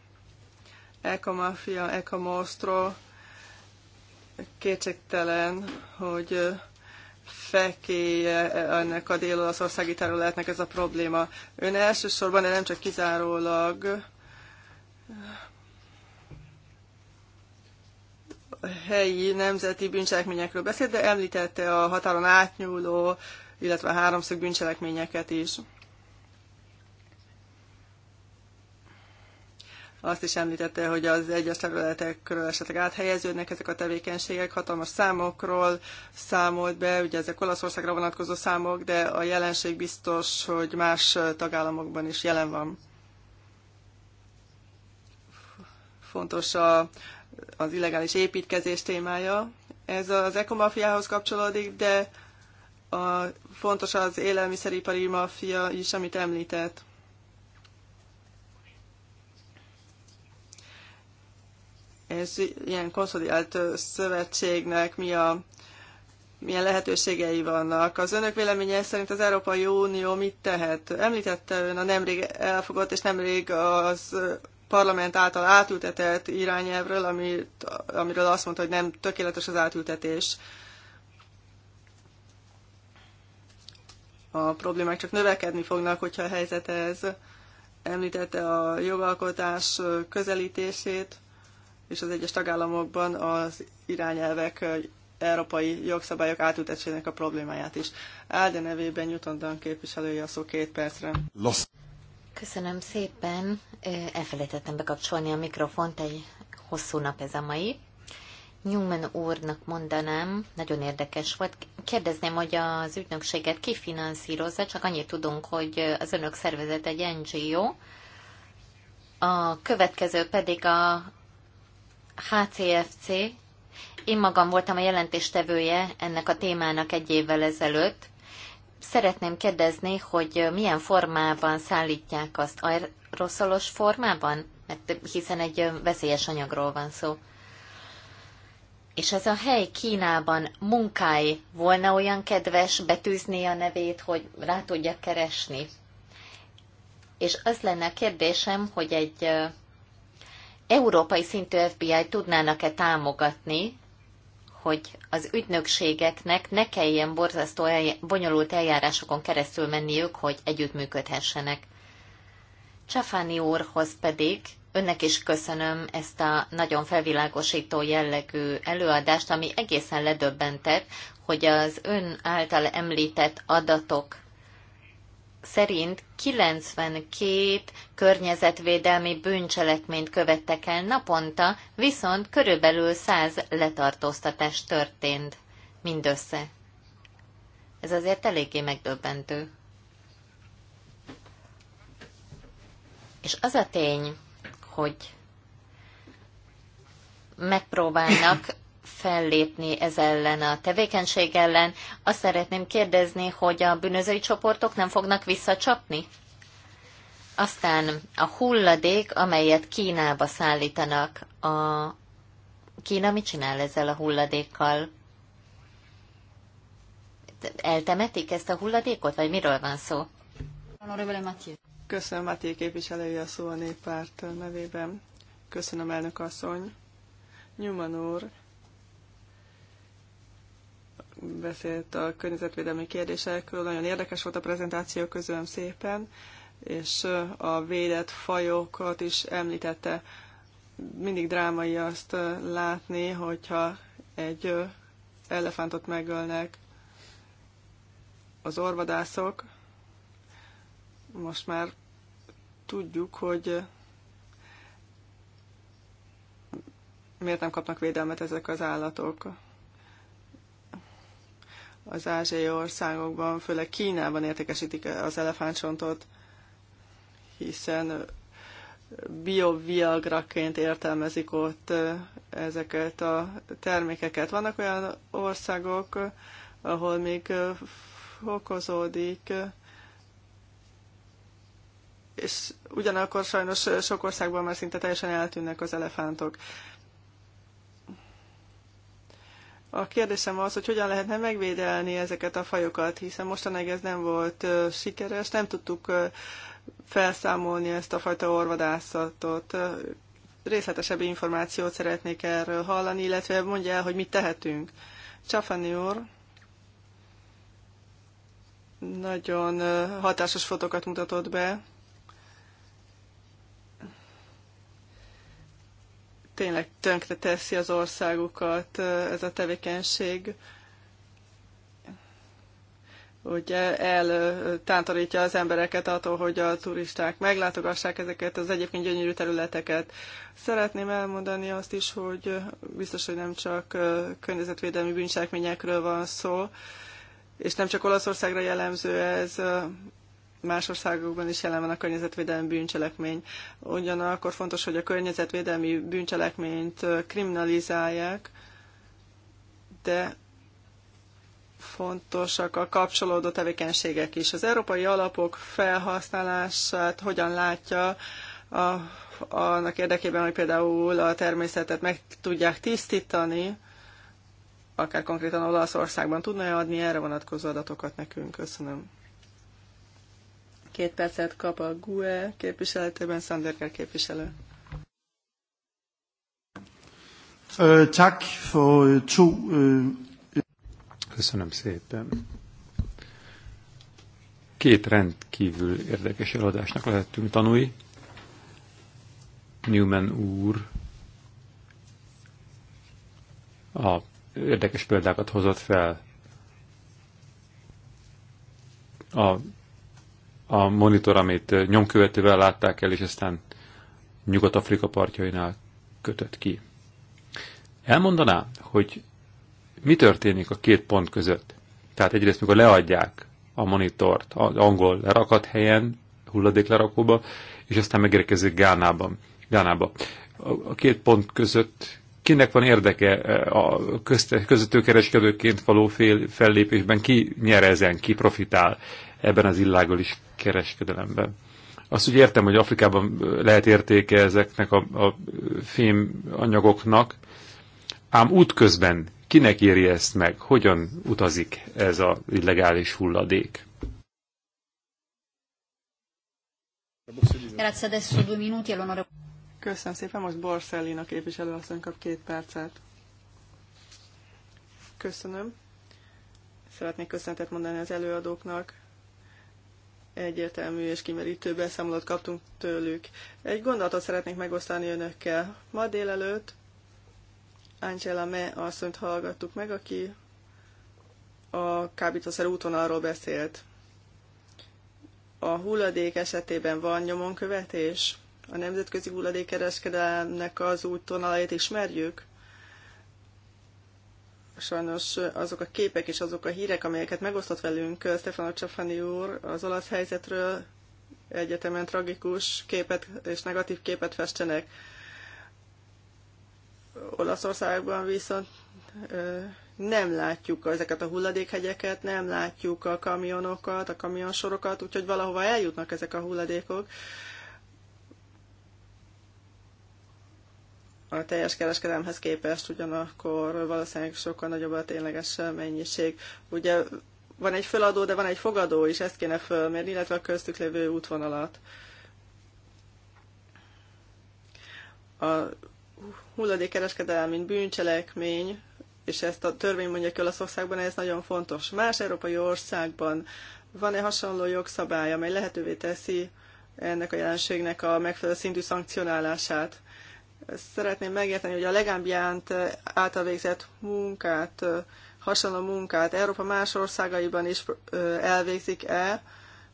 Eka Mafia, Eka Mostro, kétségtelen, hogy fekéje ennek a dél-olaszországi területnek ez a probléma. Ön elsősorban, de nem csak kizárólag helyi nemzeti bűncselekményekről beszélt, de említette a határon átnyúló, illetve a háromszög bűncselekményeket is. Azt is említette, hogy az egyes területekről esetleg áthelyeződnek ezek a tevékenységek, hatalmas számokról számolt be, ugye ezek Olaszországra vonatkozó számok, de a jelenség biztos, hogy más tagállamokban is jelen van. Fontos a az illegális építkezés témája. Ez az ekomafiához kapcsolódik, de a, fontos az élelmiszeripari mafia is, amit említett. Ez ilyen konszolidált szövetségnek mi a, milyen lehetőségei vannak. Az önök véleménye szerint az Európai Unió mit tehet? Említette ön a nemrég elfogott és nemrég az parlament által átültetett irányelvről, amit, amiről azt mondta, hogy nem tökéletes az átültetés. A problémák csak növekedni fognak, hogyha a helyzet ez. Említette a jogalkotás közelítését, és az egyes tagállamokban az irányelvek európai jogszabályok átültetésének a problémáját is. Áldja nevében Newton Dan képviselője a szó két percre. Losz. Köszönöm szépen. Elfelejtettem bekapcsolni a mikrofont, egy hosszú nap ez a mai. Newman úrnak mondanám, nagyon érdekes volt. Kérdezném, hogy az ügynökséget ki csak annyit tudunk, hogy az önök szervezet egy NGO. A következő pedig a HCFC. Én magam voltam a jelentéstevője ennek a témának egy évvel ezelőtt, szeretném kérdezni, hogy milyen formában szállítják azt? Aeroszolos formában? Mert hiszen egy veszélyes anyagról van szó. És ez a hely Kínában munkái volna olyan kedves betűzni a nevét, hogy rá tudja keresni? És az lenne a kérdésem, hogy egy európai szintű fbi tudnának-e támogatni, hogy az ügynökségeknek ne kelljen borzasztó elj- bonyolult eljárásokon keresztül menniük, hogy együttműködhessenek. Csafáni úrhoz pedig Önnek is köszönöm ezt a nagyon felvilágosító jellegű előadást, ami egészen ledöbbentett, hogy az ön által említett adatok szerint 92 környezetvédelmi bűncselekményt követtek el naponta, viszont körülbelül 100 letartóztatás történt mindössze. Ez azért eléggé megdöbbentő. És az a tény, hogy megpróbálnak [LAUGHS] fellépni ez ellen a tevékenység ellen. Azt szeretném kérdezni, hogy a bűnözői csoportok nem fognak visszacsapni? Aztán a hulladék, amelyet Kínába szállítanak. A Kína mit csinál ezzel a hulladékkal? Eltemetik ezt a hulladékot, vagy miről van szó? Köszönöm, Máté képviselője a szó a néppárt nevében. Köszönöm, elnök asszony. Newman úr, beszélt a környezetvédelmi kérdésekről. Nagyon érdekes volt a prezentáció, közölöm szépen, és a védett fajokat is említette. Mindig drámai azt látni, hogyha egy elefántot megölnek az orvadászok. Most már tudjuk, hogy miért nem kapnak védelmet ezek az állatok az ázsiai országokban, főleg Kínában értékesítik az elefántsontot, hiszen bioviagraként értelmezik ott ezeket a termékeket. Vannak olyan országok, ahol még fokozódik, és ugyanakkor sajnos sok országban már szinte teljesen eltűnnek az elefántok. A kérdésem az, hogy hogyan lehetne megvédelni ezeket a fajokat, hiszen mostanáig ez nem volt sikeres, nem tudtuk felszámolni ezt a fajta orvadászatot. Részletesebb információt szeretnék erről hallani, illetve mondja el, hogy mit tehetünk. Csafani úr nagyon hatásos fotókat mutatott be tényleg tönkre teszi az országukat ez a tevékenység. Ugye eltántorítja az embereket attól, hogy a turisták meglátogassák ezeket az egyébként gyönyörű területeket. Szeretném elmondani azt is, hogy biztos, hogy nem csak környezetvédelmi bűncselekményekről van szó, és nem csak Olaszországra jellemző ez, más országokban is jelen van a környezetvédelmi bűncselekmény. Ugyanakkor fontos, hogy a környezetvédelmi bűncselekményt kriminalizálják, de fontosak a kapcsolódó tevékenységek is. Az európai alapok felhasználását hogyan látja a, annak érdekében, hogy például a természetet meg tudják tisztítani, akár konkrétan Olaszországban tudna -e adni erre vonatkozó adatokat nekünk? Köszönöm. Két percet kap a GUE képviseletében Sanderker képviselő. Köszönöm szépen. Két rendkívül érdekes előadásnak lehettünk tanulni. Newman úr a érdekes példákat hozott fel a a monitor, amit eh, nyomkövetővel látták el, és aztán Nyugat-Afrika partjainál kötött ki. Elmondaná, hogy mi történik a két pont között? Tehát egyrészt, mikor leadják a monitort az angol lerakat helyen, hulladéklerakóba, és aztán megérkezik Gánába. Gánába. A két pont között kinek van érdeke eh, a közvetőkereskedőként való fél fellépésben, ki nyer ezen, ki profitál ebben az is kereskedelemben. Azt úgy értem, hogy Afrikában lehet értéke ezeknek a, a fém anyagoknak, ám útközben kinek éri ezt meg? Hogyan utazik ez a illegális hulladék? Köszönöm szépen, most a képviselő asszony kap két percet. Köszönöm. Szeretnék köszönetet mondani az előadóknak egyértelmű és kimerítő beszámolót kaptunk tőlük. Egy gondolatot szeretnék megosztani önökkel. Ma délelőtt Angela Me asszonyt hallgattuk meg, aki a kábítószer útvonalról beszélt. A hulladék esetében van nyomonkövetés? A nemzetközi hulladékkereskedelmnek az útvonalait ismerjük? sajnos azok a képek és azok a hírek, amelyeket megosztott velünk Stefano Csafani úr az olasz helyzetről, egyetemen tragikus képet és negatív képet festenek. Olaszországban viszont nem látjuk ezeket a hulladékhegyeket, nem látjuk a kamionokat, a kamionsorokat, úgyhogy valahova eljutnak ezek a hulladékok, a teljes kereskedelemhez képest, ugyanakkor valószínűleg sokkal nagyobb a tényleges mennyiség. Ugye van egy föladó, de van egy fogadó is, ezt kéne fölmérni, illetve a köztük lévő útvonalat. A kereskedelem, mint bűncselekmény, és ezt a törvény mondja ki Olaszországban, ez nagyon fontos. Más európai országban van-e hasonló jogszabály, amely lehetővé teszi ennek a jelenségnek a megfelelő szintű szankcionálását? szeretném megérteni, hogy a legámbiánt által végzett munkát, hasonló munkát Európa más országaiban is elvégzik-e,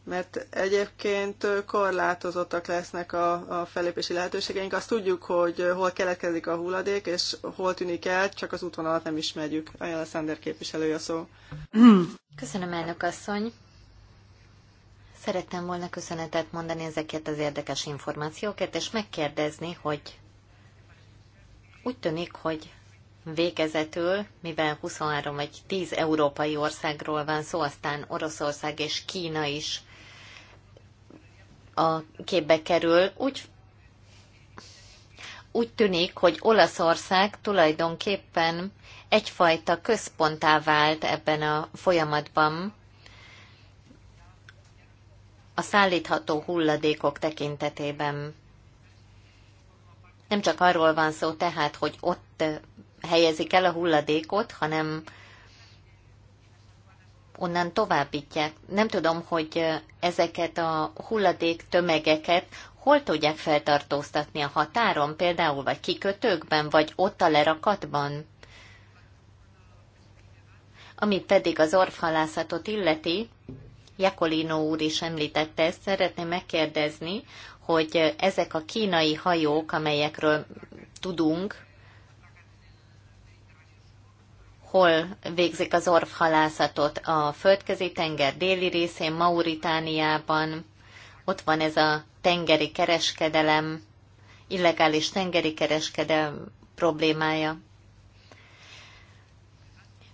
mert egyébként korlátozottak lesznek a, a fellépési lehetőségeink. Azt tudjuk, hogy hol keletkezik a hulladék, és hol tűnik el, csak az útvonalat nem ismerjük. Ajánl Szánder képviselője a szó. Köszönöm, elnök asszony. Szerettem volna köszönetet mondani ezeket az érdekes információkat, és megkérdezni, hogy úgy tűnik, hogy végezetül, mivel 23 vagy 10 európai országról van szó, aztán Oroszország és Kína is a képbe kerül, úgy, úgy tűnik, hogy Olaszország tulajdonképpen egyfajta központtá vált ebben a folyamatban a szállítható hulladékok tekintetében. Nem csak arról van szó tehát, hogy ott eh, helyezik el a hulladékot, hanem onnan továbbítják. Nem tudom, hogy eh, ezeket a hulladék tömegeket hol tudják feltartóztatni a határon, például vagy kikötőkben, vagy ott a lerakatban. Ami pedig az orvhalászatot illeti, Jakolino úr is említette ezt, szeretném megkérdezni, hogy ezek a kínai hajók, amelyekről tudunk, hol végzik az orvhalászatot a földközi tenger déli részén, Mauritániában, ott van ez a tengeri kereskedelem, illegális tengeri kereskedelem problémája.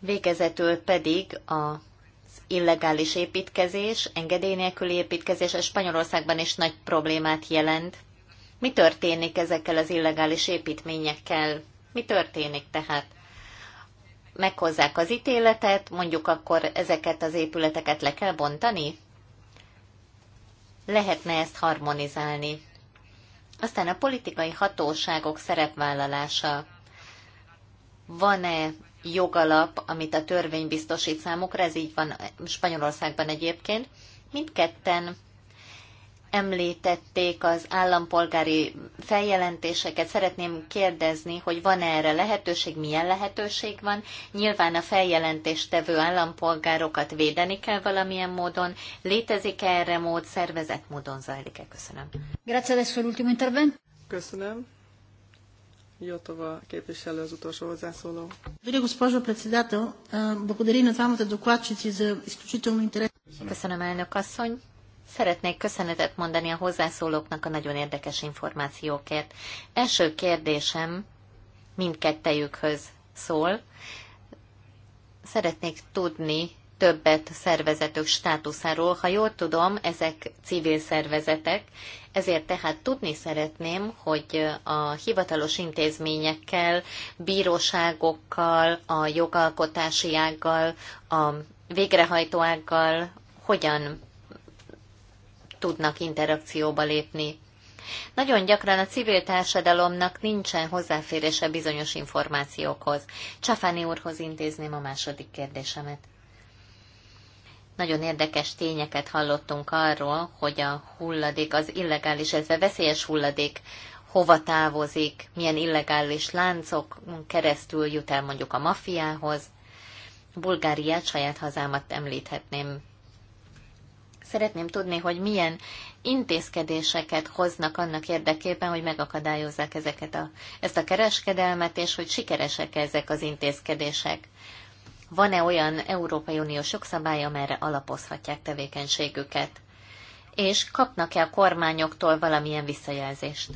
Végezetül pedig a illegális építkezés, engedély nélküli építkezés, ez Spanyolországban is nagy problémát jelent. Mi történik ezekkel az illegális építményekkel? Mi történik tehát? Meghozzák az ítéletet, mondjuk akkor ezeket az épületeket le kell bontani? Lehetne ezt harmonizálni. Aztán a politikai hatóságok szerepvállalása. Van-e jogalap, amit a törvény biztosít számukra, ez így van Spanyolországban egyébként. Mindketten említették az állampolgári feljelentéseket. Szeretném kérdezni, hogy van -e erre lehetőség, milyen lehetőség van. Nyilván a tevő állampolgárokat védeni kell valamilyen módon. Létezik -e erre mód, szervezett módon zajlik-e? Köszönöm. Grazie adesso l'ultimo intervento. Köszönöm. Jotova képviselő az utolsó hozzászóló. Köszönöm, elnök asszony. Szeretnék köszönetet mondani a hozzászólóknak a nagyon érdekes információkért. Első kérdésem mindkettejükhöz szól. Szeretnék tudni többet szervezetek státuszáról. Ha jól tudom, ezek civil szervezetek, ezért tehát tudni szeretném, hogy a hivatalos intézményekkel, bíróságokkal, a jogalkotási ággal, a végrehajtó ággal hogyan tudnak interakcióba lépni. Nagyon gyakran a civil társadalomnak nincsen hozzáférése bizonyos információkhoz. Csafáni úrhoz intézném a második kérdésemet. Nagyon érdekes tényeket hallottunk arról, hogy a hulladék, az illegális, a veszélyes hulladék hova távozik, milyen illegális láncok keresztül jut el mondjuk a mafiához. Bulgáriát, saját hazámat említhetném. Szeretném tudni, hogy milyen intézkedéseket hoznak annak érdekében, hogy megakadályozzák ezeket a, ezt a kereskedelmet, és hogy sikeresek ezek az intézkedések van-e olyan Európai Uniós jogszabály, amelyre alapozhatják tevékenységüket? És kapnak-e a kormányoktól valamilyen visszajelzést?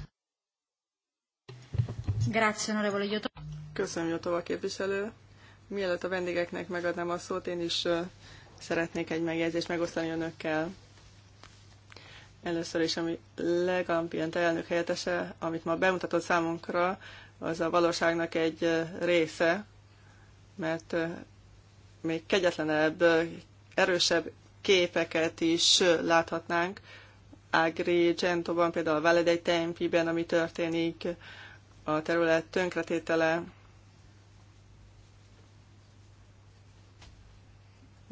Grazie, onorevole a Köszönöm, Jotova képviselő. Mielőtt a vendégeknek megadnám a szót, én is szeretnék egy megjegyzést megosztani önökkel. Először is, ami Legampient elnök helyettese, amit ma bemutatott számunkra, az a valóságnak egy része, mert még kegyetlenebb, erősebb képeket is láthatnánk. Ágri, Gentoban, például a Valedei Tempiben, ami történik, a terület tönkretétele.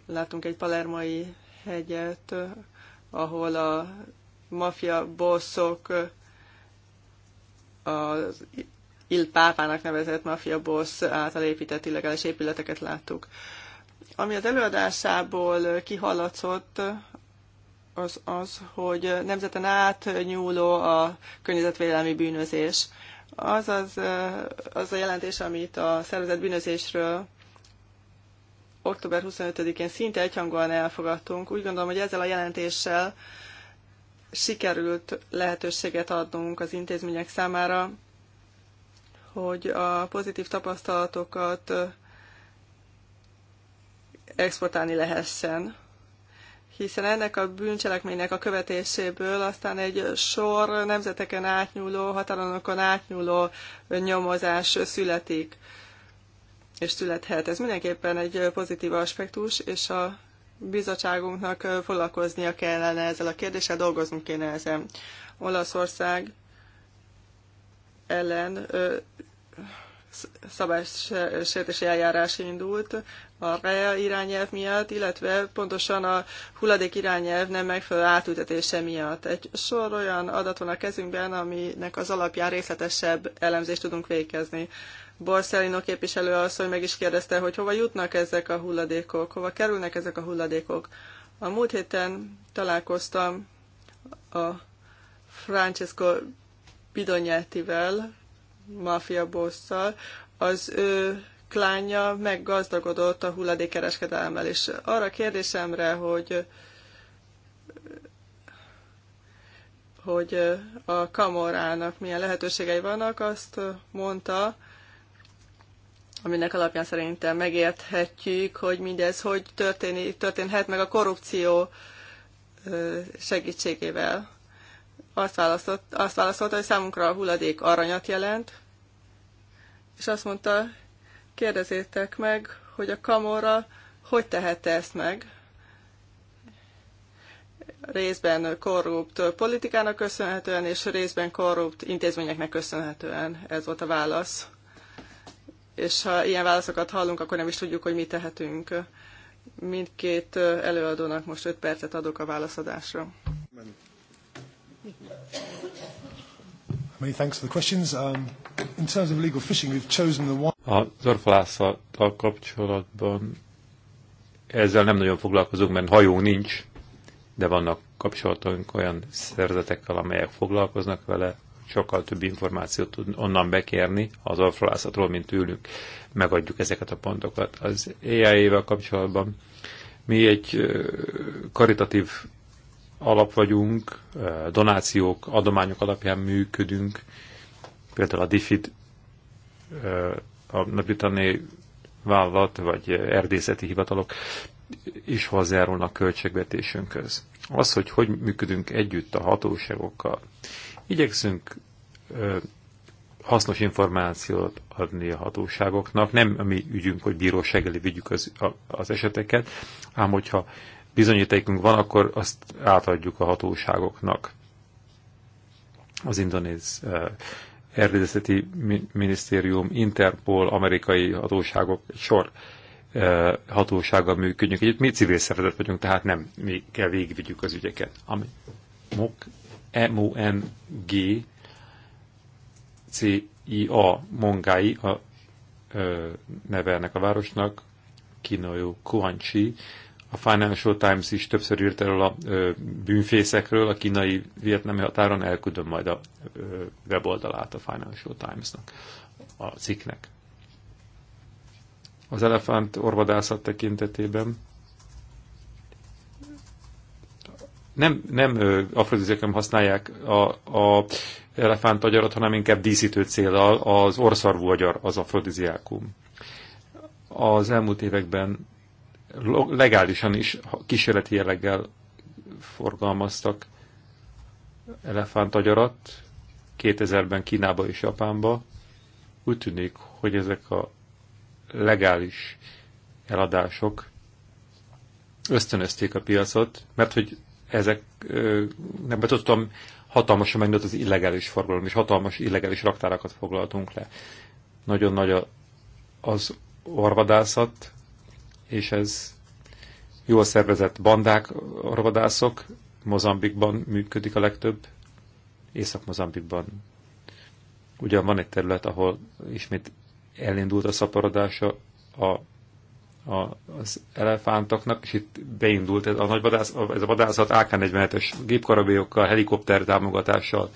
Látunk egy palermai hegyet, ahol a mafia bosszok, az Il Pápának nevezett mafia bossz által épített illegális épületeket láttuk. Ami az előadásából kihallatszott, az az, hogy nemzeten átnyúló a környezetvédelmi bűnözés. Az, az, az a jelentés, amit a szervezet bűnözésről október 25-én szinte egyhangúan elfogadtunk. Úgy gondolom, hogy ezzel a jelentéssel sikerült lehetőséget adnunk az intézmények számára, hogy a pozitív tapasztalatokat exportálni lehessen. Hiszen ennek a bűncselekménynek a követéséből aztán egy sor nemzeteken átnyúló, határonokon átnyúló nyomozás születik, és születhet. Ez mindenképpen egy pozitív aspektus, és a bizottságunknak foglalkoznia kellene ezzel a kérdéssel, dolgoznunk kéne ezen. Olaszország ellen szabálysértési eljárás indult a REA irányelv miatt, illetve pontosan a hulladék irányelv nem megfelelő átültetése miatt. Egy sor olyan adat van a kezünkben, aminek az alapján részletesebb elemzést tudunk végezni. Borszelino képviselő asszony meg is kérdezte, hogy hova jutnak ezek a hulladékok, hova kerülnek ezek a hulladékok. A múlt héten találkoztam a Francesco Bidonyátivel, mafia bosszal, az ő klánja meggazdagodott a hulladékereskedelemmel, És arra kérdésemre, hogy hogy a kamorának milyen lehetőségei vannak, azt mondta, aminek alapján szerintem megérthetjük, hogy mindez hogy történik, történhet meg a korrupció segítségével azt, választott, azt válaszolta, hogy számunkra a hulladék aranyat jelent, és azt mondta, kérdezétek meg, hogy a kamorra hogy tehette ezt meg. Részben korrupt politikának köszönhetően, és részben korrupt intézményeknek köszönhetően. Ez volt a válasz. És ha ilyen válaszokat hallunk, akkor nem is tudjuk, hogy mi tehetünk. Mindkét előadónak most 5 percet adok a válaszadásra. Many thanks for the questions. Um, in terms of legal fishing, we've chosen the one... A zörfalászattal kapcsolatban ezzel nem nagyon foglalkozunk, mert hajó nincs, de vannak kapcsolatunk olyan szerzetekkel, amelyek foglalkoznak vele, sokkal több információt tud onnan bekérni az alfalászatról, mint tőlünk. Megadjuk ezeket a pontokat. Az AI-vel kapcsolatban mi egy karitatív alap vagyunk, eh, donációk, adományok alapján működünk, például a DFID, eh, a Napitani vállalat, vagy erdészeti hivatalok is hozzájárulnak költségvetésünkhöz. Az, hogy hogy működünk együtt a hatóságokkal, igyekszünk eh, hasznos információt adni a hatóságoknak. Nem a mi ügyünk, hogy bíróság elé vigyük az, az eseteket, ám hogyha bizonyítékunk van, akkor azt átadjuk a hatóságoknak. Az indonéz eh, erdészeti minisztérium, Interpol, amerikai hatóságok, egy sor eh, hatósággal működjünk. Egyébként mi civil szervezet vagyunk, tehát nem mi kell végigvigyük az ügyeket. Ami MOK, M-O-N-G, C-I-A, Mongai, a ö, eh, neve ennek a városnak, Kinoyo Kuanchi, a Financial Times is többször írt erről a ö, bűnfészekről, a kínai vietnami határon elküldöm majd a ö, weboldalát a Financial Timesnak, a cikknek. Az elefánt orvadászat tekintetében nem, nem afrodiziakem használják a, a elefánt agyarat, hanem inkább díszítő célral az orszarvú agyar, az afrodiziákum. Az elmúlt években legálisan is kísérleti jelleggel forgalmaztak elefántagyarat 2000-ben Kínába és Japánba. Úgy tűnik, hogy ezek a legális eladások ösztönözték a piacot, mert hogy ezek, nem betudtam, hatalmasan megnőtt az illegális forgalom, és hatalmas illegális raktárakat foglaltunk le. Nagyon nagy az orvadászat, és ez jól szervezett bandák, rovadászok, Mozambikban működik a legtöbb, Észak-Mozambikban. Ugyan van egy terület, ahol ismét elindult a szaporodása a, a, az elefántoknak, és itt beindult ez a, nagy vadász, ez a vadászat AK-47-es gépkarabélyokkal, helikopter támogatással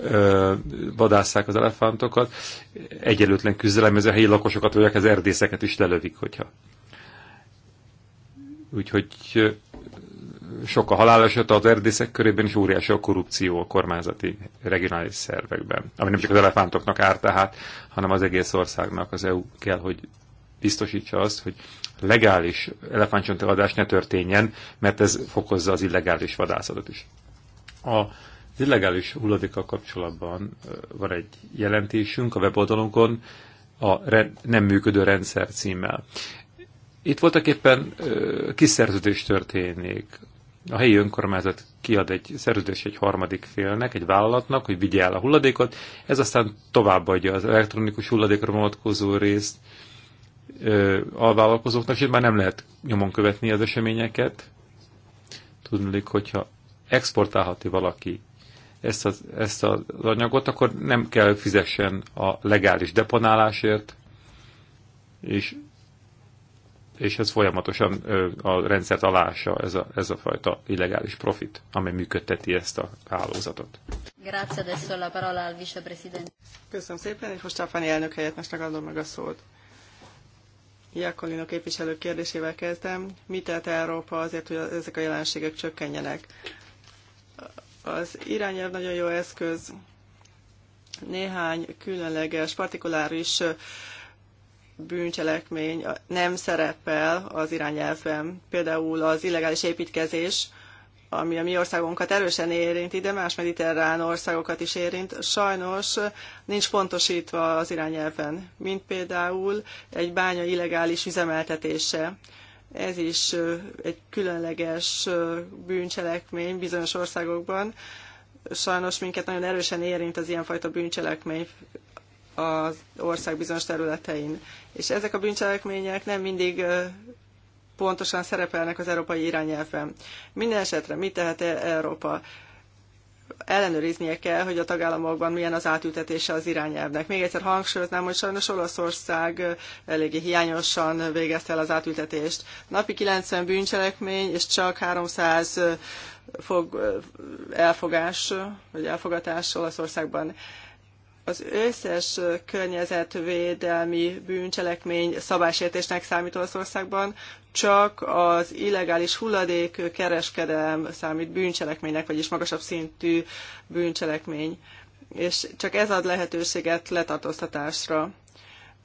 ö, vadásszák az elefántokat. Egyelőtlen küzdelem, ez a helyi lakosokat, vagy az erdészeket is lelövik, hogyha Úgyhogy sok a haláleset az erdészek körében, és óriási a korrupció a kormányzati regionális szervekben. Ami nem csak az elefántoknak árt tehát, hanem az egész országnak az EU kell, hogy biztosítsa azt, hogy legális elefántcsonteladás ne történjen, mert ez fokozza az illegális vadászatot is. A az illegális hulladékkal kapcsolatban van egy jelentésünk a weboldalunkon, a nem működő rendszer címmel. Itt voltak éppen kiszerződés történik. A helyi önkormányzat kiad egy szerződés egy harmadik félnek, egy vállalatnak, hogy vigye el a hulladékot, ez aztán továbbadja az elektronikus hulladékra vonatkozó részt a vállalkozóknak, és itt már nem lehet nyomon követni az eseményeket. Tudni, hogyha exportálhati valaki ezt az, ezt az anyagot, akkor nem kell fizessen a legális deponálásért, és és ez folyamatosan a rendszert alása ez a, ez a fajta illegális profit, amely működteti ezt a hálózatot. Köszönöm szépen, és most Stefani elnök most adom meg a szót. Iakolino képviselő kérdésével kezdem. Mit tett Európa azért, hogy ezek a jelenségek csökkenjenek? Az irányelv nagyon jó eszköz. Néhány különleges, partikuláris bűncselekmény nem szerepel az irányelvben. Például az illegális építkezés, ami a mi országunkat erősen érinti, de más mediterrán országokat is érint, sajnos nincs pontosítva az irányelven, mint például egy bánya illegális üzemeltetése. Ez is egy különleges bűncselekmény bizonyos országokban. Sajnos minket nagyon erősen érint az ilyenfajta bűncselekmény, az ország bizonyos területein. És ezek a bűncselekmények nem mindig pontosan szerepelnek az európai irányelven. Minden esetre mit tehet e- Európa? ellenőriznie kell, hogy a tagállamokban milyen az átültetése az irányelvnek. Még egyszer hangsúlyoznám, hogy sajnos Olaszország eléggé hiányosan végezte el az átültetést. Napi 90 bűncselekmény, és csak 300 fog, elfogás, vagy elfogatás Olaszországban az összes környezetvédelmi bűncselekmény szabálysértésnek számít Oroszországban, csak az illegális hulladék kereskedelem számít bűncselekménynek, vagyis magasabb szintű bűncselekmény. És csak ez ad lehetőséget letartóztatásra.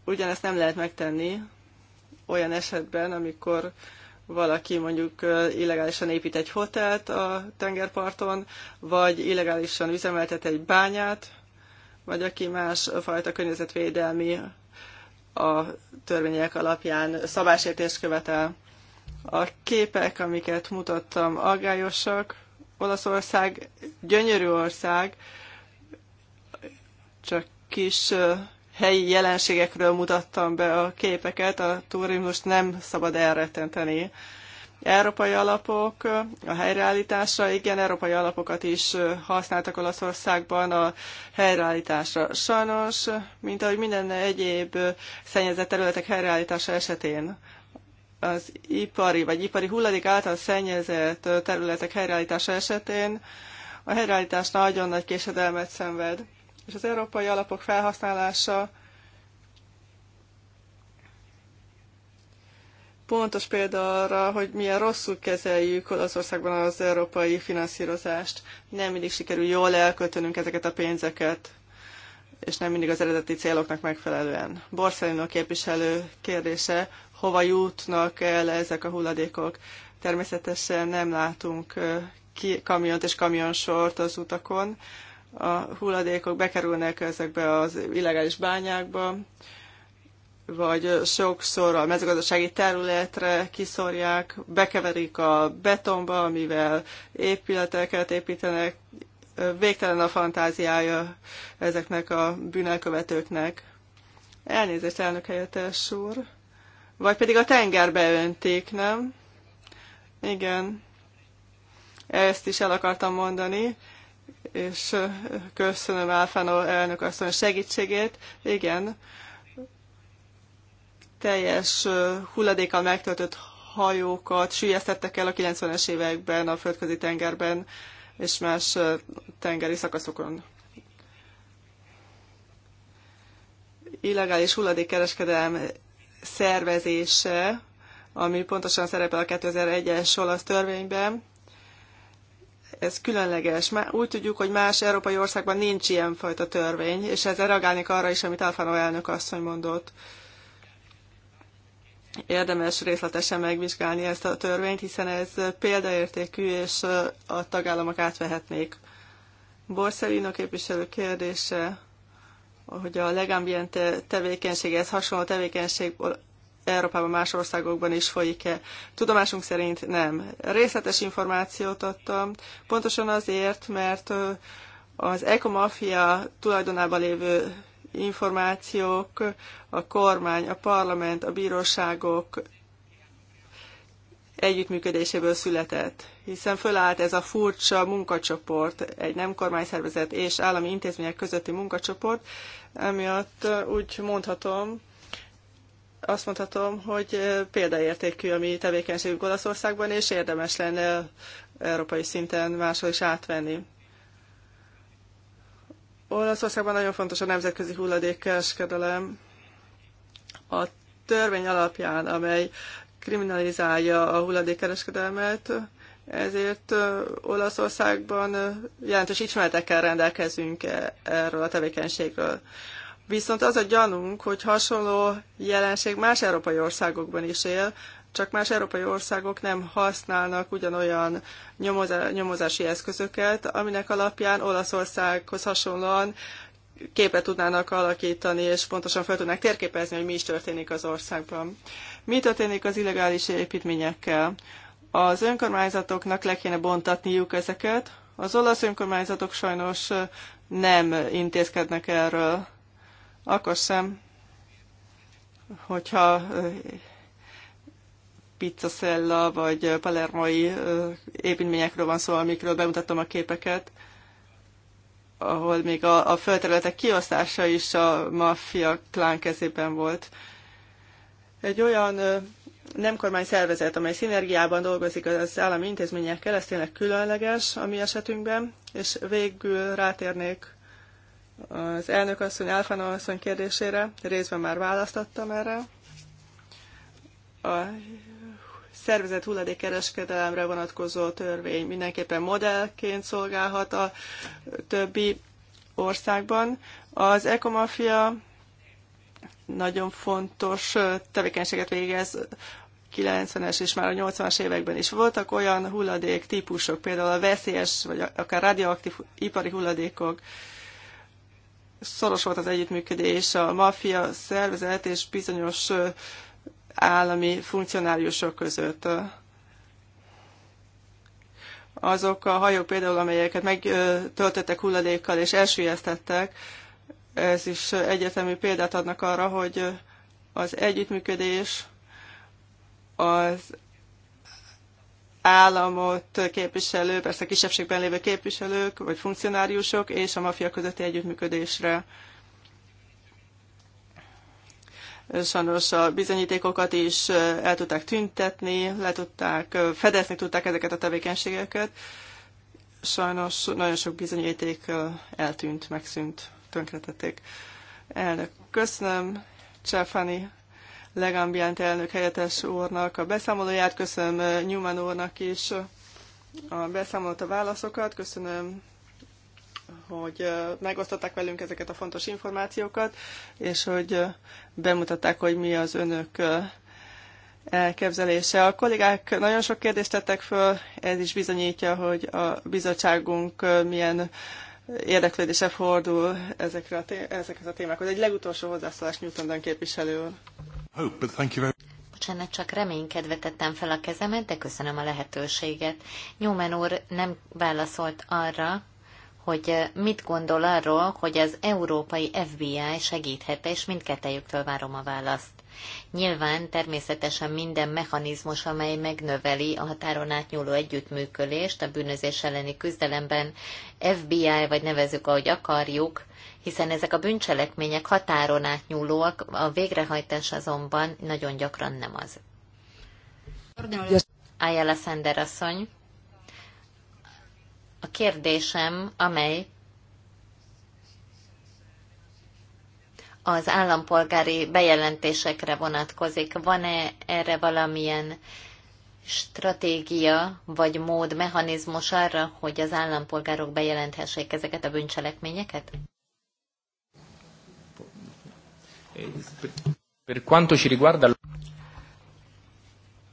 Ugyanezt nem lehet megtenni olyan esetben, amikor valaki mondjuk illegálisan épít egy hotelt a tengerparton, vagy illegálisan üzemeltet egy bányát, vagy aki más fajta környezetvédelmi a törvények alapján szabásértés követel. A képek, amiket mutattam, aggályosak. Olaszország gyönyörű ország, csak kis helyi jelenségekről mutattam be a képeket, a turizmust nem szabad elrettenteni. Európai alapok a helyreállításra, igen, európai alapokat is használtak Olaszországban a helyreállításra. Sajnos, mint ahogy minden egyéb szennyezett területek helyreállítása esetén, az ipari vagy ipari hulladék által szennyezett területek helyreállítása esetén a helyreállítás nagyon nagy késedelmet szenved. És az európai alapok felhasználása pontos példa arra, hogy milyen rosszul kezeljük Olaszországban az európai finanszírozást. Nem mindig sikerül jól elköltönünk ezeket a pénzeket, és nem mindig az eredeti céloknak megfelelően. Borszelinó képviselő kérdése, hova jutnak el ezek a hulladékok? Természetesen nem látunk ki, kamiont és kamionsort az utakon. A hulladékok bekerülnek ezekbe az illegális bányákba, vagy sokszor a mezőgazdasági területre kiszorják, bekeverik a betonba, amivel épületeket építenek. Végtelen a fantáziája ezeknek a bűnelkövetőknek. Elnézést, elnök helyettes úr. Vagy pedig a tengerbe önték, nem? Igen. Ezt is el akartam mondani és köszönöm Álfánó elnök asszony segítségét. Igen, teljes hulladékkal megtöltött hajókat sülyeztettek el a 90-es években a földközi tengerben és más tengeri szakaszokon. Illegális hulladékkereskedelem szervezése, ami pontosan szerepel a 2001-es olasz törvényben, ez különleges. Úgy tudjuk, hogy más európai országban nincs ilyenfajta törvény, és ezzel reagálnék arra is, amit Alfano elnök asszony mondott érdemes részletesen megvizsgálni ezt a törvényt, hiszen ez példaértékű, és a tagállamok átvehetnék. Borszelino képviselő kérdése, hogy a legambiente tevékenységhez hasonló tevékenység Európában más országokban is folyik-e. Tudomásunk szerint nem. Részletes információt adtam, pontosan azért, mert az ekomafia tulajdonában lévő információk, a kormány, a parlament, a bíróságok együttműködéséből született, hiszen fölállt ez a furcsa munkacsoport, egy nem kormányszervezet és állami intézmények közötti munkacsoport, emiatt úgy mondhatom, azt mondhatom, hogy példaértékű a mi tevékenységünk Olaszországban, és érdemes lenne európai szinten máshol is átvenni. Olaszországban nagyon fontos a nemzetközi hulladékkereskedelem. A törvény alapján, amely kriminalizálja a hulladékkereskedelmet, ezért Olaszországban jelentős ismeretekkel rendelkezünk e, erről a tevékenységről. Viszont az a gyanunk, hogy hasonló jelenség más európai országokban is él, csak más európai országok nem használnak ugyanolyan nyomozási eszközöket, aminek alapján Olaszországhoz hasonlóan képet tudnának alakítani, és pontosan fel tudnák térképezni, hogy mi is történik az országban. Mi történik az illegális építményekkel? Az önkormányzatoknak le kéne bontatniuk ezeket. Az olasz önkormányzatok sajnos nem intézkednek erről. Akkor sem, hogyha pizzaszella vagy palermai építményekről van szó, amikről bemutattam a képeket, ahol még a, a földterületek kiosztása is a maffia klán kezében volt. Egy olyan nem kormány szervezet, amely szinergiában dolgozik az állami intézményekkel, ez tényleg különleges a mi esetünkben, és végül rátérnék az elnök asszony, Alfano asszony kérdésére, részben már választottam erre. A szervezett hulladékkereskedelemre vonatkozó törvény mindenképpen modellként szolgálhat a többi országban. Az ekomafia nagyon fontos tevékenységet végez 90-es és már a 80-as években is voltak olyan hulladék típusok, például a veszélyes, vagy akár radioaktív ipari hulladékok. Szoros volt az együttműködés a maffia szervezet és bizonyos állami funkcionáriusok között. Azok a hajók például, amelyeket megtöltöttek hulladékkal és elsülyeztettek, ez is egyetemű példát adnak arra, hogy az együttműködés az államot képviselő, persze kisebbségben lévő képviselők vagy funkcionáriusok és a mafia közötti együttműködésre sajnos a bizonyítékokat is el tudták tüntetni, le tudták, fedezni tudták ezeket a tevékenységeket. Sajnos nagyon sok bizonyíték eltűnt, megszűnt, tönkretették. Elnök, köszönöm Csefani Legambiánt elnök helyettes úrnak a beszámolóját, köszönöm Newman úrnak is a beszámolót, a válaszokat, köszönöm hogy megosztották velünk ezeket a fontos információkat, és hogy bemutatták, hogy mi az önök elképzelése. A kollégák nagyon sok kérdést tettek föl, ez is bizonyítja, hogy a bizottságunk milyen érdeklődése fordul ezekre a, té- ezekhez a témákhoz. Egy legutolsó hozzászólás Newton képviselő. bocsánat, csak reménykedve tettem fel a kezemet, de köszönöm a lehetőséget. Newman úr nem válaszolt arra, hogy eh, mit gondol arról, hogy az európai FBI segíthet, és mindkettejüktől várom a választ. Nyilván természetesen minden mechanizmus, amely megnöveli a határon átnyúló együttműködést a bűnözés elleni küzdelemben, FBI vagy nevezük, ahogy akarjuk, hiszen ezek a bűncselekmények határon átnyúlóak, a végrehajtás azonban nagyon gyakran nem az. Ayala Sander asszony a kérdésem, amely az állampolgári bejelentésekre vonatkozik. Van-e erre valamilyen stratégia vagy mód, mechanizmus arra, hogy az állampolgárok bejelenthessék ezeket a bűncselekményeket? Per quanto ci riguarda...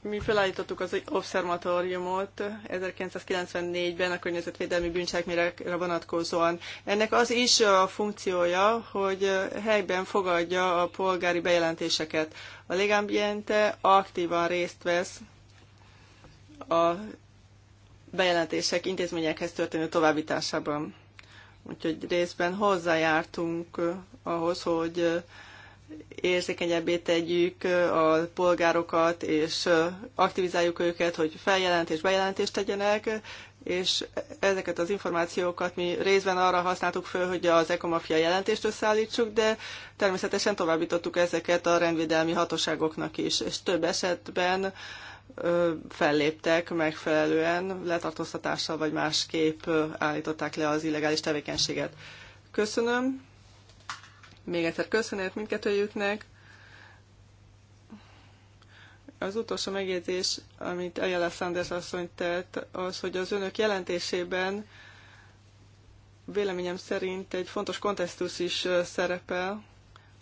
Mi felállítottuk az obszervatóriumot 1994-ben a környezetvédelmi bűncselekményre vonatkozóan. Ennek az is a funkciója, hogy helyben fogadja a polgári bejelentéseket. A Legambiente aktívan részt vesz a bejelentések intézményekhez történő továbbításában. Úgyhogy részben hozzájártunk ahhoz, hogy érzékenyebbé tegyük a polgárokat, és aktivizáljuk őket, hogy feljelentés, bejelentést tegyenek, és ezeket az információkat mi részben arra használtuk föl, hogy az ekomafia jelentést összeállítsuk, de természetesen továbbítottuk ezeket a rendvédelmi hatóságoknak is, és több esetben felléptek megfelelően, letartóztatással vagy másképp állították le az illegális tevékenységet. Köszönöm. Még egyszer köszönet mindkettőjüknek. Az utolsó megjegyzés, amit Ayala Sanders asszony tett, az, hogy az önök jelentésében véleményem szerint egy fontos kontextus is szerepel.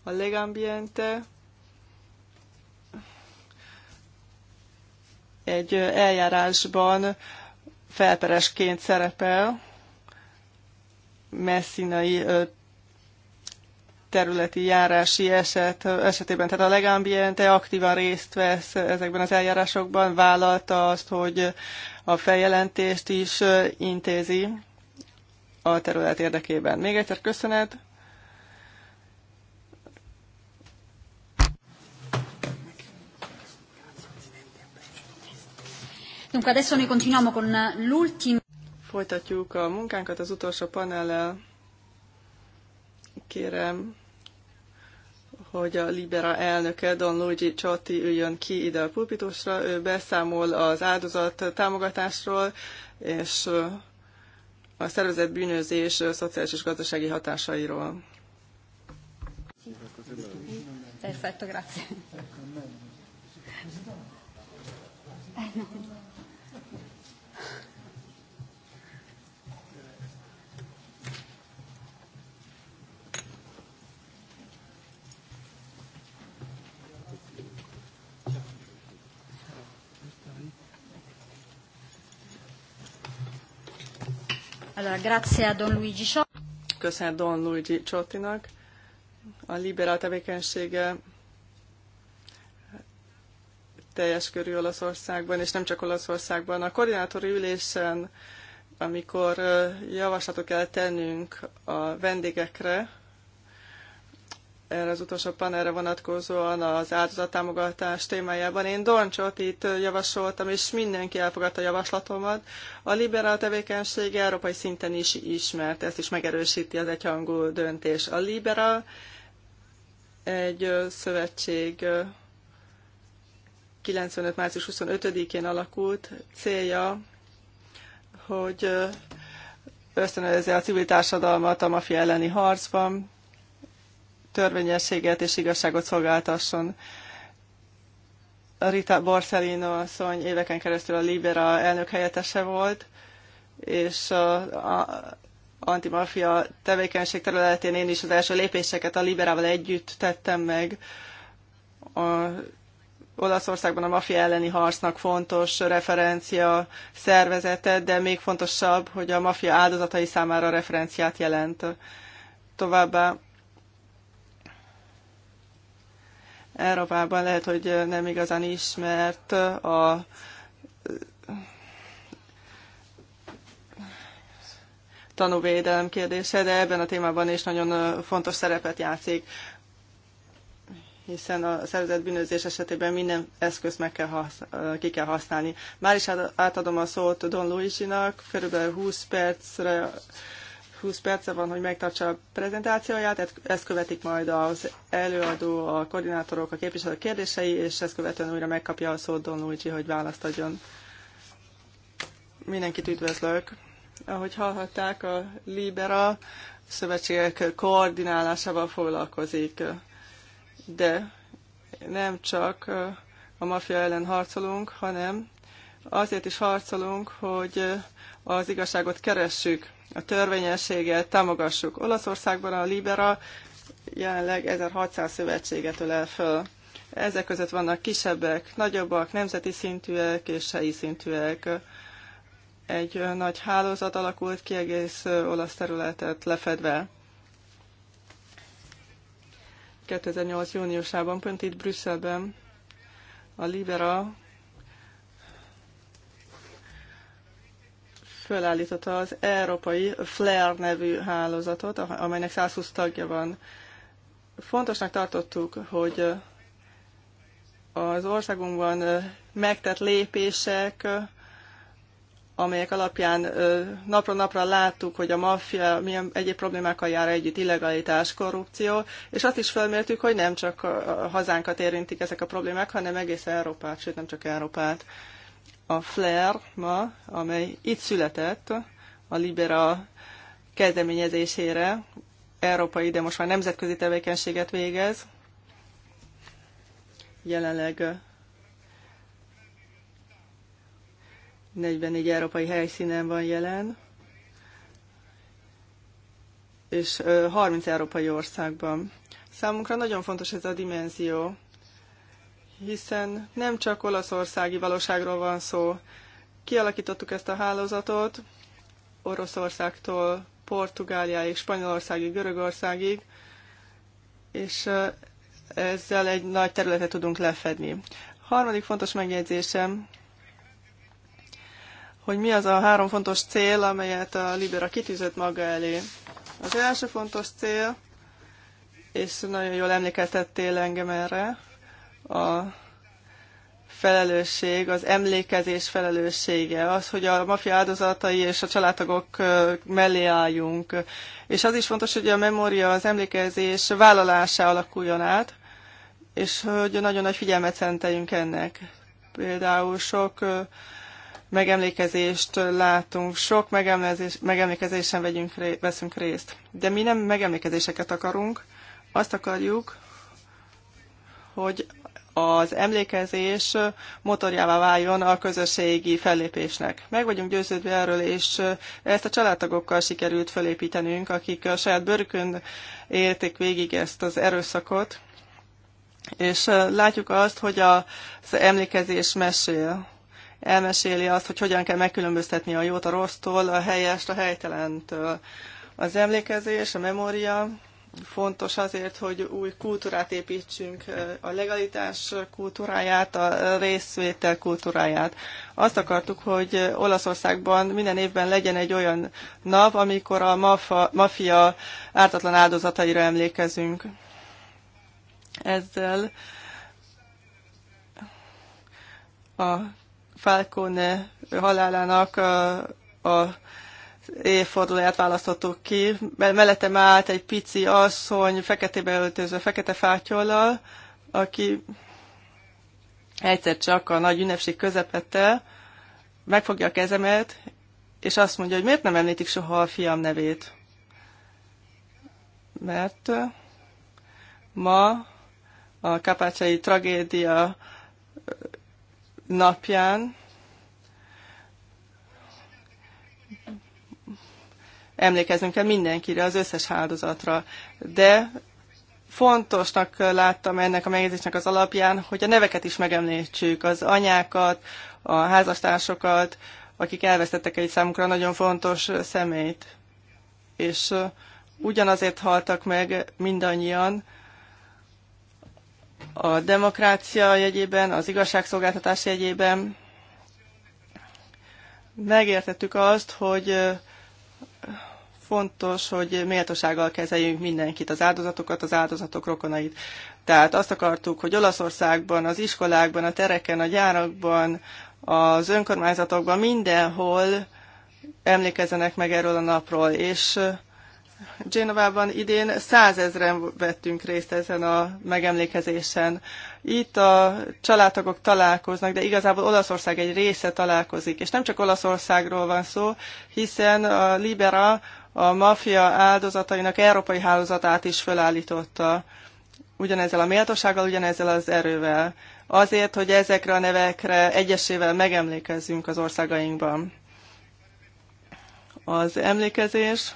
A legambiente egy eljárásban felperesként szerepel messzinai területi járási eset esetében, tehát a legambiente aktívan részt vesz ezekben az eljárásokban, vállalta azt, hogy a feljelentést is intézi a terület érdekében. Még egyszer köszönet. Dunque adesso noi continuiamo con l'ultimo. Folytatjuk a munkánkat az utolsó panellel. Kérem, hogy a Libera elnöke Don Luigi Csotti üljön ki ide a pulpitusra, ő beszámol az áldozat támogatásról, és a szervezett bűnözés szociális és gazdasági hatásairól. Perfetto, grazie. Allora, grazie a Don Luigi Ciotti. Köszönöm Don Luigi Ciottinak. A liberál tevékenysége teljes körű Olaszországban, és nem csak Olaszországban. A koordinátori ülésen, amikor javaslatot kell tennünk a vendégekre, erre az utolsó panelre vonatkozóan az áldozattámogatás témájában. Én Doncsot itt javasoltam, és mindenki elfogadta a javaslatomat. A liberál tevékenység európai szinten is ismert, ezt is megerősíti az egyhangú döntés. A liberál egy szövetség 95. március 25-én alakult célja, hogy ösztönözze a civil társadalmat a mafia elleni harcban, törvényességet és igazságot szolgáltasson. Rita Borsellino asszony éveken keresztül a Libera elnök helyettese volt, és a antimafia tevékenység területén én is az első lépéseket a Liberával együtt tettem meg. A Olaszországban a mafia elleni harcnak fontos referencia szervezete, de még fontosabb, hogy a mafia áldozatai számára referenciát jelent. Továbbá Európában lehet, hogy nem igazán ismert a tanúvédelem kérdése, de ebben a témában is nagyon fontos szerepet játszik, hiszen a szervezett bűnözés esetében minden eszközt meg kell használni, ki kell használni. Már is átadom a szót Don Luigi-nak, körülbelül 20 percre 20 perce van, hogy megtartsa a prezentációját, ezt követik majd az előadó, a koordinátorok, a képviselők kérdései, és ezt követően újra megkapja a szót Don Luigi, hogy választ adjon. Mindenkit üdvözlök! Ahogy hallhatták, a Libera szövetségek koordinálásával foglalkozik, de nem csak a mafia ellen harcolunk, hanem azért is harcolunk, hogy az igazságot keressük a törvényességet támogassuk. Olaszországban a Libera jelenleg 1600 szövetséget ölel föl. Ezek között vannak kisebbek, nagyobbak, nemzeti szintűek és helyi szintűek. Egy nagy hálózat alakult ki egész olasz területet lefedve. 2008. júniusában, pont itt Brüsszelben a Libera fölállította az Európai FLAIR nevű hálózatot, amelynek 120 tagja van. Fontosnak tartottuk, hogy az országunkban megtett lépések, amelyek alapján napról napra láttuk, hogy a maffia milyen egyéb problémákkal jár együtt, illegalitás, korrupció, és azt is felmértük, hogy nem csak a hazánkat érintik ezek a problémák, hanem egész Európát, sőt nem csak Európát. A FLER ma, amely itt született, a Libera kezdeményezésére európai, de most már nemzetközi tevékenységet végez. Jelenleg 44 európai helyszínen van jelen, és 30 európai országban. Számunkra nagyon fontos ez a dimenzió, hiszen nem csak olaszországi valóságról van szó. Kialakítottuk ezt a hálózatot Oroszországtól Portugáliáig, Spanyolországig, Görögországig, és ezzel egy nagy területet tudunk lefedni. Harmadik fontos megjegyzésem, hogy mi az a három fontos cél, amelyet a Libera kitűzött maga elé. Az első fontos cél, és nagyon jól emlékeztettél engem erre, a felelősség, az emlékezés felelőssége, az, hogy a mafia áldozatai és a családtagok mellé álljunk. És az is fontos, hogy a memória, az emlékezés vállalása alakuljon át, és hogy nagyon nagy figyelmet szenteljünk ennek. Például sok megemlékezést látunk, sok megemlékezés, megemlékezésen vegyünk, veszünk részt. De mi nem megemlékezéseket akarunk, azt akarjuk, hogy az emlékezés motorjává váljon a közösségi fellépésnek. Meg vagyunk győződve erről, és ezt a családtagokkal sikerült fölépítenünk, akik a saját bőrükön élték végig ezt az erőszakot, és látjuk azt, hogy az emlékezés mesél. Elmeséli azt, hogy hogyan kell megkülönböztetni a jót a rossztól, a helyest a helytelentől. Az emlékezés, a memória fontos azért, hogy új kultúrát építsünk, a legalitás kultúráját, a részvétel kultúráját. Azt akartuk, hogy Olaszországban minden évben legyen egy olyan nap, amikor a mafia ártatlan áldozataira emlékezünk. Ezzel a Falcone halálának a, a évfordulóját választottuk ki. Mellettem állt egy pici asszony, feketébe öltözve, fekete fátyollal, aki egyszer csak a nagy ünnepség közepette megfogja a kezemet, és azt mondja, hogy miért nem említik soha a fiam nevét. Mert ma a kapácsai tragédia napján emlékeznünk kell mindenkire, az összes áldozatra. De fontosnak láttam ennek a megjegyzésnek az alapján, hogy a neveket is megemlítsük, az anyákat, a házastársokat, akik elvesztettek egy számukra nagyon fontos szemét. És ugyanazért haltak meg mindannyian a demokrácia jegyében, az igazságszolgáltatás jegyében. Megértettük azt, hogy fontos, hogy méltósággal kezeljünk mindenkit, az áldozatokat, az áldozatok rokonait. Tehát azt akartuk, hogy Olaszországban, az iskolákban, a tereken, a gyárakban, az önkormányzatokban mindenhol emlékezzenek meg erről a napról, és Génovában idén százezren vettünk részt ezen a megemlékezésen. Itt a családtagok találkoznak, de igazából Olaszország egy része találkozik. És nem csak Olaszországról van szó, hiszen a Libera a mafia áldozatainak európai hálózatát is fölállította. Ugyanezzel a méltósággal, ugyanezzel az erővel. Azért, hogy ezekre a nevekre egyesével megemlékezzünk az országainkban. Az emlékezés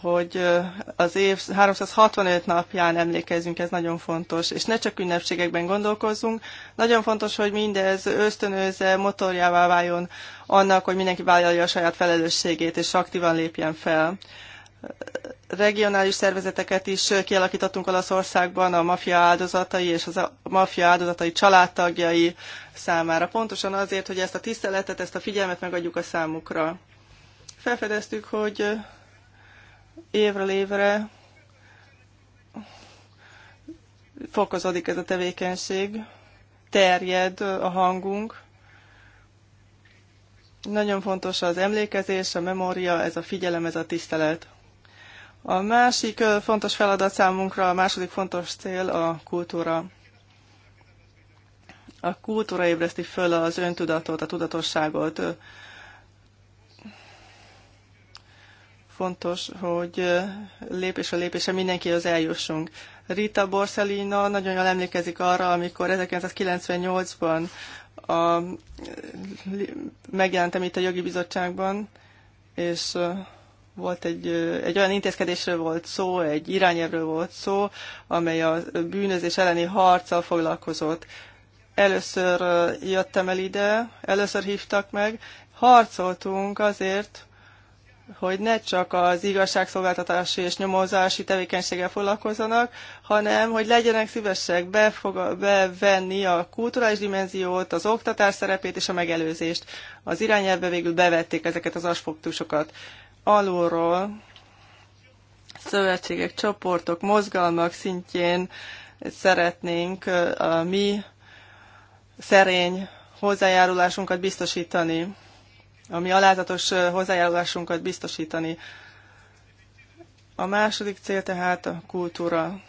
hogy az év 365 napján emlékezzünk, ez nagyon fontos, és ne csak ünnepségekben gondolkozzunk. Nagyon fontos, hogy mindez ösztönőzze, motorjává váljon annak, hogy mindenki vállalja a saját felelősségét, és aktívan lépjen fel. Regionális szervezeteket is kialakítottunk Olaszországban a mafia áldozatai és az a mafia áldozatai családtagjai számára. Pontosan azért, hogy ezt a tiszteletet, ezt a figyelmet megadjuk a számukra. Felfedeztük, hogy évről évre fokozódik ez a tevékenység, terjed a hangunk. Nagyon fontos az emlékezés, a memória, ez a figyelem, ez a tisztelet. A másik fontos feladat számunkra, a második fontos cél a kultúra. A kultúra ébreszti föl az öntudatot, a tudatosságot. fontos, hogy lépésről lépésre mindenkihez eljussunk. Rita Borsellino nagyon jól emlékezik arra, amikor 1998-ban a, megjelentem itt a jogi bizottságban, és volt egy, egy olyan intézkedésről volt szó, egy irányelvről volt szó, amely a bűnözés elleni harccal foglalkozott. Először jöttem el ide, először hívtak meg, harcoltunk azért, hogy ne csak az igazságszolgáltatási és nyomozási tevékenységgel foglalkozzanak, hanem hogy legyenek szívesek befog, bevenni a kulturális dimenziót, az oktatás szerepét és a megelőzést. Az irányelvbe végül bevették ezeket az aspektusokat. Alulról szövetségek, csoportok, mozgalmak szintjén szeretnénk a mi szerény hozzájárulásunkat biztosítani ami alázatos hozzájárulásunkat biztosítani. A második cél tehát a kultúra,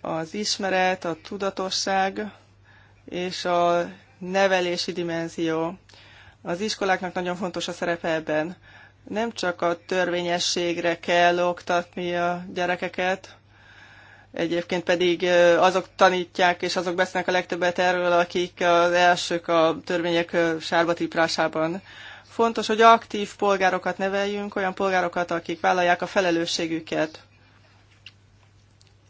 az ismeret, a tudatosság és a nevelési dimenzió. Az iskoláknak nagyon fontos a szerepe ebben. Nem csak a törvényességre kell oktatni a gyerekeket, Egyébként pedig azok tanítják, és azok beszélnek a legtöbbet erről, akik az elsők a törvények sárba Fontos, hogy aktív polgárokat neveljünk, olyan polgárokat, akik vállalják a felelősségüket.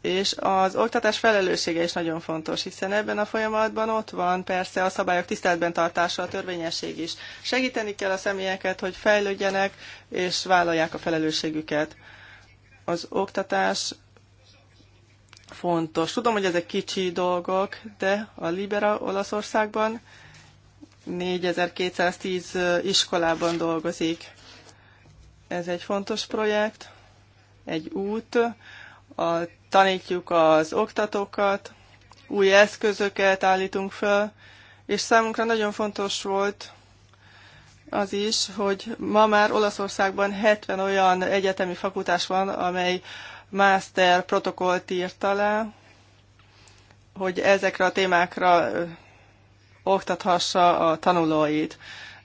És az oktatás felelőssége is nagyon fontos, hiszen ebben a folyamatban ott van persze a szabályok tiszteletben tartása, a törvényesség is. Segíteni kell a személyeket, hogy fejlődjenek és vállalják a felelősségüket. Az oktatás fontos. Tudom, hogy ezek kicsi dolgok, de a Libera Olaszországban 4210 iskolában dolgozik. Ez egy fontos projekt, egy út. A, tanítjuk az oktatókat, új eszközöket állítunk fel, és számunkra nagyon fontos volt az is, hogy ma már Olaszországban 70 olyan egyetemi fakultás van, amely master protokollt írt alá, hogy ezekre a témákra oktathassa a tanulóit.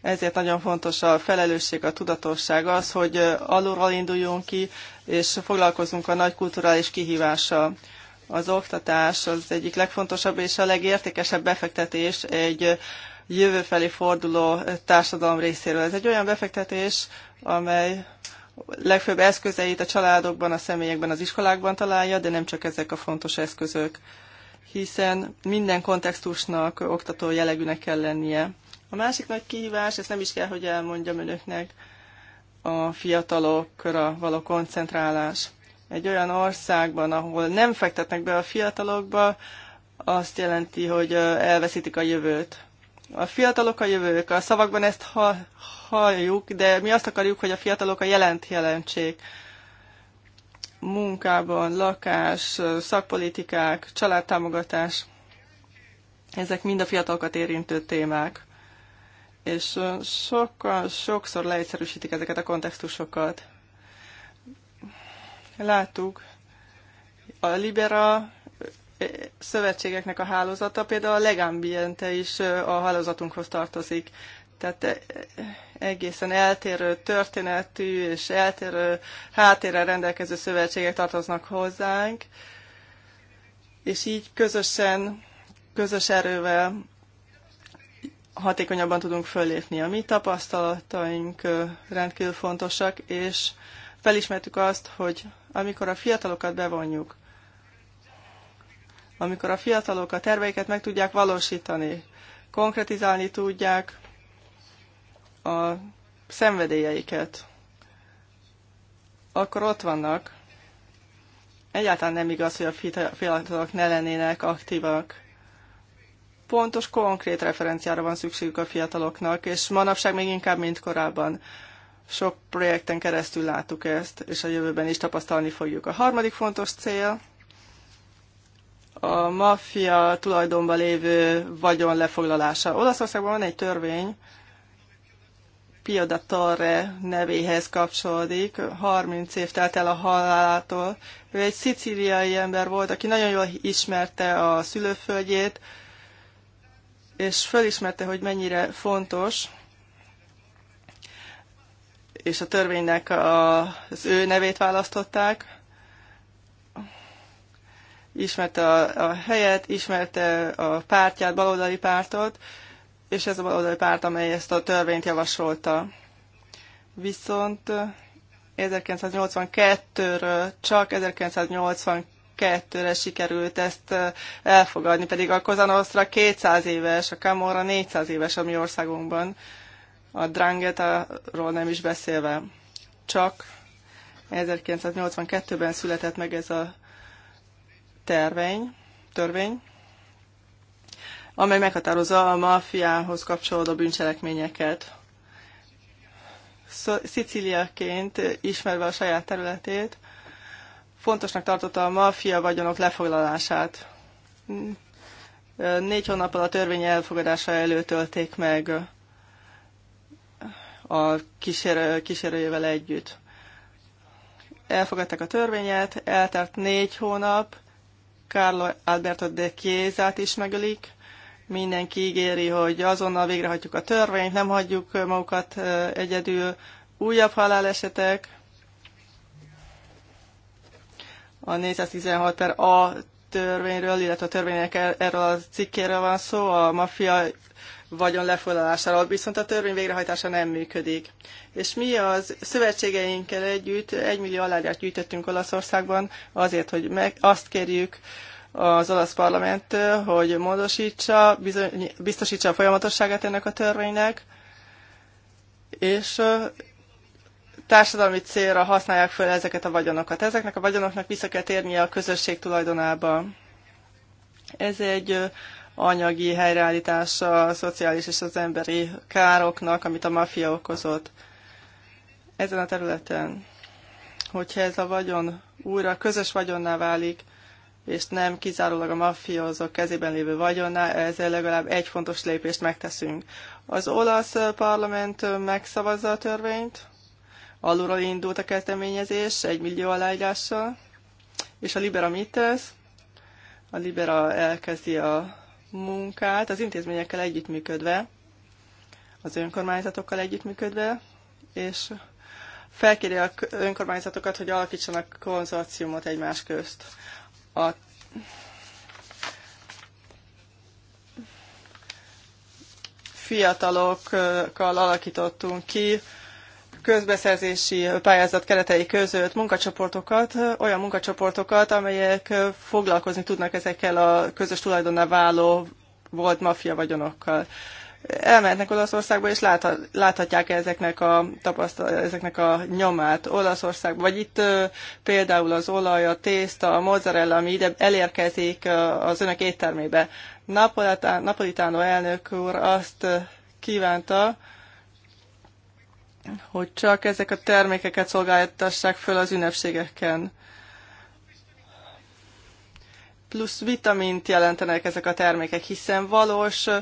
Ezért nagyon fontos a felelősség, a tudatosság az, hogy alulról induljunk ki, és foglalkozunk a nagy kulturális kihívással. Az oktatás az egyik legfontosabb és a legértékesebb befektetés egy jövőfelé forduló társadalom részéről. Ez egy olyan befektetés, amely legfőbb eszközeit a családokban, a személyekben, az iskolákban találja, de nem csak ezek a fontos eszközök, hiszen minden kontextusnak oktató jellegűnek kell lennie. A másik nagy kihívás, ezt nem is kell, hogy elmondjam önöknek, a fiatalokra való koncentrálás. Egy olyan országban, ahol nem fektetnek be a fiatalokba, azt jelenti, hogy elveszítik a jövőt. A fiatalok a jövők. A szavakban ezt ha halljuk, de mi azt akarjuk, hogy a fiatalok a jelent jelentsék. Munkában, lakás, szakpolitikák, családtámogatás, ezek mind a fiatalokat érintő témák. És sokkal, sokszor leegyszerűsítik ezeket a kontextusokat. Láttuk, a Libera szövetségeknek a hálózata, például a Legambiente is a hálózatunkhoz tartozik. Tehát egészen eltérő történetű és eltérő háttérre rendelkező szövetségek tartoznak hozzánk, és így közösen, közös erővel hatékonyabban tudunk fölépni. A mi tapasztalataink rendkívül fontosak, és felismertük azt, hogy amikor a fiatalokat bevonjuk, amikor a fiatalok a terveiket meg tudják valósítani, konkretizálni tudják, a szenvedélyeiket, akkor ott vannak. Egyáltalán nem igaz, hogy a fiatalok ne lennének aktívak. Pontos, konkrét referenciára van szükségük a fiataloknak, és manapság még inkább, mint korábban. Sok projekten keresztül láttuk ezt, és a jövőben is tapasztalni fogjuk. A harmadik fontos cél a maffia tulajdonban lévő vagyon lefoglalása. Olaszországban van egy törvény, Pio da Torre nevéhez kapcsolódik. 30 év telt el a halálától. Ő egy szicíliai ember volt, aki nagyon jól ismerte a szülőföldjét, és fölismerte, hogy mennyire fontos, és a törvénynek a, az ő nevét választották. Ismerte a, a helyet, ismerte a pártját, baloldali pártot, és ez a baloldali párt, amely ezt a törvényt javasolta. Viszont 1982-ről csak 1982-re sikerült ezt elfogadni, pedig a Kozanosztra 200 éves, a Camorra 400 éves a mi országunkban, a Drangetáról nem is beszélve. Csak 1982-ben született meg ez a tervény, törvény, amely meghatározza a maffiához kapcsolódó bűncselekményeket. Szicíliaként ismerve a saját területét, fontosnak tartotta a maffia vagyonok lefoglalását. Négy hónappal a törvény elfogadása előtölték meg a kísérő, kísérőjével együtt. Elfogadták a törvényet, eltelt négy hónap, Carlo Alberto de Chiesa-t is megölik, mindenki ígéri, hogy azonnal végrehajtjuk a törvényt, nem hagyjuk magukat egyedül. Újabb halálesetek, a 416 per A törvényről, illetve a törvények er-, erről a cikkéről van szó, a maffia vagyon lefoglalásáról, viszont a törvény végrehajtása nem működik. És mi az szövetségeinkkel együtt egymillió millió gyűjtöttünk Olaszországban azért, hogy meg azt kérjük, az olasz parlament, hogy módosítsa, bizony, biztosítsa a folyamatosságát ennek a törvénynek, és társadalmi célra használják fel ezeket a vagyonokat. Ezeknek a vagyonoknak vissza kell térnie a közösség tulajdonába. Ez egy anyagi helyreállítása a szociális és az emberi károknak, amit a maffia okozott ezen a területen. Hogyha ez a vagyon újra közös vagyonná válik, és nem kizárólag a maffiózók kezében lévő vagyonnál, ezzel legalább egy fontos lépést megteszünk. Az olasz parlament megszavazza a törvényt, alulról indult a kezdeményezés, egy millió aláírással, és a Libera mit tesz? A Libera elkezdi a munkát az intézményekkel együttműködve, az önkormányzatokkal együttműködve, és felkéri a önkormányzatokat, hogy alakítsanak konzorciumot egymás közt a fiatalokkal alakítottunk ki közbeszerzési pályázat keretei között munkacsoportokat, olyan munkacsoportokat, amelyek foglalkozni tudnak ezekkel a közös tulajdonnál váló volt maffia vagyonokkal elmehetnek Olaszországba, és látha, láthatják ezeknek a, tapasztal, ezeknek a nyomát Olaszországba. Vagy itt például az olaj, a tészta, a mozzarella, ami ide elérkezik az önök éttermébe. Napolitano elnök úr azt kívánta, hogy csak ezek a termékeket szolgáltassák föl az ünnepségeken. Plusz vitamint jelentenek ezek a termékek, hiszen valós uh,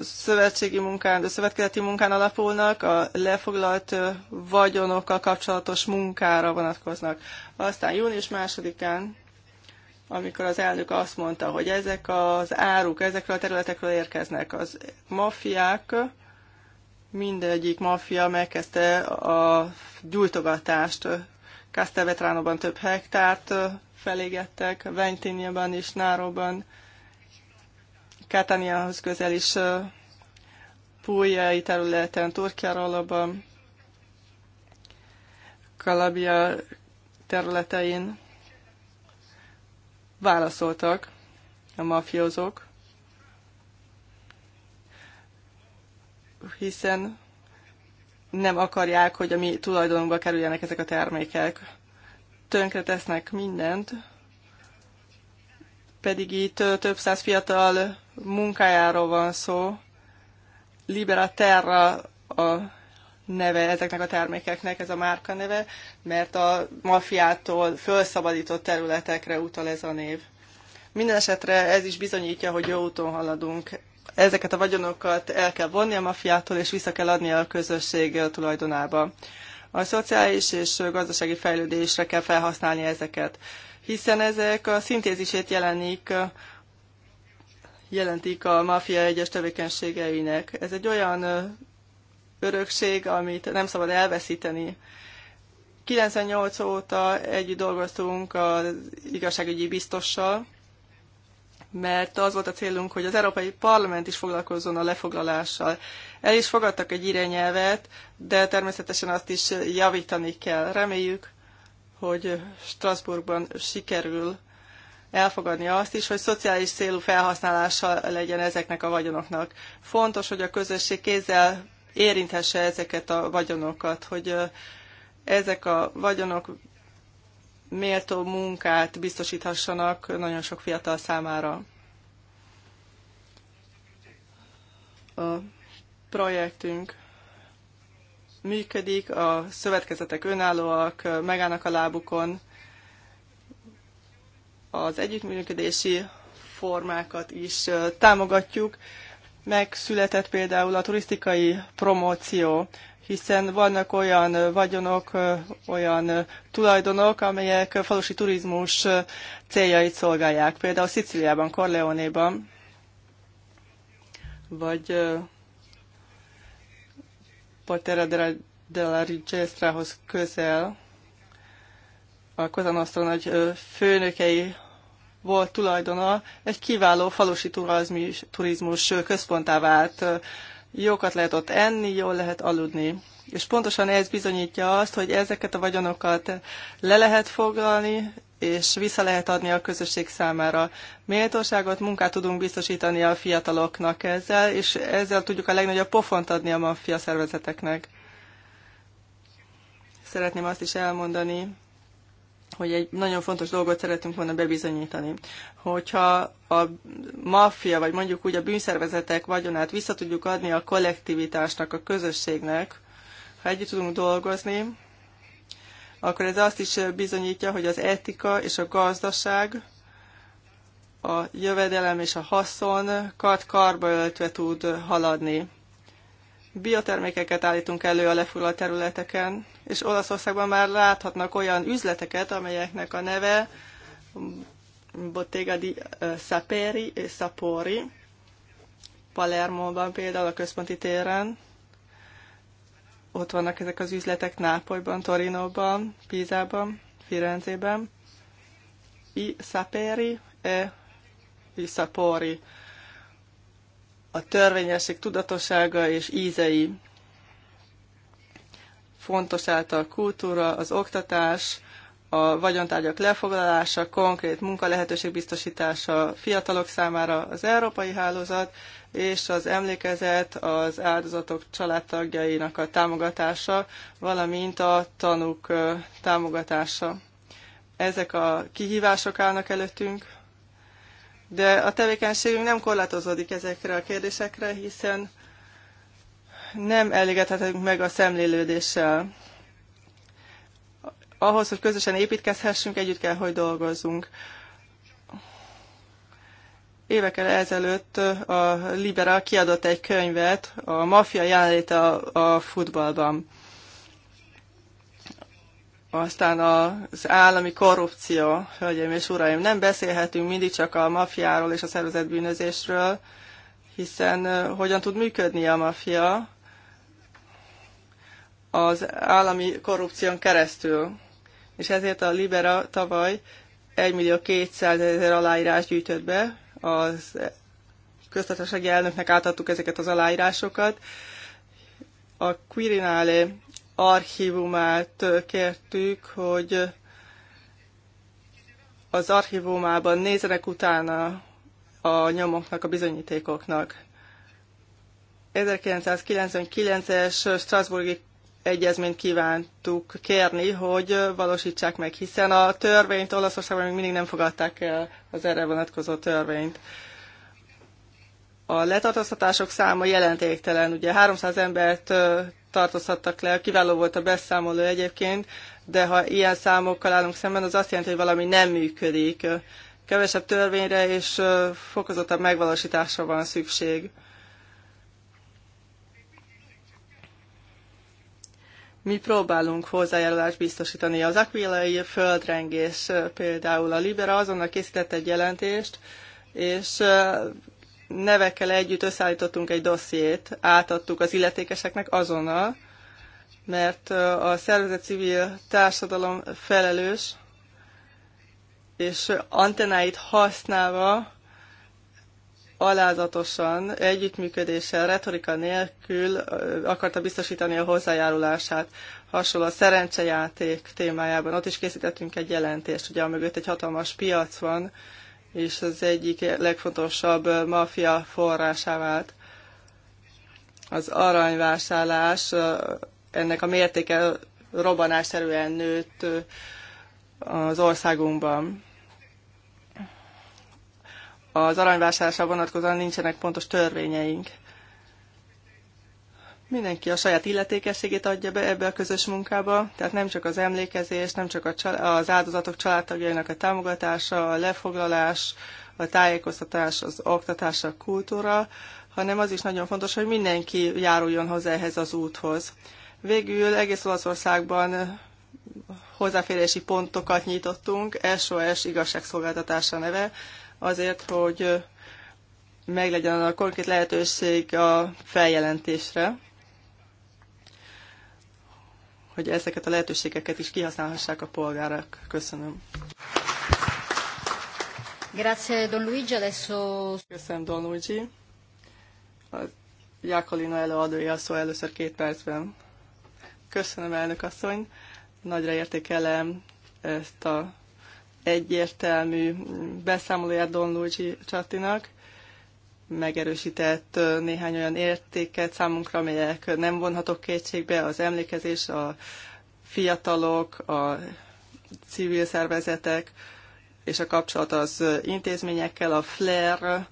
szövetségi munkán, de szövetkezeti munkán alapulnak, a lefoglalt vagyonokkal kapcsolatos munkára vonatkoznak. Aztán június másodikán, amikor az elnök azt mondta, hogy ezek az áruk ezekről a területekről érkeznek, az maffiák, mindegyik maffia megkezdte a gyújtogatást. Castelvetránoban több hektárt felégettek, Ventinjában is, Náróban, Kátániához közel is Pújai területen, Turkiaralaban, Kalabia területein válaszoltak a mafiózók, hiszen nem akarják, hogy a mi tulajdonunkba kerüljenek ezek a termékek. Tönkre tesznek mindent, pedig itt több száz fiatal munkájáról van szó. Libera Terra a neve ezeknek a termékeknek, ez a márka neve, mert a mafiától felszabadított területekre utal ez a név. Minden esetre ez is bizonyítja, hogy jó úton haladunk. Ezeket a vagyonokat el kell vonni a mafiától, és vissza kell adni a közösség tulajdonába. A szociális és gazdasági fejlődésre kell felhasználni ezeket hiszen ezek a szintézisét jelenik, jelentik a mafia egyes tevékenységeinek. Ez egy olyan örökség, amit nem szabad elveszíteni. 98 óta együtt dolgoztunk az igazságügyi biztossal, mert az volt a célunk, hogy az Európai Parlament is foglalkozzon a lefoglalással. El is fogadtak egy irányelvet, de természetesen azt is javítani kell. Reméljük, hogy Strasbourgban sikerül elfogadni azt is, hogy szociális célú felhasználása legyen ezeknek a vagyonoknak. Fontos, hogy a közösség kézzel érinthesse ezeket a vagyonokat, hogy ezek a vagyonok méltó munkát biztosíthassanak nagyon sok fiatal számára. A projektünk működik, a szövetkezetek önállóak, megállnak a lábukon, az együttműködési formákat is támogatjuk. Megszületett például a turisztikai promóció, hiszen vannak olyan vagyonok, olyan tulajdonok, amelyek falusi turizmus céljait szolgálják. Például Sziciliában, Korleónéban vagy Portera de la, de la Rigestra-hoz közel a Kozanosztó nagy főnökei volt tulajdona, egy kiváló falusi turizmus, turizmus központá vált. Jókat lehet ott enni, jól lehet aludni. És pontosan ez bizonyítja azt, hogy ezeket a vagyonokat le lehet foglalni, és vissza lehet adni a közösség számára. Méltóságot, munkát tudunk biztosítani a fiataloknak ezzel, és ezzel tudjuk a legnagyobb pofont adni a maffia szervezeteknek. Szeretném azt is elmondani, hogy egy nagyon fontos dolgot szeretünk volna bebizonyítani. Hogyha a maffia, vagy mondjuk úgy a bűnszervezetek vagyonát vissza tudjuk adni a kollektivitásnak, a közösségnek, ha együtt tudunk dolgozni, akkor ez azt is bizonyítja, hogy az etika és a gazdaság a jövedelem és a haszon kat karba öltve tud haladni. Biotermékeket állítunk elő a lefoglalt területeken, és Olaszországban már láthatnak olyan üzleteket, amelyeknek a neve Bottega di Saperi és Sapori, ban például a központi téren, ott vannak ezek az üzletek Nápolyban, Torinóban, Pízában, Firenzében. I saperi e i sapori. A törvényesség tudatossága és ízei. Fontos által a kultúra, az oktatás, a vagyontárgyak lefoglalása, konkrét munkalehetőség biztosítása fiatalok számára az európai hálózat, és az emlékezet az áldozatok családtagjainak a támogatása, valamint a tanúk támogatása. Ezek a kihívások állnak előttünk, de a tevékenységünk nem korlátozódik ezekre a kérdésekre, hiszen nem elégedhetünk meg a szemlélődéssel. Ahhoz, hogy közösen építkezhessünk, együtt kell, hogy dolgozzunk. Évekkel ezelőtt a Libera kiadott egy könyvet, a maffia jelenléte a, a futballban. Aztán az állami korrupció, hölgyeim és uraim, nem beszélhetünk mindig csak a mafiáról és a szervezett bűnözésről, hiszen hogyan tud működni a maffia az állami korrupción keresztül. És ezért a Libera tavaly 1 millió 200 ezer aláírás gyűjtött be, az köztársasági elnöknek átadtuk ezeket az aláírásokat. A Quirinale archívumát kértük, hogy az archívumában nézzenek utána a nyomoknak, a bizonyítékoknak. 1999-es Strasburgi egyezményt kívántuk kérni, hogy valósítsák meg, hiszen a törvényt Olaszországban még mindig nem fogadták el az erre vonatkozó törvényt. A letartóztatások száma jelentéktelen, ugye 300 embert tartóztattak le, kiváló volt a beszámoló egyébként, de ha ilyen számokkal állunk szemben, az azt jelenti, hogy valami nem működik. Kevesebb törvényre és fokozottabb megvalósításra van szükség. mi próbálunk hozzájárulást biztosítani. Az akvilai földrengés például a Libera azonnal készített egy jelentést, és nevekkel együtt összeállítottunk egy dossziét, átadtuk az illetékeseknek azonnal, mert a szervezet civil társadalom felelős, és antenáit használva alázatosan, együttműködéssel, retorika nélkül akarta biztosítani a hozzájárulását. Hasonló a szerencsejáték témájában. Ott is készítettünk egy jelentést, ugye mögött egy hatalmas piac van, és az egyik legfontosabb mafia forrásá vált. Az aranyvásárlás, ennek a mértéke robbanásszerűen nőtt az országunkban az aranyvásárlásra vonatkozóan nincsenek pontos törvényeink. Mindenki a saját illetékességét adja be ebbe a közös munkába, tehát nem csak az emlékezés, nem csak a az áldozatok családtagjainak a támogatása, a lefoglalás, a tájékoztatás, az oktatás, a kultúra, hanem az is nagyon fontos, hogy mindenki járuljon hozzá ehhez az úthoz. Végül egész Olaszországban hozzáférési pontokat nyitottunk, SOS igazságszolgáltatása neve, azért, hogy meglegyen a konkrét lehetőség a feljelentésre, hogy ezeket a lehetőségeket is kihasználhassák a polgárok. Köszönöm. Grazie, Don Luigi. Adesso... Köszönöm, Don Luigi. A Jákolina előadója a szó először két percben. Köszönöm, elnök asszony. Nagyra értékelem ezt a egyértelmű beszámolóját Don Luigi Csattinak, megerősített néhány olyan értéket számunkra, amelyek nem vonhatok kétségbe, az emlékezés, a fiatalok, a civil szervezetek, és a kapcsolat az intézményekkel, a FLAIR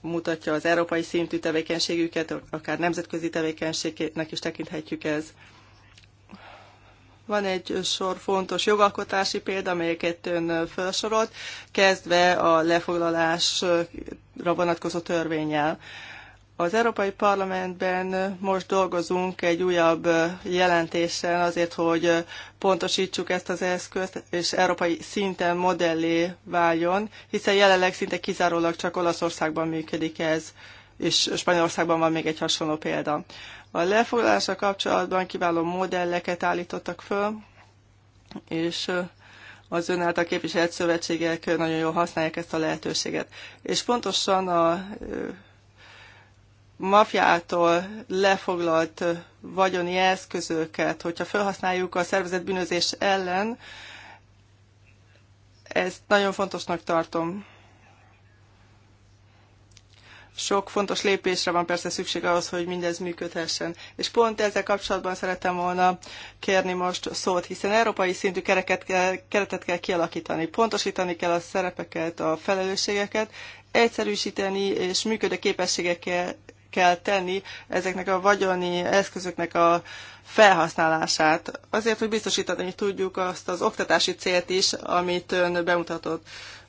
mutatja az európai szintű tevékenységüket, akár nemzetközi tevékenységnek is tekinthetjük ez. Van egy sor fontos jogalkotási példa, amelyeket ön felsorolt, kezdve a lefoglalásra vonatkozó törvényel. Az Európai Parlamentben most dolgozunk egy újabb jelentéssel azért, hogy pontosítsuk ezt az eszközt, és európai szinten modellé váljon, hiszen jelenleg szinte kizárólag csak Olaszországban működik ez és Spanyolországban van még egy hasonló példa. A lefoglalással kapcsolatban kiváló modelleket állítottak föl, és az ön által képviselt szövetségek nagyon jól használják ezt a lehetőséget. És pontosan a mafiától lefoglalt vagyoni eszközöket, hogyha felhasználjuk a szervezetbűnözés bűnözés ellen, ezt nagyon fontosnak tartom. Sok fontos lépésre van persze szükség ahhoz, hogy mindez működhessen. És pont ezzel kapcsolatban szeretem volna kérni most szót, hiszen európai szintű kereket kell, keretet kell kialakítani. Pontosítani kell a szerepeket, a felelősségeket, egyszerűsíteni és működő képességekkel kell tenni ezeknek a vagyoni eszközöknek a felhasználását, azért, hogy biztosítani tudjuk azt az oktatási célt is, amit ön bemutatott.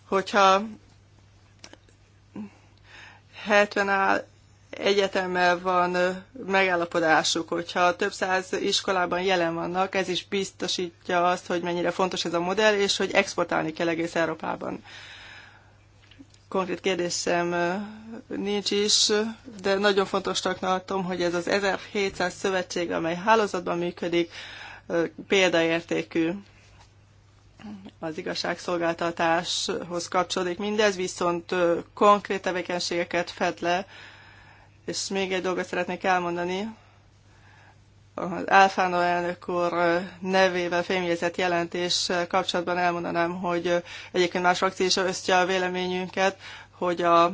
Hogyha 70 áll, egyetemmel van megállapodásuk, hogyha több száz iskolában jelen vannak, ez is biztosítja azt, hogy mennyire fontos ez a modell, és hogy exportálni kell egész Európában. Konkrét kérdésem nincs is, de nagyon fontosnak tartom, hogy ez az 1700 szövetség, amely hálózatban működik, példaértékű az igazságszolgáltatáshoz kapcsolódik mindez, viszont konkrét tevékenységeket fed le, és még egy dolgot szeretnék elmondani. Az Álfánó elnök úr nevével fémjegyzett jelentés kapcsolatban elmondanám, hogy egyébként más frakció is osztja a véleményünket, hogy a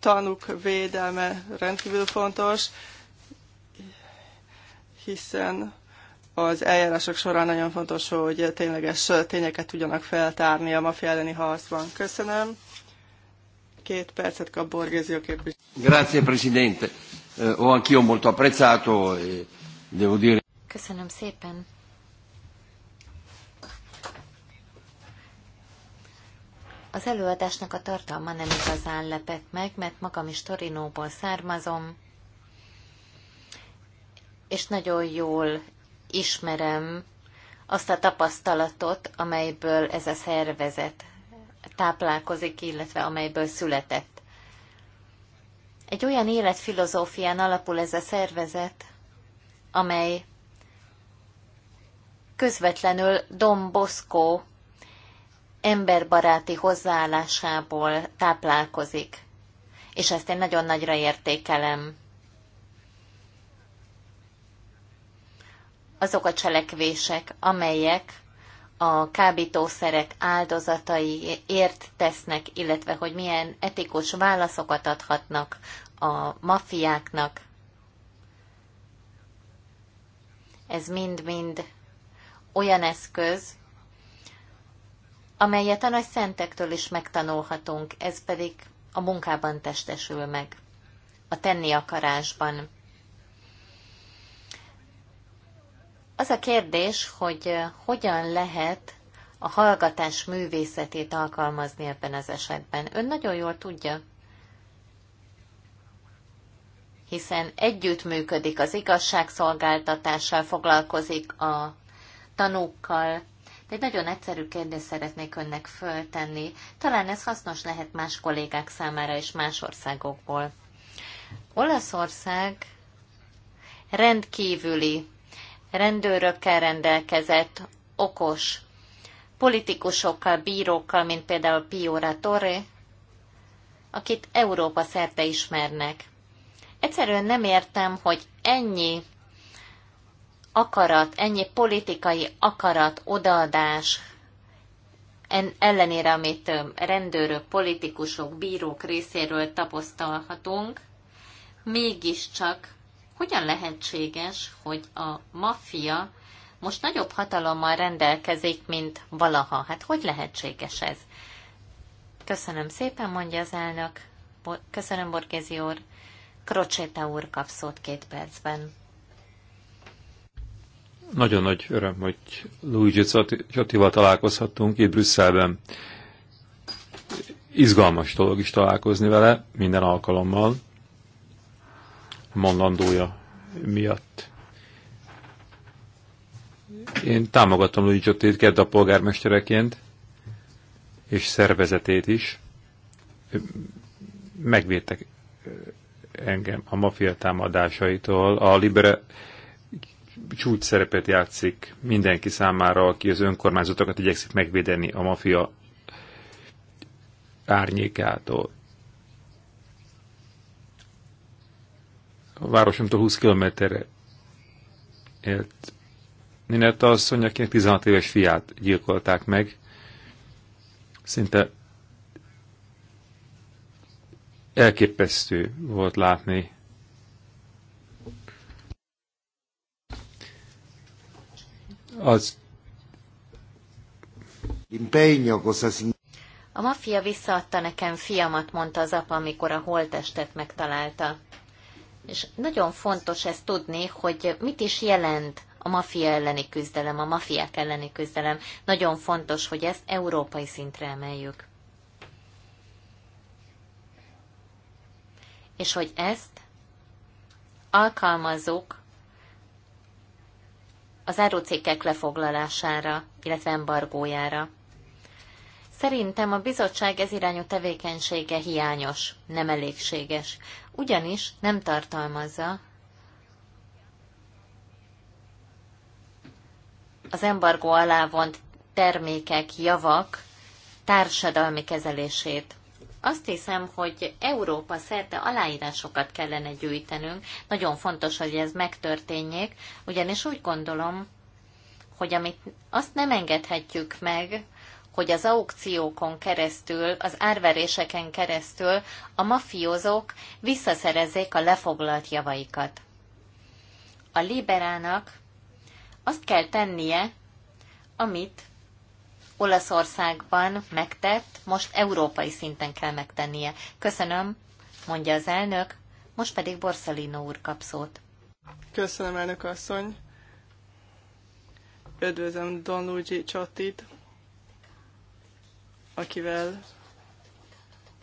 tanuk védelme rendkívül fontos, hiszen az eljárások során nagyon fontos, hogy tényleges tényeket tudjanak feltárni a mafia elleni harcban. Köszönöm. Két percet kap Borgézió képviselő. Grazie, Presidente. Eh, ho anch'io molto apprezzato, e devo dire... Köszönöm szépen. Az előadásnak a tartalma nem igazán lepett meg, mert magam is Torinóból származom, és nagyon jól ismerem azt a tapasztalatot, amelyből ez a szervezet táplálkozik, illetve amelyből született. Egy olyan életfilozófián alapul ez a szervezet, amely közvetlenül Don Bosco emberbaráti hozzáállásából táplálkozik. És ezt én nagyon nagyra értékelem. azok a cselekvések, amelyek a kábítószerek áldozataiért tesznek, illetve hogy milyen etikus válaszokat adhatnak a mafiáknak. Ez mind-mind olyan eszköz, amelyet a nagy szentektől is megtanulhatunk, ez pedig a munkában testesül meg, a tenni akarásban. Az a kérdés, hogy hogyan lehet a hallgatás művészetét alkalmazni ebben az esetben. Ön nagyon jól tudja, hiszen együttműködik az igazságszolgáltatással, foglalkozik a tanúkkal. De egy nagyon egyszerű kérdést szeretnék önnek föltenni. Talán ez hasznos lehet más kollégák számára és más országokból. Olaszország rendkívüli rendőrökkel rendelkezett, okos politikusokkal, bírókkal, mint például Piora Torre, akit Európa szerte ismernek. Egyszerűen nem értem, hogy ennyi akarat, ennyi politikai akarat, odaadás ellenére, amit rendőrök, politikusok, bírók részéről tapasztalhatunk, mégiscsak hogyan lehetséges, hogy a maffia most nagyobb hatalommal rendelkezik, mint valaha? Hát hogy lehetséges ez? Köszönöm szépen, mondja az elnök. Köszönöm, Borgézi úr. Krocséta úr kap szót két percben. Nagyon nagy öröm, hogy Luigi Csatival találkozhattunk itt Brüsszelben. Izgalmas dolog is találkozni vele minden alkalommal mondandója miatt. Én támogatom Luigi Ottét Gedda polgármestereként, és szervezetét is. Megvédtek eh, engem a mafia támadásaitól. A Libere csúcs szerepet játszik mindenki számára, aki az önkormányzatokat igyekszik megvédeni a mafia árnyékától. a városomtól 20 kilométerre élt Ninetta asszony, akinek 16 éves fiát gyilkolták meg. Szinte elképesztő volt látni. Az a maffia visszaadta nekem fiamat, mondta az apa, amikor a holtestet megtalálta. És nagyon fontos ezt tudni, hogy mit is jelent a mafia elleni küzdelem, a mafiák elleni küzdelem. Nagyon fontos, hogy ezt európai szintre emeljük. És hogy ezt alkalmazzuk az árucékek lefoglalására, illetve embargójára. Szerintem a bizottság ez irányú tevékenysége hiányos, nem elégséges, ugyanis nem tartalmazza az embargó alá vont termékek, javak társadalmi kezelését. Azt hiszem, hogy Európa szerte aláírásokat kellene gyűjtenünk. Nagyon fontos, hogy ez megtörténjék, ugyanis úgy gondolom, hogy amit azt nem engedhetjük meg, hogy az aukciókon keresztül, az árveréseken keresztül a mafiózók visszaszerezzék a lefoglalt javaikat. A liberának azt kell tennie, amit Olaszországban megtett, most európai szinten kell megtennie. Köszönöm, mondja az elnök, most pedig Borsalino úr kap szót. Köszönöm, elnök asszony. Üdvözlöm Don Luigi Csottit akivel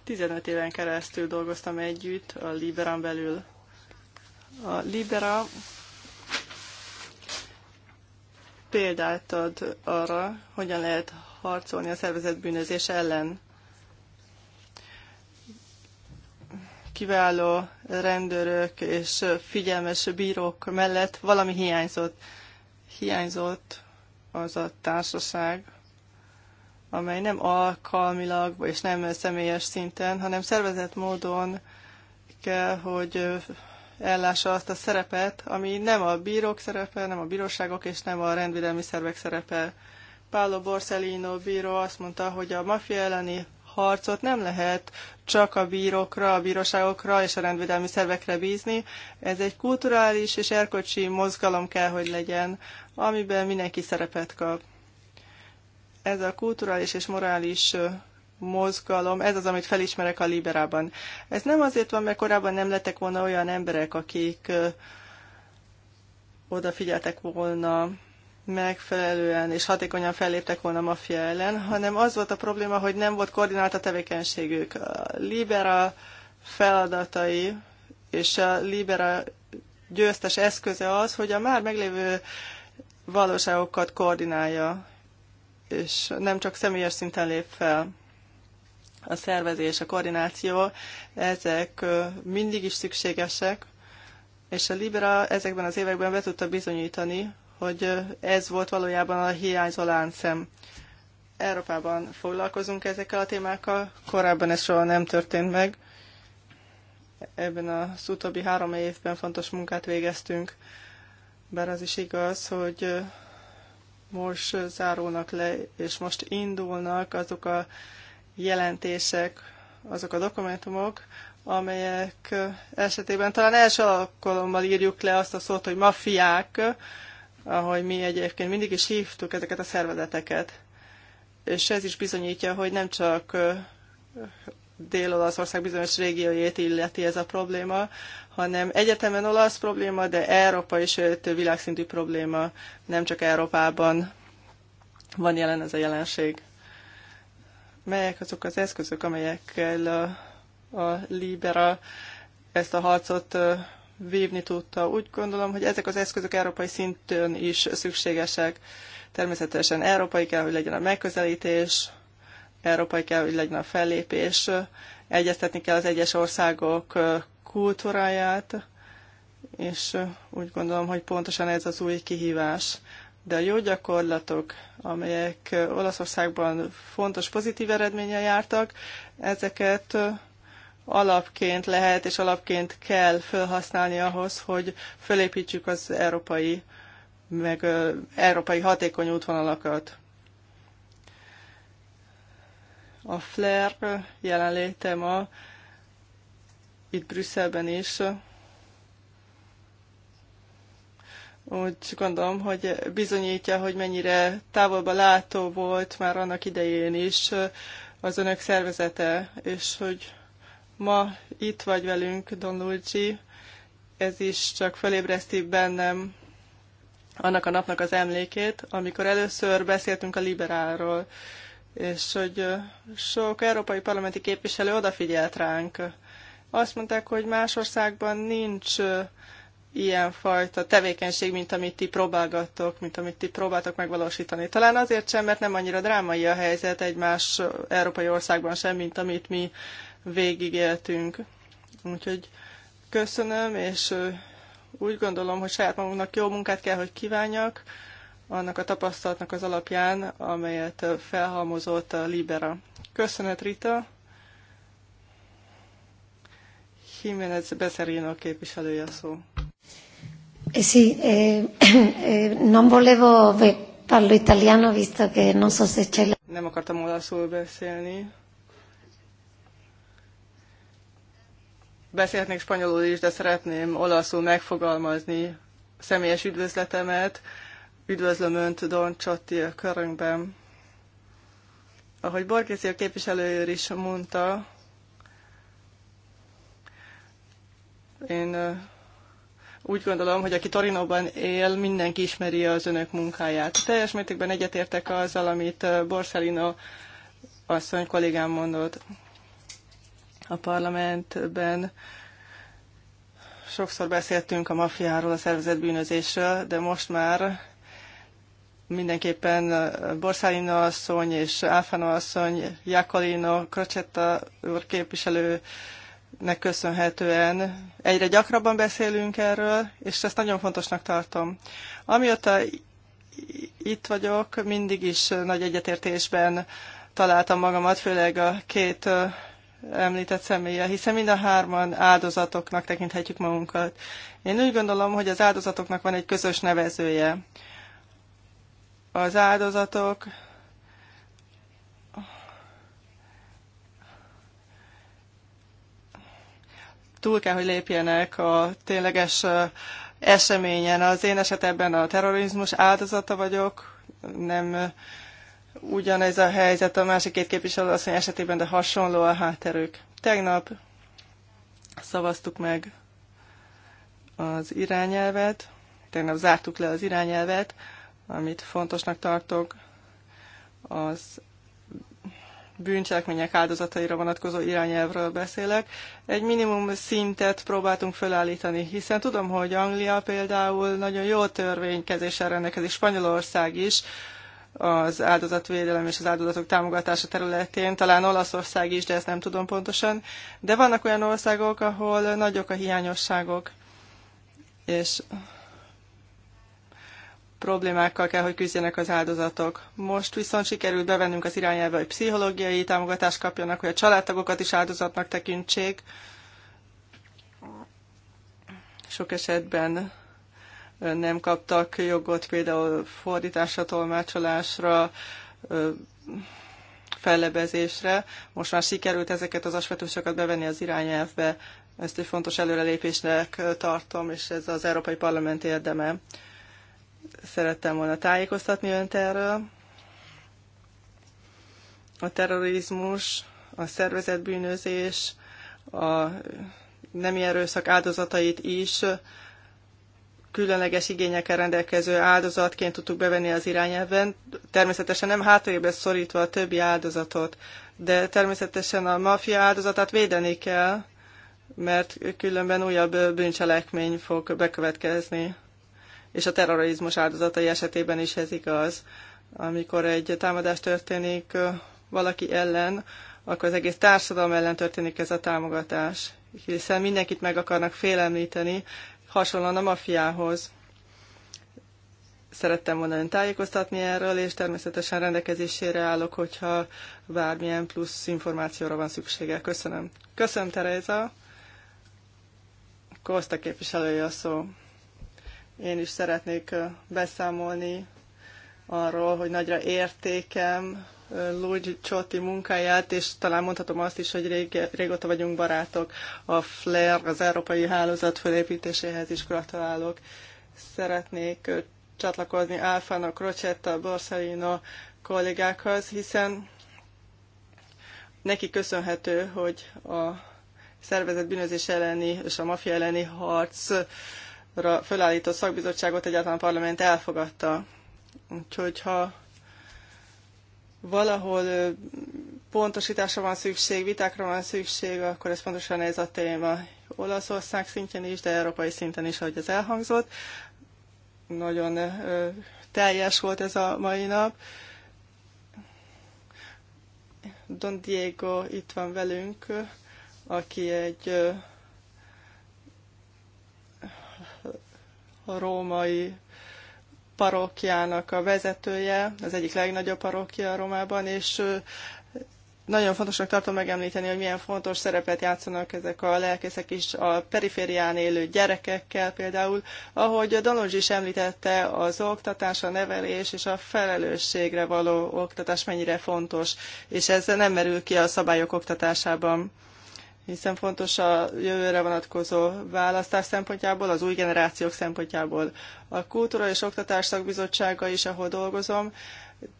15 éven keresztül dolgoztam együtt a Liberán belül. A Libera példát ad arra, hogyan lehet harcolni a szervezet bűnözés ellen. Kiváló rendőrök és figyelmes bírók mellett valami hiányzott. Hiányzott az a társaság, amely nem alkalmilag és nem személyes szinten, hanem szervezett módon kell, hogy ellássa azt a szerepet, ami nem a bírók szerepe, nem a bíróságok és nem a rendvédelmi szervek szerepe. Paolo Borsellino bíró azt mondta, hogy a mafia elleni harcot nem lehet csak a bírókra, a bíróságokra és a rendvédelmi szervekre bízni. Ez egy kulturális és erkölcsi mozgalom kell, hogy legyen, amiben mindenki szerepet kap. Ez a kulturális és morális mozgalom, ez az, amit felismerek a Liberában. Ez nem azért van, mert korábban nem lettek volna olyan emberek, akik odafigyeltek volna megfelelően és hatékonyan felléptek volna a maffia ellen, hanem az volt a probléma, hogy nem volt koordinált a tevékenységük. A Libera feladatai és a Libera győztes eszköze az, hogy a már meglévő valóságokat koordinálja és nem csak személyes szinten lép fel a szervezés, a koordináció, ezek mindig is szükségesek, és a Libera ezekben az években be tudta bizonyítani, hogy ez volt valójában a hiányzó láncem. Európában foglalkozunk ezekkel a témákkal, korábban ez soha nem történt meg. Ebben az utóbbi három évben fontos munkát végeztünk, bár az is igaz, hogy most zárulnak le, és most indulnak azok a jelentések, azok a dokumentumok, amelyek esetében talán első alkalommal írjuk le azt a szót, hogy mafiák, ahogy mi egyébként mindig is hívtuk ezeket a szervezeteket. És ez is bizonyítja, hogy nem csak Dél-Olaszország bizonyos régiójét illeti ez a probléma, hanem egyetemen olasz probléma, de Európa is világszintű probléma, nem csak Európában van jelen ez a jelenség. Melyek azok az eszközök, amelyekkel a, a Libera ezt a harcot vívni tudta? Úgy gondolom, hogy ezek az eszközök európai szinten is szükségesek. Természetesen európai kell, hogy legyen a megközelítés, európai kell, hogy legyen a fellépés, egyeztetni kell az egyes országok kultúráját, és úgy gondolom, hogy pontosan ez az új kihívás. De a jó gyakorlatok, amelyek Olaszországban fontos pozitív eredménye jártak, ezeket alapként lehet és alapként kell felhasználni ahhoz, hogy fölépítsük az európai, meg európai hatékony útvonalakat. A FLER jelenléte ma itt Brüsszelben is. Úgy gondolom, hogy bizonyítja, hogy mennyire távolba látó volt már annak idején is az önök szervezete, és hogy ma itt vagy velünk, Don Luigi, ez is csak felébreszti bennem annak a napnak az emlékét, amikor először beszéltünk a liberálról, és hogy sok európai parlamenti képviselő odafigyelt ránk, azt mondták, hogy más országban nincs ilyen fajta tevékenység, mint amit ti próbálgattok, mint amit ti próbáltok megvalósítani. Talán azért sem, mert nem annyira drámai a helyzet egy más európai országban sem, mint amit mi végigéltünk. Úgyhogy köszönöm, és úgy gondolom, hogy saját magunknak jó munkát kell, hogy kívánjak annak a tapasztalatnak az alapján, amelyet felhalmozott a Libera. Köszönet, Rita! Jiménez Becerrino képviselője a szó. Eh, sí, eh, [COUGHS] eh, non volevo parlo italiano visto che non so se c'è la... Nem akartam olaszul beszélni. Beszélhetnék spanyolul is, de szeretném olaszul megfogalmazni személyes üdvözletemet. Üdvözlöm Önt Don Csotti a körünkben. Ahogy Borgézi a képviselőjőr is mondta, Én úgy gondolom, hogy aki Torinóban él, mindenki ismeri az önök munkáját. Teljes mértékben egyetértek azzal, amit Borsalino asszony kollégám mondott a parlamentben. Sokszor beszéltünk a mafiáról, a szervezett bűnözésről, de most már mindenképpen Borsalino asszony és Áfano asszony, Jakolino, Crocetta úr képviselő nek köszönhetően egyre gyakrabban beszélünk erről, és ezt nagyon fontosnak tartom. Amióta itt vagyok, mindig is nagy egyetértésben találtam magamat, főleg a két említett személye, hiszen mind a hárman áldozatoknak tekinthetjük magunkat. Én úgy gondolom, hogy az áldozatoknak van egy közös nevezője. Az áldozatok túl kell, hogy lépjenek a tényleges eseményen. Az én esetemben a terrorizmus áldozata vagyok, nem ugyanez a helyzet a másik két képviselő asszony esetében, de hasonló a hátterük. Tegnap szavaztuk meg az irányelvet, tegnap zártuk le az irányelvet, amit fontosnak tartok az bűncselekmények áldozataira vonatkozó irányelvről beszélek, egy minimum szintet próbáltunk felállítani, hiszen tudom, hogy Anglia például nagyon jó törvénykezéssel rendelkezik, Spanyolország is, az áldozatvédelem és az áldozatok támogatása területén, talán Olaszország is, de ezt nem tudom pontosan, de vannak olyan országok, ahol nagyok a hiányosságok, és problémákkal kell, hogy küzdjenek az áldozatok. Most viszont sikerült bevennünk az irányába, hogy pszichológiai támogatást kapjanak, hogy a családtagokat is áldozatnak tekintsék. Sok esetben nem kaptak jogot például fordításra, tolmácsolásra, fellebezésre. Most már sikerült ezeket az aspektusokat bevenni az irányelvbe. Ezt egy fontos előrelépésnek tartom, és ez az Európai Parlament érdeme. Szerettem volna tájékoztatni önt erről. A terrorizmus, a szervezetbűnözés, a nemi erőszak áldozatait is különleges igényekkel rendelkező áldozatként tudtuk bevenni az irányelven. Természetesen nem hátrébe szorítva a többi áldozatot, de természetesen a maffia áldozatát védeni kell, mert különben újabb bűncselekmény fog bekövetkezni és a terrorizmus áldozatai esetében is ez igaz. Amikor egy támadás történik valaki ellen, akkor az egész társadalom ellen történik ez a támogatás, hiszen mindenkit meg akarnak félemlíteni, hasonlóan a mafiához. Szerettem volna ön tájékoztatni erről, és természetesen rendelkezésére állok, hogyha bármilyen plusz információra van szüksége. Köszönöm. Köszönöm, Tereza. Kosta képviselője a szó. Én is szeretnék beszámolni arról, hogy nagyra értékem Luigi Csotti munkáját, és talán mondhatom azt is, hogy rég, régóta vagyunk barátok. A FLAIR, az Európai Hálózat felépítéséhez is gratulálok. Szeretnék csatlakozni Alfano, Crocetta, Borsalino kollégákhoz, hiszen neki köszönhető, hogy a szervezet bűnözés elleni és a mafia elleni harc fölállított szakbizottságot egyáltalán a parlament elfogadta. Úgyhogy ha valahol pontosításra van szükség, vitákra van szükség, akkor ez pontosan ez a téma. Olaszország szintjén is, de európai szinten is, ahogy ez elhangzott. Nagyon teljes volt ez a mai nap. Don Diego itt van velünk, aki egy római parokjának a vezetője, az egyik legnagyobb parokja Romában, és nagyon fontosnak tartom megemlíteni, hogy milyen fontos szerepet játszanak ezek a lelkészek is a periférián élő gyerekekkel például. Ahogy Dalonzs is említette, az oktatás, a nevelés és a felelősségre való oktatás mennyire fontos, és ez nem merül ki a szabályok oktatásában hiszen fontos a jövőre vonatkozó választás szempontjából, az új generációk szempontjából. A Kultúra és Oktatás Szakbizottsága is, ahol dolgozom,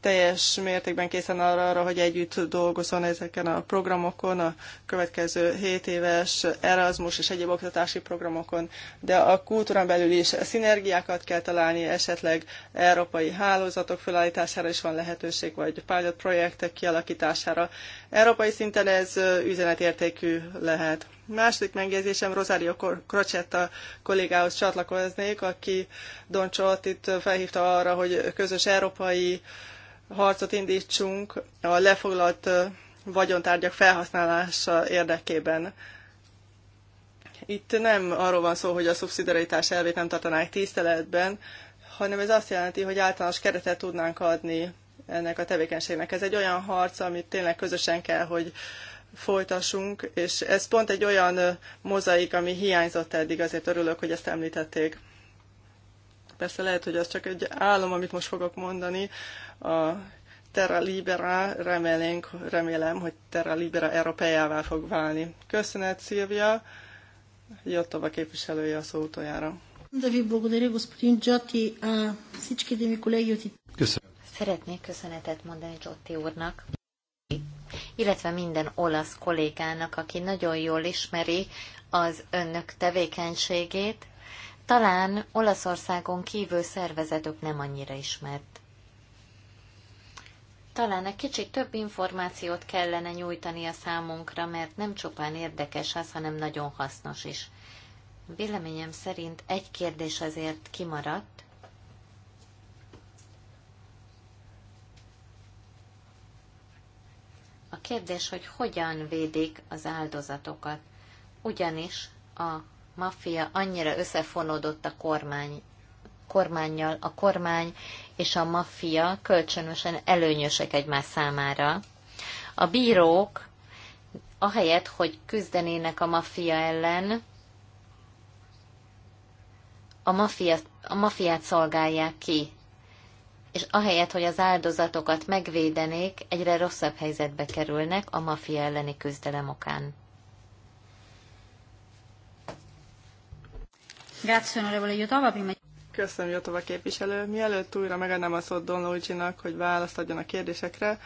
teljes mértékben készen arra, arra, hogy együtt dolgozzon ezeken a programokon, a következő 7 éves Erasmus és egyéb oktatási programokon, de a kultúrán belül is szinergiákat kell találni, esetleg európai hálózatok felállítására is van lehetőség, vagy pilot projektek kialakítására. Európai szinten ez üzenetértékű lehet. Második megjegyzésem Rosario Crocetta kollégához csatlakoznék, aki Don itt felhívta arra, hogy közös európai harcot indítsunk a lefoglalt vagyontárgyak felhasználása érdekében. Itt nem arról van szó, hogy a szubszidiaritás elvét nem tartanák tiszteletben, hanem ez azt jelenti, hogy általános keretet tudnánk adni ennek a tevékenységnek. Ez egy olyan harc, amit tényleg közösen kell, hogy folytassunk, és ez pont egy olyan mozaik, ami hiányzott eddig, azért örülök, hogy ezt említették. Persze lehet, hogy az csak egy álom, amit most fogok mondani. A Terra Libera, remélünk, remélem, hogy Terra Libera Európájává fog válni. Köszönet, Szilvia! a képviselője a szó utoljára. Köszönöm. Szeretnék köszönetet mondani Jotti úrnak illetve minden olasz kollégának, aki nagyon jól ismeri az önök tevékenységét, talán Olaszországon kívül szervezetük nem annyira ismert. Talán egy kicsit több információt kellene nyújtani a számunkra, mert nem csupán érdekes az, hanem nagyon hasznos is. Véleményem szerint egy kérdés azért kimaradt, Kérdés, hogy hogyan védik az áldozatokat. Ugyanis a maffia annyira összefonódott a kormány, kormányjal, a kormány és a maffia kölcsönösen előnyösek egymás számára. A bírók ahelyett, hogy küzdenének a maffia ellen, a, maffia, a maffiát szolgálják ki és ahelyett, hogy az áldozatokat megvédenék, egyre rosszabb helyzetbe kerülnek a mafia elleni küzdelem okán. Köszönöm, Jotova képviselő. Mielőtt újra megadnám a szót Don Luigi-nak, hogy választ adjon a kérdésekre,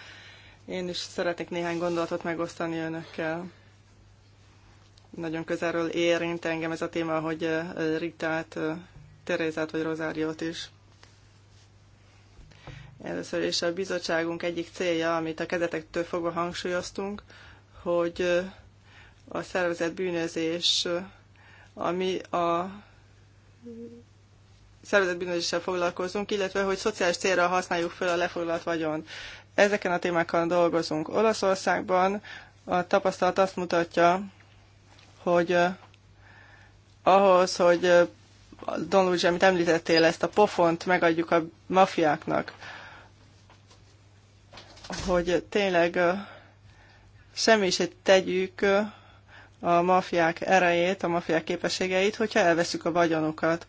én is szeretnék néhány gondolatot megosztani önökkel. Nagyon közelről érint engem ez a téma, hogy eh, Ritát, eh, Terézát vagy Rozáriót is. Először is a bizottságunk egyik célja, amit a kezetektől fogva hangsúlyoztunk, hogy a szervezett bűnözés, ami a szervezett bűnözéssel foglalkozunk, illetve hogy szociális célra használjuk fel a lefoglalt vagyon. Ezeken a témákon dolgozunk. Olaszországban a tapasztalat azt mutatja, hogy ahhoz, hogy Don Luigi, amit említettél, ezt a pofont megadjuk a mafiáknak, hogy tényleg semmi se tegyük a mafiák erejét, a mafiák képességeit, hogyha elveszük a vagyonokat.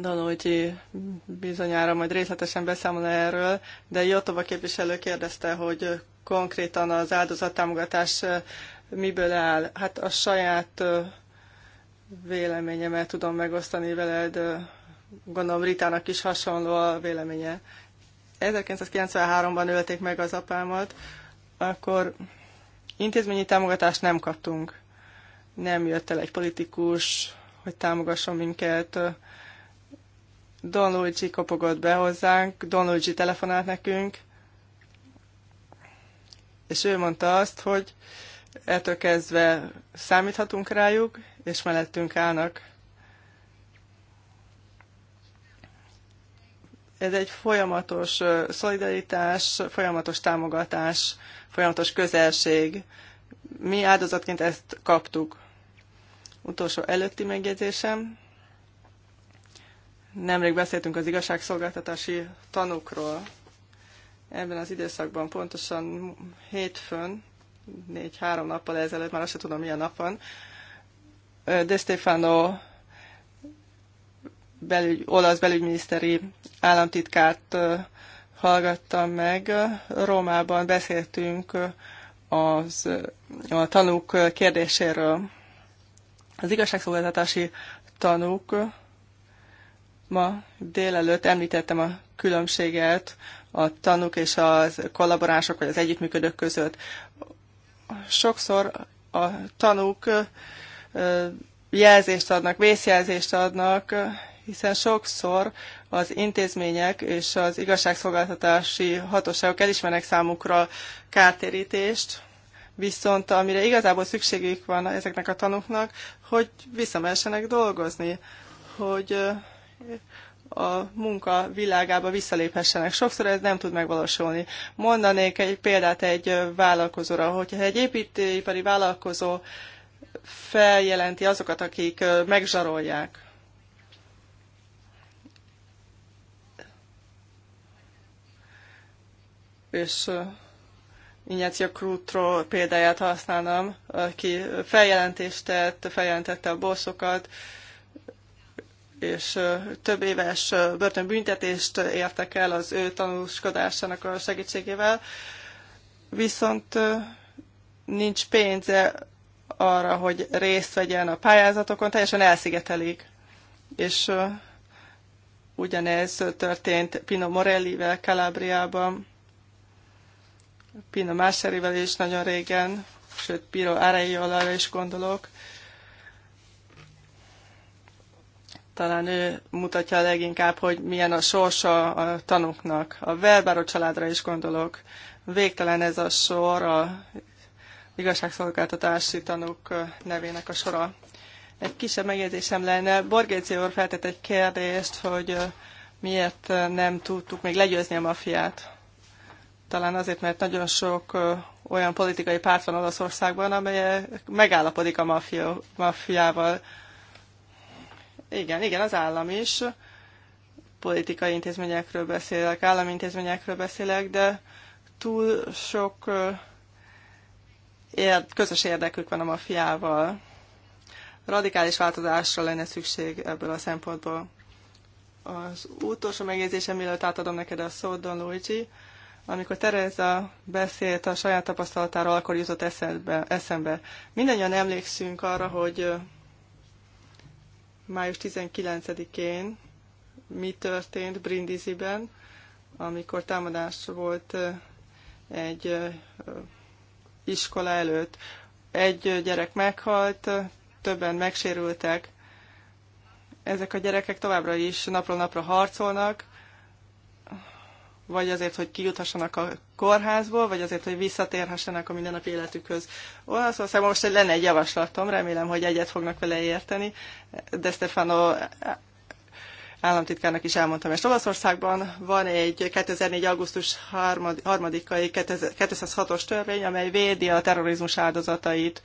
Danúgyi bizonyára majd részletesen beszámol erről, de Jotova képviselő kérdezte, hogy konkrétan az áldozattámogatás miből áll. Hát a saját véleményemet tudom megosztani veled Gondolom Ritának is hasonló a véleménye. 1993-ban ölték meg az apámat, akkor intézményi támogatást nem kaptunk. Nem jött el egy politikus, hogy támogasson minket. Don Luigi kopogott be hozzánk, Don Luigi telefonált nekünk, és ő mondta azt, hogy ettől kezdve számíthatunk rájuk, és mellettünk állnak. Ez egy folyamatos szolidaritás, folyamatos támogatás, folyamatos közelség. Mi áldozatként ezt kaptuk. Utolsó előtti megjegyzésem. Nemrég beszéltünk az igazságszolgáltatási tanukról. Ebben az időszakban, pontosan hétfőn, négy-három nappal ezelőtt, már azt sem tudom milyen napon, De Stefano belügy, olasz belügyminiszteri államtitkárt hallgattam meg. Rómában beszéltünk az, a tanúk kérdéséről. Az igazságszolgáltatási tanúk ma délelőtt említettem a különbséget a tanúk és a kollaboránsok vagy az együttműködők között. Sokszor a tanúk jelzést adnak, vészjelzést adnak, hiszen sokszor az intézmények és az igazságszolgáltatási hatóságok elismernek számukra kártérítést, viszont amire igazából szükségük van ezeknek a tanúknak, hogy visszamehessenek dolgozni, hogy a munka világába visszaléphessenek. Sokszor ez nem tud megvalósulni. Mondanék egy példát egy vállalkozóra, hogyha egy építőipari vállalkozó feljelenti azokat, akik megzsarolják, és Ignácio Krutro példáját használnám, aki feljelentést tett, feljelentette a bosszokat, és több éves börtönbüntetést értek el az ő tanúskodásának a segítségével, viszont nincs pénze arra, hogy részt vegyen a pályázatokon, teljesen elszigetelik. És ugyanez történt Pino Morelli Morelli-vel Calabriában, Pino Mászerével is nagyon régen, sőt Piro Áraiollára is gondolok. Talán ő mutatja leginkább, hogy milyen a sorsa a tanuknak. A Verbaro családra is gondolok. Végtelen ez a sor, a igazságszolgáltatási tanuk nevének a sora. Egy kisebb megjegyzésem lenne. Borgézi úr feltett egy kérdést, hogy miért nem tudtuk még legyőzni a mafiát. Talán azért, mert nagyon sok olyan politikai párt van Olaszországban, amely megállapodik a maffiával. Igen, igen, az állam is. Politikai intézményekről beszélek, állami intézményekről beszélek, de túl sok érd közös érdekük van a maffiával. Radikális változásra lenne szükség ebből a szempontból. Az utolsó megjegyzésem, mielőtt átadom neked a szót, Don Luigi, amikor Tereza beszélt a saját tapasztalatáról, akkor jutott eszembe. eszembe. Mindennyian emlékszünk arra, hogy május 19-én mi történt Brindisiben, amikor támadás volt egy iskola előtt. Egy gyerek meghalt, többen megsérültek. Ezek a gyerekek továbbra is napról napra harcolnak, vagy azért, hogy kijuthassanak a kórházból, vagy azért, hogy visszatérhessenek a mindennapi életükhöz. Olaszországban most lenne egy javaslatom, remélem, hogy egyet fognak vele érteni, de Stefano államtitkárnak is elmondtam ezt. Olaszországban van egy 2004. augusztus 3-ai 206-os törvény, amely védi a terrorizmus áldozatait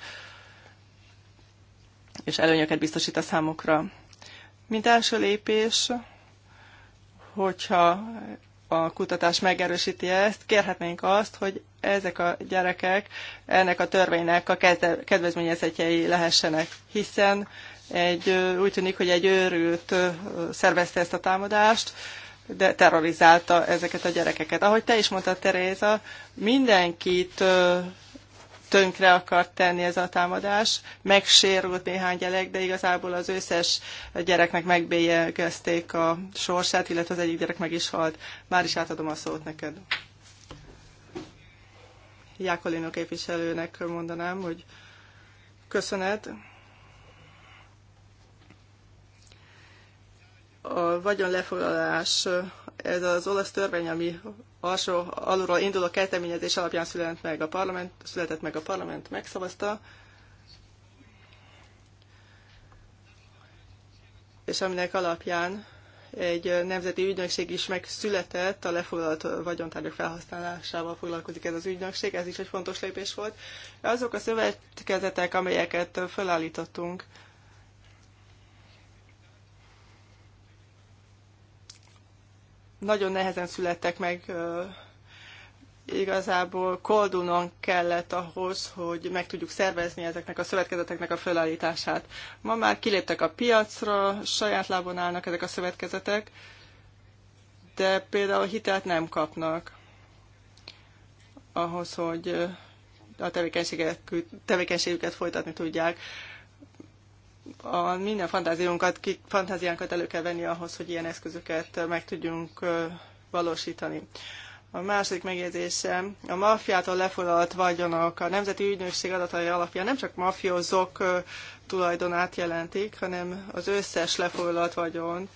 és előnyöket biztosít a számukra. Mint első lépés, hogyha a kutatás megerősíti ezt, kérhetnénk azt, hogy ezek a gyerekek ennek a törvénynek a kedvezményezetjei lehessenek, hiszen egy, úgy tűnik, hogy egy őrült szervezte ezt a támadást, de terrorizálta ezeket a gyerekeket. Ahogy te is mondtad, Teréza, mindenkit tönkre akart tenni ez a támadás. Megsérült néhány gyerek, de igazából az összes gyereknek megbélyegezték a sorsát, illetve az egyik gyerek meg is halt. Már is átadom a szót neked. Jákolino képviselőnek mondanám, hogy köszönet. a vagyonlefoglalás, ez az olasz törvény, ami alsó, alulról induló kezdeményezés alapján született meg a parlament, született meg a parlament, megszavazta, és aminek alapján egy nemzeti ügynökség is megszületett, a lefoglalt vagyontárgyak felhasználásával foglalkozik ez az ügynökség, ez is egy fontos lépés volt. Azok a szövetkezetek, amelyeket felállítottunk, nagyon nehezen születtek meg igazából koldulnunk kellett ahhoz, hogy meg tudjuk szervezni ezeknek a szövetkezeteknek a felállítását. Ma már kiléptek a piacra, saját lábon állnak ezek a szövetkezetek, de például hitelt nem kapnak ahhoz, hogy a tevékenységüket, tevékenységüket folytatni tudják a minden fantáziánkat, ki, fantáziánkat elő kell venni ahhoz, hogy ilyen eszközöket meg tudjunk valósítani. A második megjegyzésem, a maffiától lefoglalt vagyonok a Nemzeti Ügynökség adatai alapján nem csak mafiózók tulajdonát jelentik, hanem az összes lefoglalt vagyon,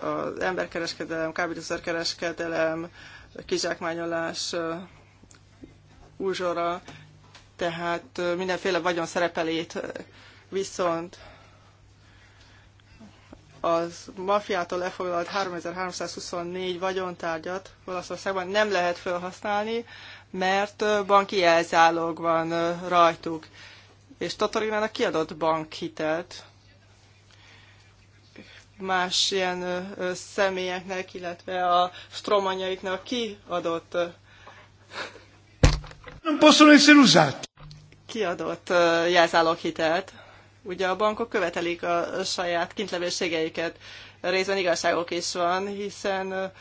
az emberkereskedelem, kábítószerkereskedelem, kizsákmányolás, úzsora, tehát mindenféle vagyon szerepelét Viszont az mafiától lefoglalt 3324 vagyontárgyat Olaszországban nem lehet felhasználni, mert banki elzálog van rajtuk. És Totorinának kiadott bankhitelt más ilyen személyeknek, illetve a stromanyaiknak kiadott nem possono essere usati. Kiadott jelzáloghitelt. Ugye a bankok követelik a saját kintlevőségeiket. Részben igazságok is van, hiszen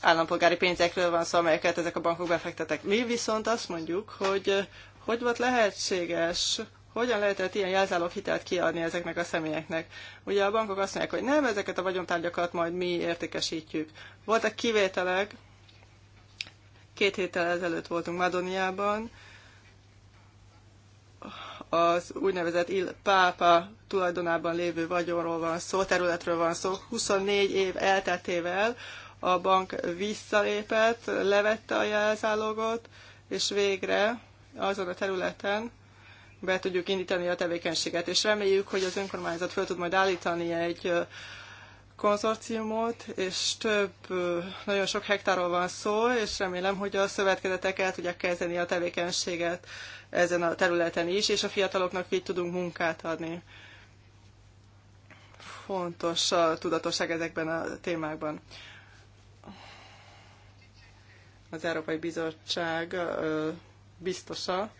állampolgári pénzekről van szó, amelyeket ezek a bankok befektetek. Mi viszont azt mondjuk, hogy hogy volt lehetséges, hogyan lehetett ilyen jelzálók hitelt kiadni ezeknek a személyeknek. Ugye a bankok azt mondják, hogy nem, ezeket a vagyontárgyakat majd mi értékesítjük. Voltak kivételek, két héttel ezelőtt voltunk Madoniában, az úgynevezett Il Pápa tulajdonában lévő vagyonról van szó, területről van szó. 24 év elteltével a bank visszalépett, levette a jelzálogot, és végre azon a területen be tudjuk indítani a tevékenységet, és reméljük, hogy az önkormányzat föl tud majd állítani egy konzorciumot, és több, nagyon sok hektáról van szó, és remélem, hogy a szövetkezetek el tudják kezdeni a tevékenységet ezen a területen is, és a fiataloknak így tudunk munkát adni. Fontos a tudatosság ezekben a témákban. Az Európai Bizottság biztosa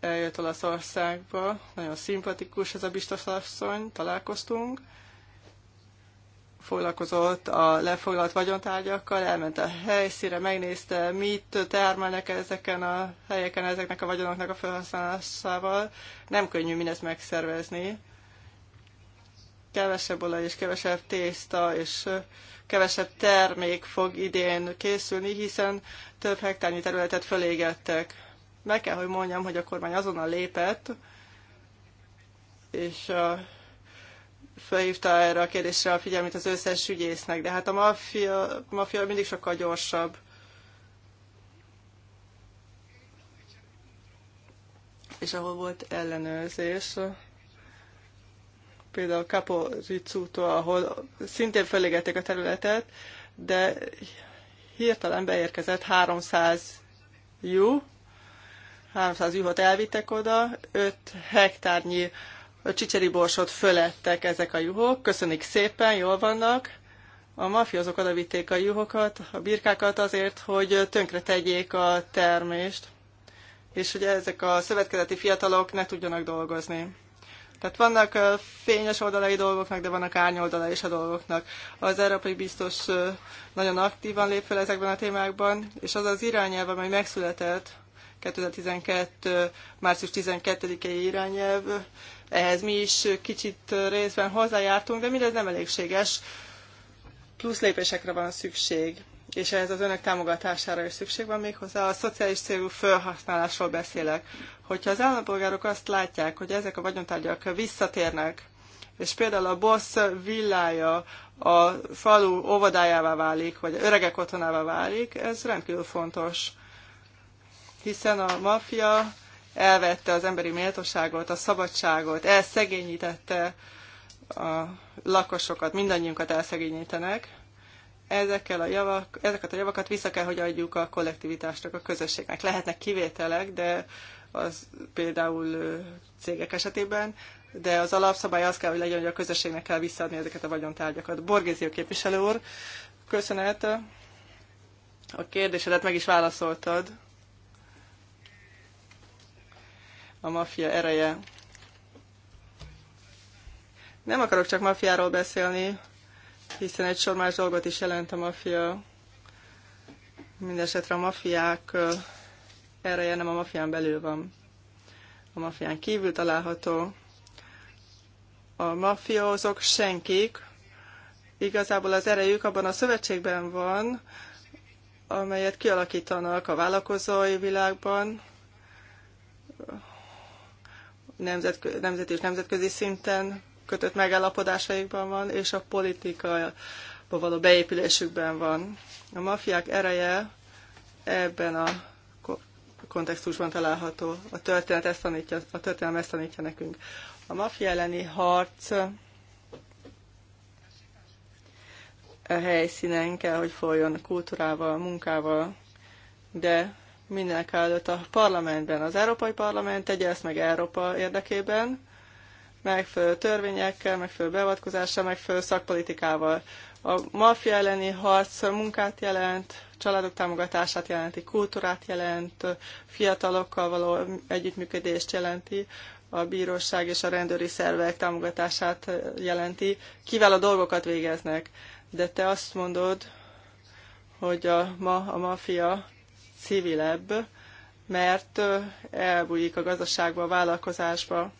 eljött Olaszországba, nagyon szimpatikus ez a biztos asszony, találkoztunk, foglalkozott a lefoglalt vagyontárgyakkal, elment a helyszíre, megnézte, mit termelnek ezeken a helyeken, ezeknek a vagyonoknak a felhasználásával. Nem könnyű mindezt megszervezni. Kevesebb olaj és kevesebb tészta és kevesebb termék fog idén készülni, hiszen több hektárnyi területet fölégettek. Meg kell, hogy mondjam, hogy a kormány azonnal lépett, és a felhívta erre a kérdésre a figyelmét az összes ügyésznek, de hát a maffia, a maffia mindig sokkal gyorsabb. És ahol volt ellenőrzés, például Capo Rizzuto, ahol szintén felégették a területet, de hirtelen beérkezett 300 lyú, 300 juhot elvittek oda, 5 hektárnyi csicseri borsot fölettek ezek a juhok. Köszönik szépen, jól vannak. A mafiózók odavitték a juhokat, a birkákat azért, hogy tönkre tegyék a termést, és hogy ezek a szövetkezeti fiatalok ne tudjanak dolgozni. Tehát vannak fényes oldalai dolgoknak, de vannak árnyoldalai is a dolgoknak. Az Európai Biztos nagyon aktívan lép fel ezekben a témákban, és az az irányelv, amely megszületett 2012. március 12-i irányelv ehhez mi is kicsit részben hozzájártunk, de mindez nem elégséges. Plusz lépésekre van szükség, és ehhez az önök támogatására is szükség van méghozzá. A szociális célú felhasználásról beszélek. Hogyha az állampolgárok azt látják, hogy ezek a vagyontárgyak visszatérnek, és például a boss villája a falu óvodájává válik, vagy öregek otthonává válik, ez rendkívül fontos. Hiszen a maffia elvette az emberi méltóságot, a szabadságot, elszegényítette a lakosokat, mindannyiunkat elszegényítenek. Ezekkel a javak, ezeket a javakat vissza kell, hogy adjuk a kollektivitásnak, a közösségnek. Lehetnek kivételek, de az például cégek esetében, de az alapszabály az kell, hogy legyen, hogy a közösségnek kell visszaadni ezeket a vagyontárgyakat. Borgézió képviselő úr, köszönet. A kérdésedet meg is válaszoltad a maffia ereje. Nem akarok csak maffiáról beszélni, hiszen egy sor más dolgot is jelent a maffia. Mindenesetre a maffiák ereje nem a maffián belül van. A maffián kívül található. A maffiózók senkik. Igazából az erejük abban a szövetségben van, amelyet kialakítanak a vállalkozói világban, nemzet, nemzeti és nemzetközi szinten kötött megállapodásaikban van, és a politikába való beépülésükben van. A mafiák ereje ebben a kontextusban található. A történet ezt tanítja, a történelem ezt tanítja nekünk. A mafia elleni harc a helyszínen kell, hogy folyjon kultúrával, munkával, de mindenek előtt a parlamentben. Az Európai Parlament tegye ezt meg Európa érdekében, megfelelő törvényekkel, megfelelő beavatkozással, megfelelő szakpolitikával. A mafia elleni harc munkát jelent, családok támogatását jelenti, kultúrát jelent, fiatalokkal való együttműködést jelenti, a bíróság és a rendőri szervek támogatását jelenti, kivel a dolgokat végeznek. De te azt mondod, hogy a, ma a maffia civilebb, mert elbújik a gazdaságba, a vállalkozásba.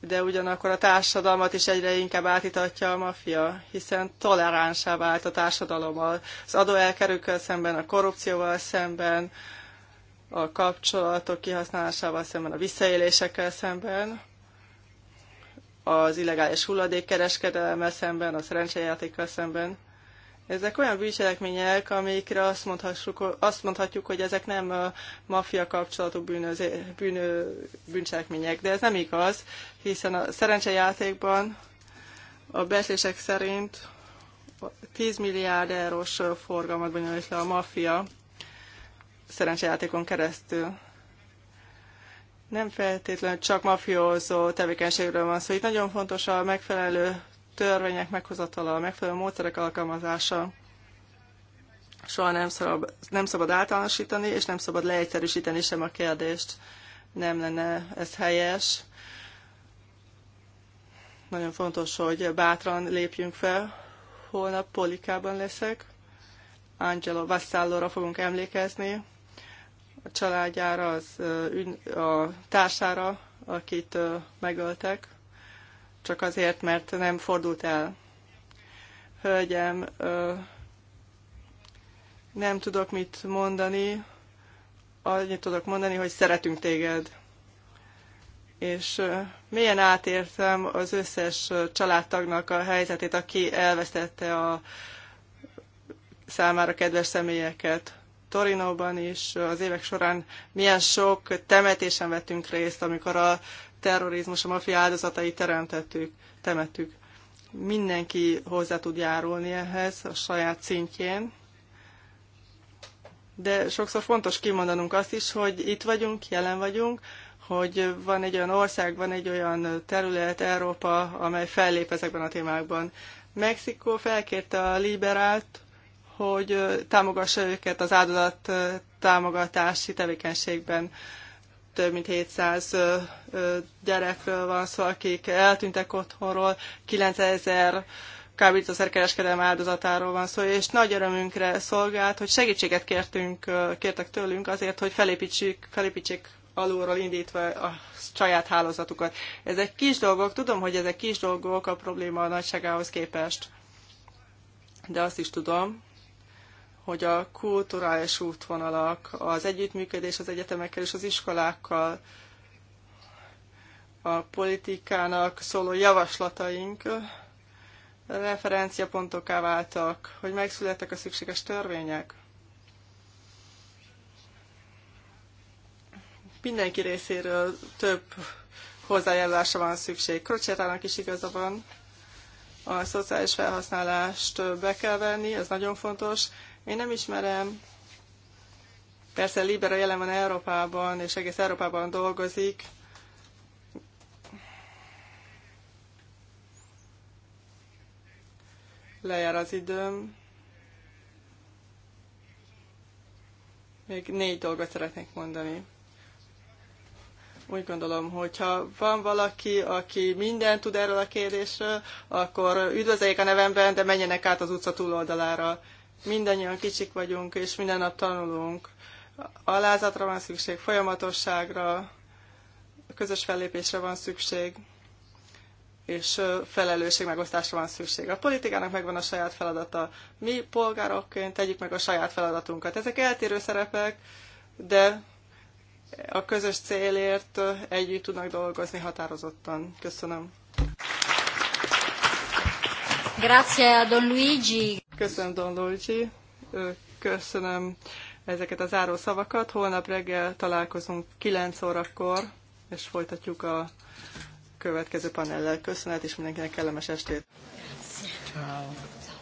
De ugyanakkor a társadalmat is egyre inkább átítatja a mafia, hiszen toleránsá vált a társadalom az adóelkerőkkel szemben, a korrupcióval szemben, a kapcsolatok kihasználásával szemben, a visszaélésekkel szemben, az illegális hulladékkereskedelemmel szemben, a szerencsejátékkal szemben. Ezek olyan bűncselekmények, amikre azt, mondhassuk, azt mondhatjuk, hogy ezek nem maffia kapcsolatú bűnöz, bűn, bűncselekmények, de ez nem igaz, hiszen a szerencsejátékban a beszések szerint 10 milliárd eurós forgalmat bonyolít le a maffia szerencsejátékon keresztül. Nem feltétlenül csak mafiózó tevékenységről van szó. Itt nagyon fontos a megfelelő törvények meghozatala, a megfelelő módszerek alkalmazása soha nem szabad, nem szabad általánosítani, és nem szabad leegyszerűsíteni sem a kérdést. Nem lenne ez helyes. Nagyon fontos, hogy bátran lépjünk fel. Holnap Polikában leszek. Angelo Vassallóra fogunk emlékezni, a családjára, az, a társára, akit megöltek csak azért, mert nem fordult el. Hölgyem, nem tudok mit mondani, annyit tudok mondani, hogy szeretünk téged. És milyen átértem az összes családtagnak a helyzetét, aki elvesztette a számára kedves személyeket. Torinóban is az évek során milyen sok temetésen vettünk részt, amikor a terrorizmus, a mafia áldozatai teremtettük, temettük. Mindenki hozzá tud járulni ehhez a saját szintjén, de sokszor fontos kimondanunk azt is, hogy itt vagyunk, jelen vagyunk, hogy van egy olyan ország, van egy olyan terület, Európa, amely fellép ezekben a témákban. Mexikó felkérte a liberált, hogy támogassa őket az áldozat támogatási tevékenységben több mint 700 gyerekről van szó, akik eltűntek otthonról, 9000 kábítószerkereskedelem áldozatáról van szó, és nagy örömünkre szolgált, hogy segítséget kértünk, kértek tőlünk azért, hogy felépítsük, felépítsék alulról indítva a saját hálózatukat. Ezek kis dolgok, tudom, hogy ezek kis dolgok a probléma a nagyságához képest, de azt is tudom, hogy a kulturális útvonalak, az együttműködés az egyetemekkel és az iskolákkal, a politikának szóló javaslataink referenciapontokká váltak, hogy megszülettek a szükséges törvények. Mindenki részéről több hozzájárulásra van szükség. Krocsétának is igaza van, a szociális felhasználást be kell venni, ez nagyon fontos, én nem ismerem, persze Libera jelen van Európában, és egész Európában dolgozik, lejár az időm. Még négy dolgot szeretnék mondani. Úgy gondolom, hogy ha van valaki, aki mindent tud erről a kérdésről, akkor üdvözöljék a nevemben, de menjenek át az utca túloldalára mindannyian kicsik vagyunk, és minden nap tanulunk. Alázatra van szükség, folyamatosságra, közös fellépésre van szükség, és felelősség megosztásra van szükség. A politikának megvan a saját feladata. Mi polgárokként tegyük meg a saját feladatunkat. Ezek eltérő szerepek, de a közös célért együtt tudnak dolgozni határozottan. Köszönöm. Grazie, Don Luigi. Köszönöm, Don Luigi. Köszönöm ezeket a záró szavakat. Holnap reggel találkozunk 9 órakor, és folytatjuk a következő panellel. Köszönet, és mindenkinek kellemes estét. Ciao.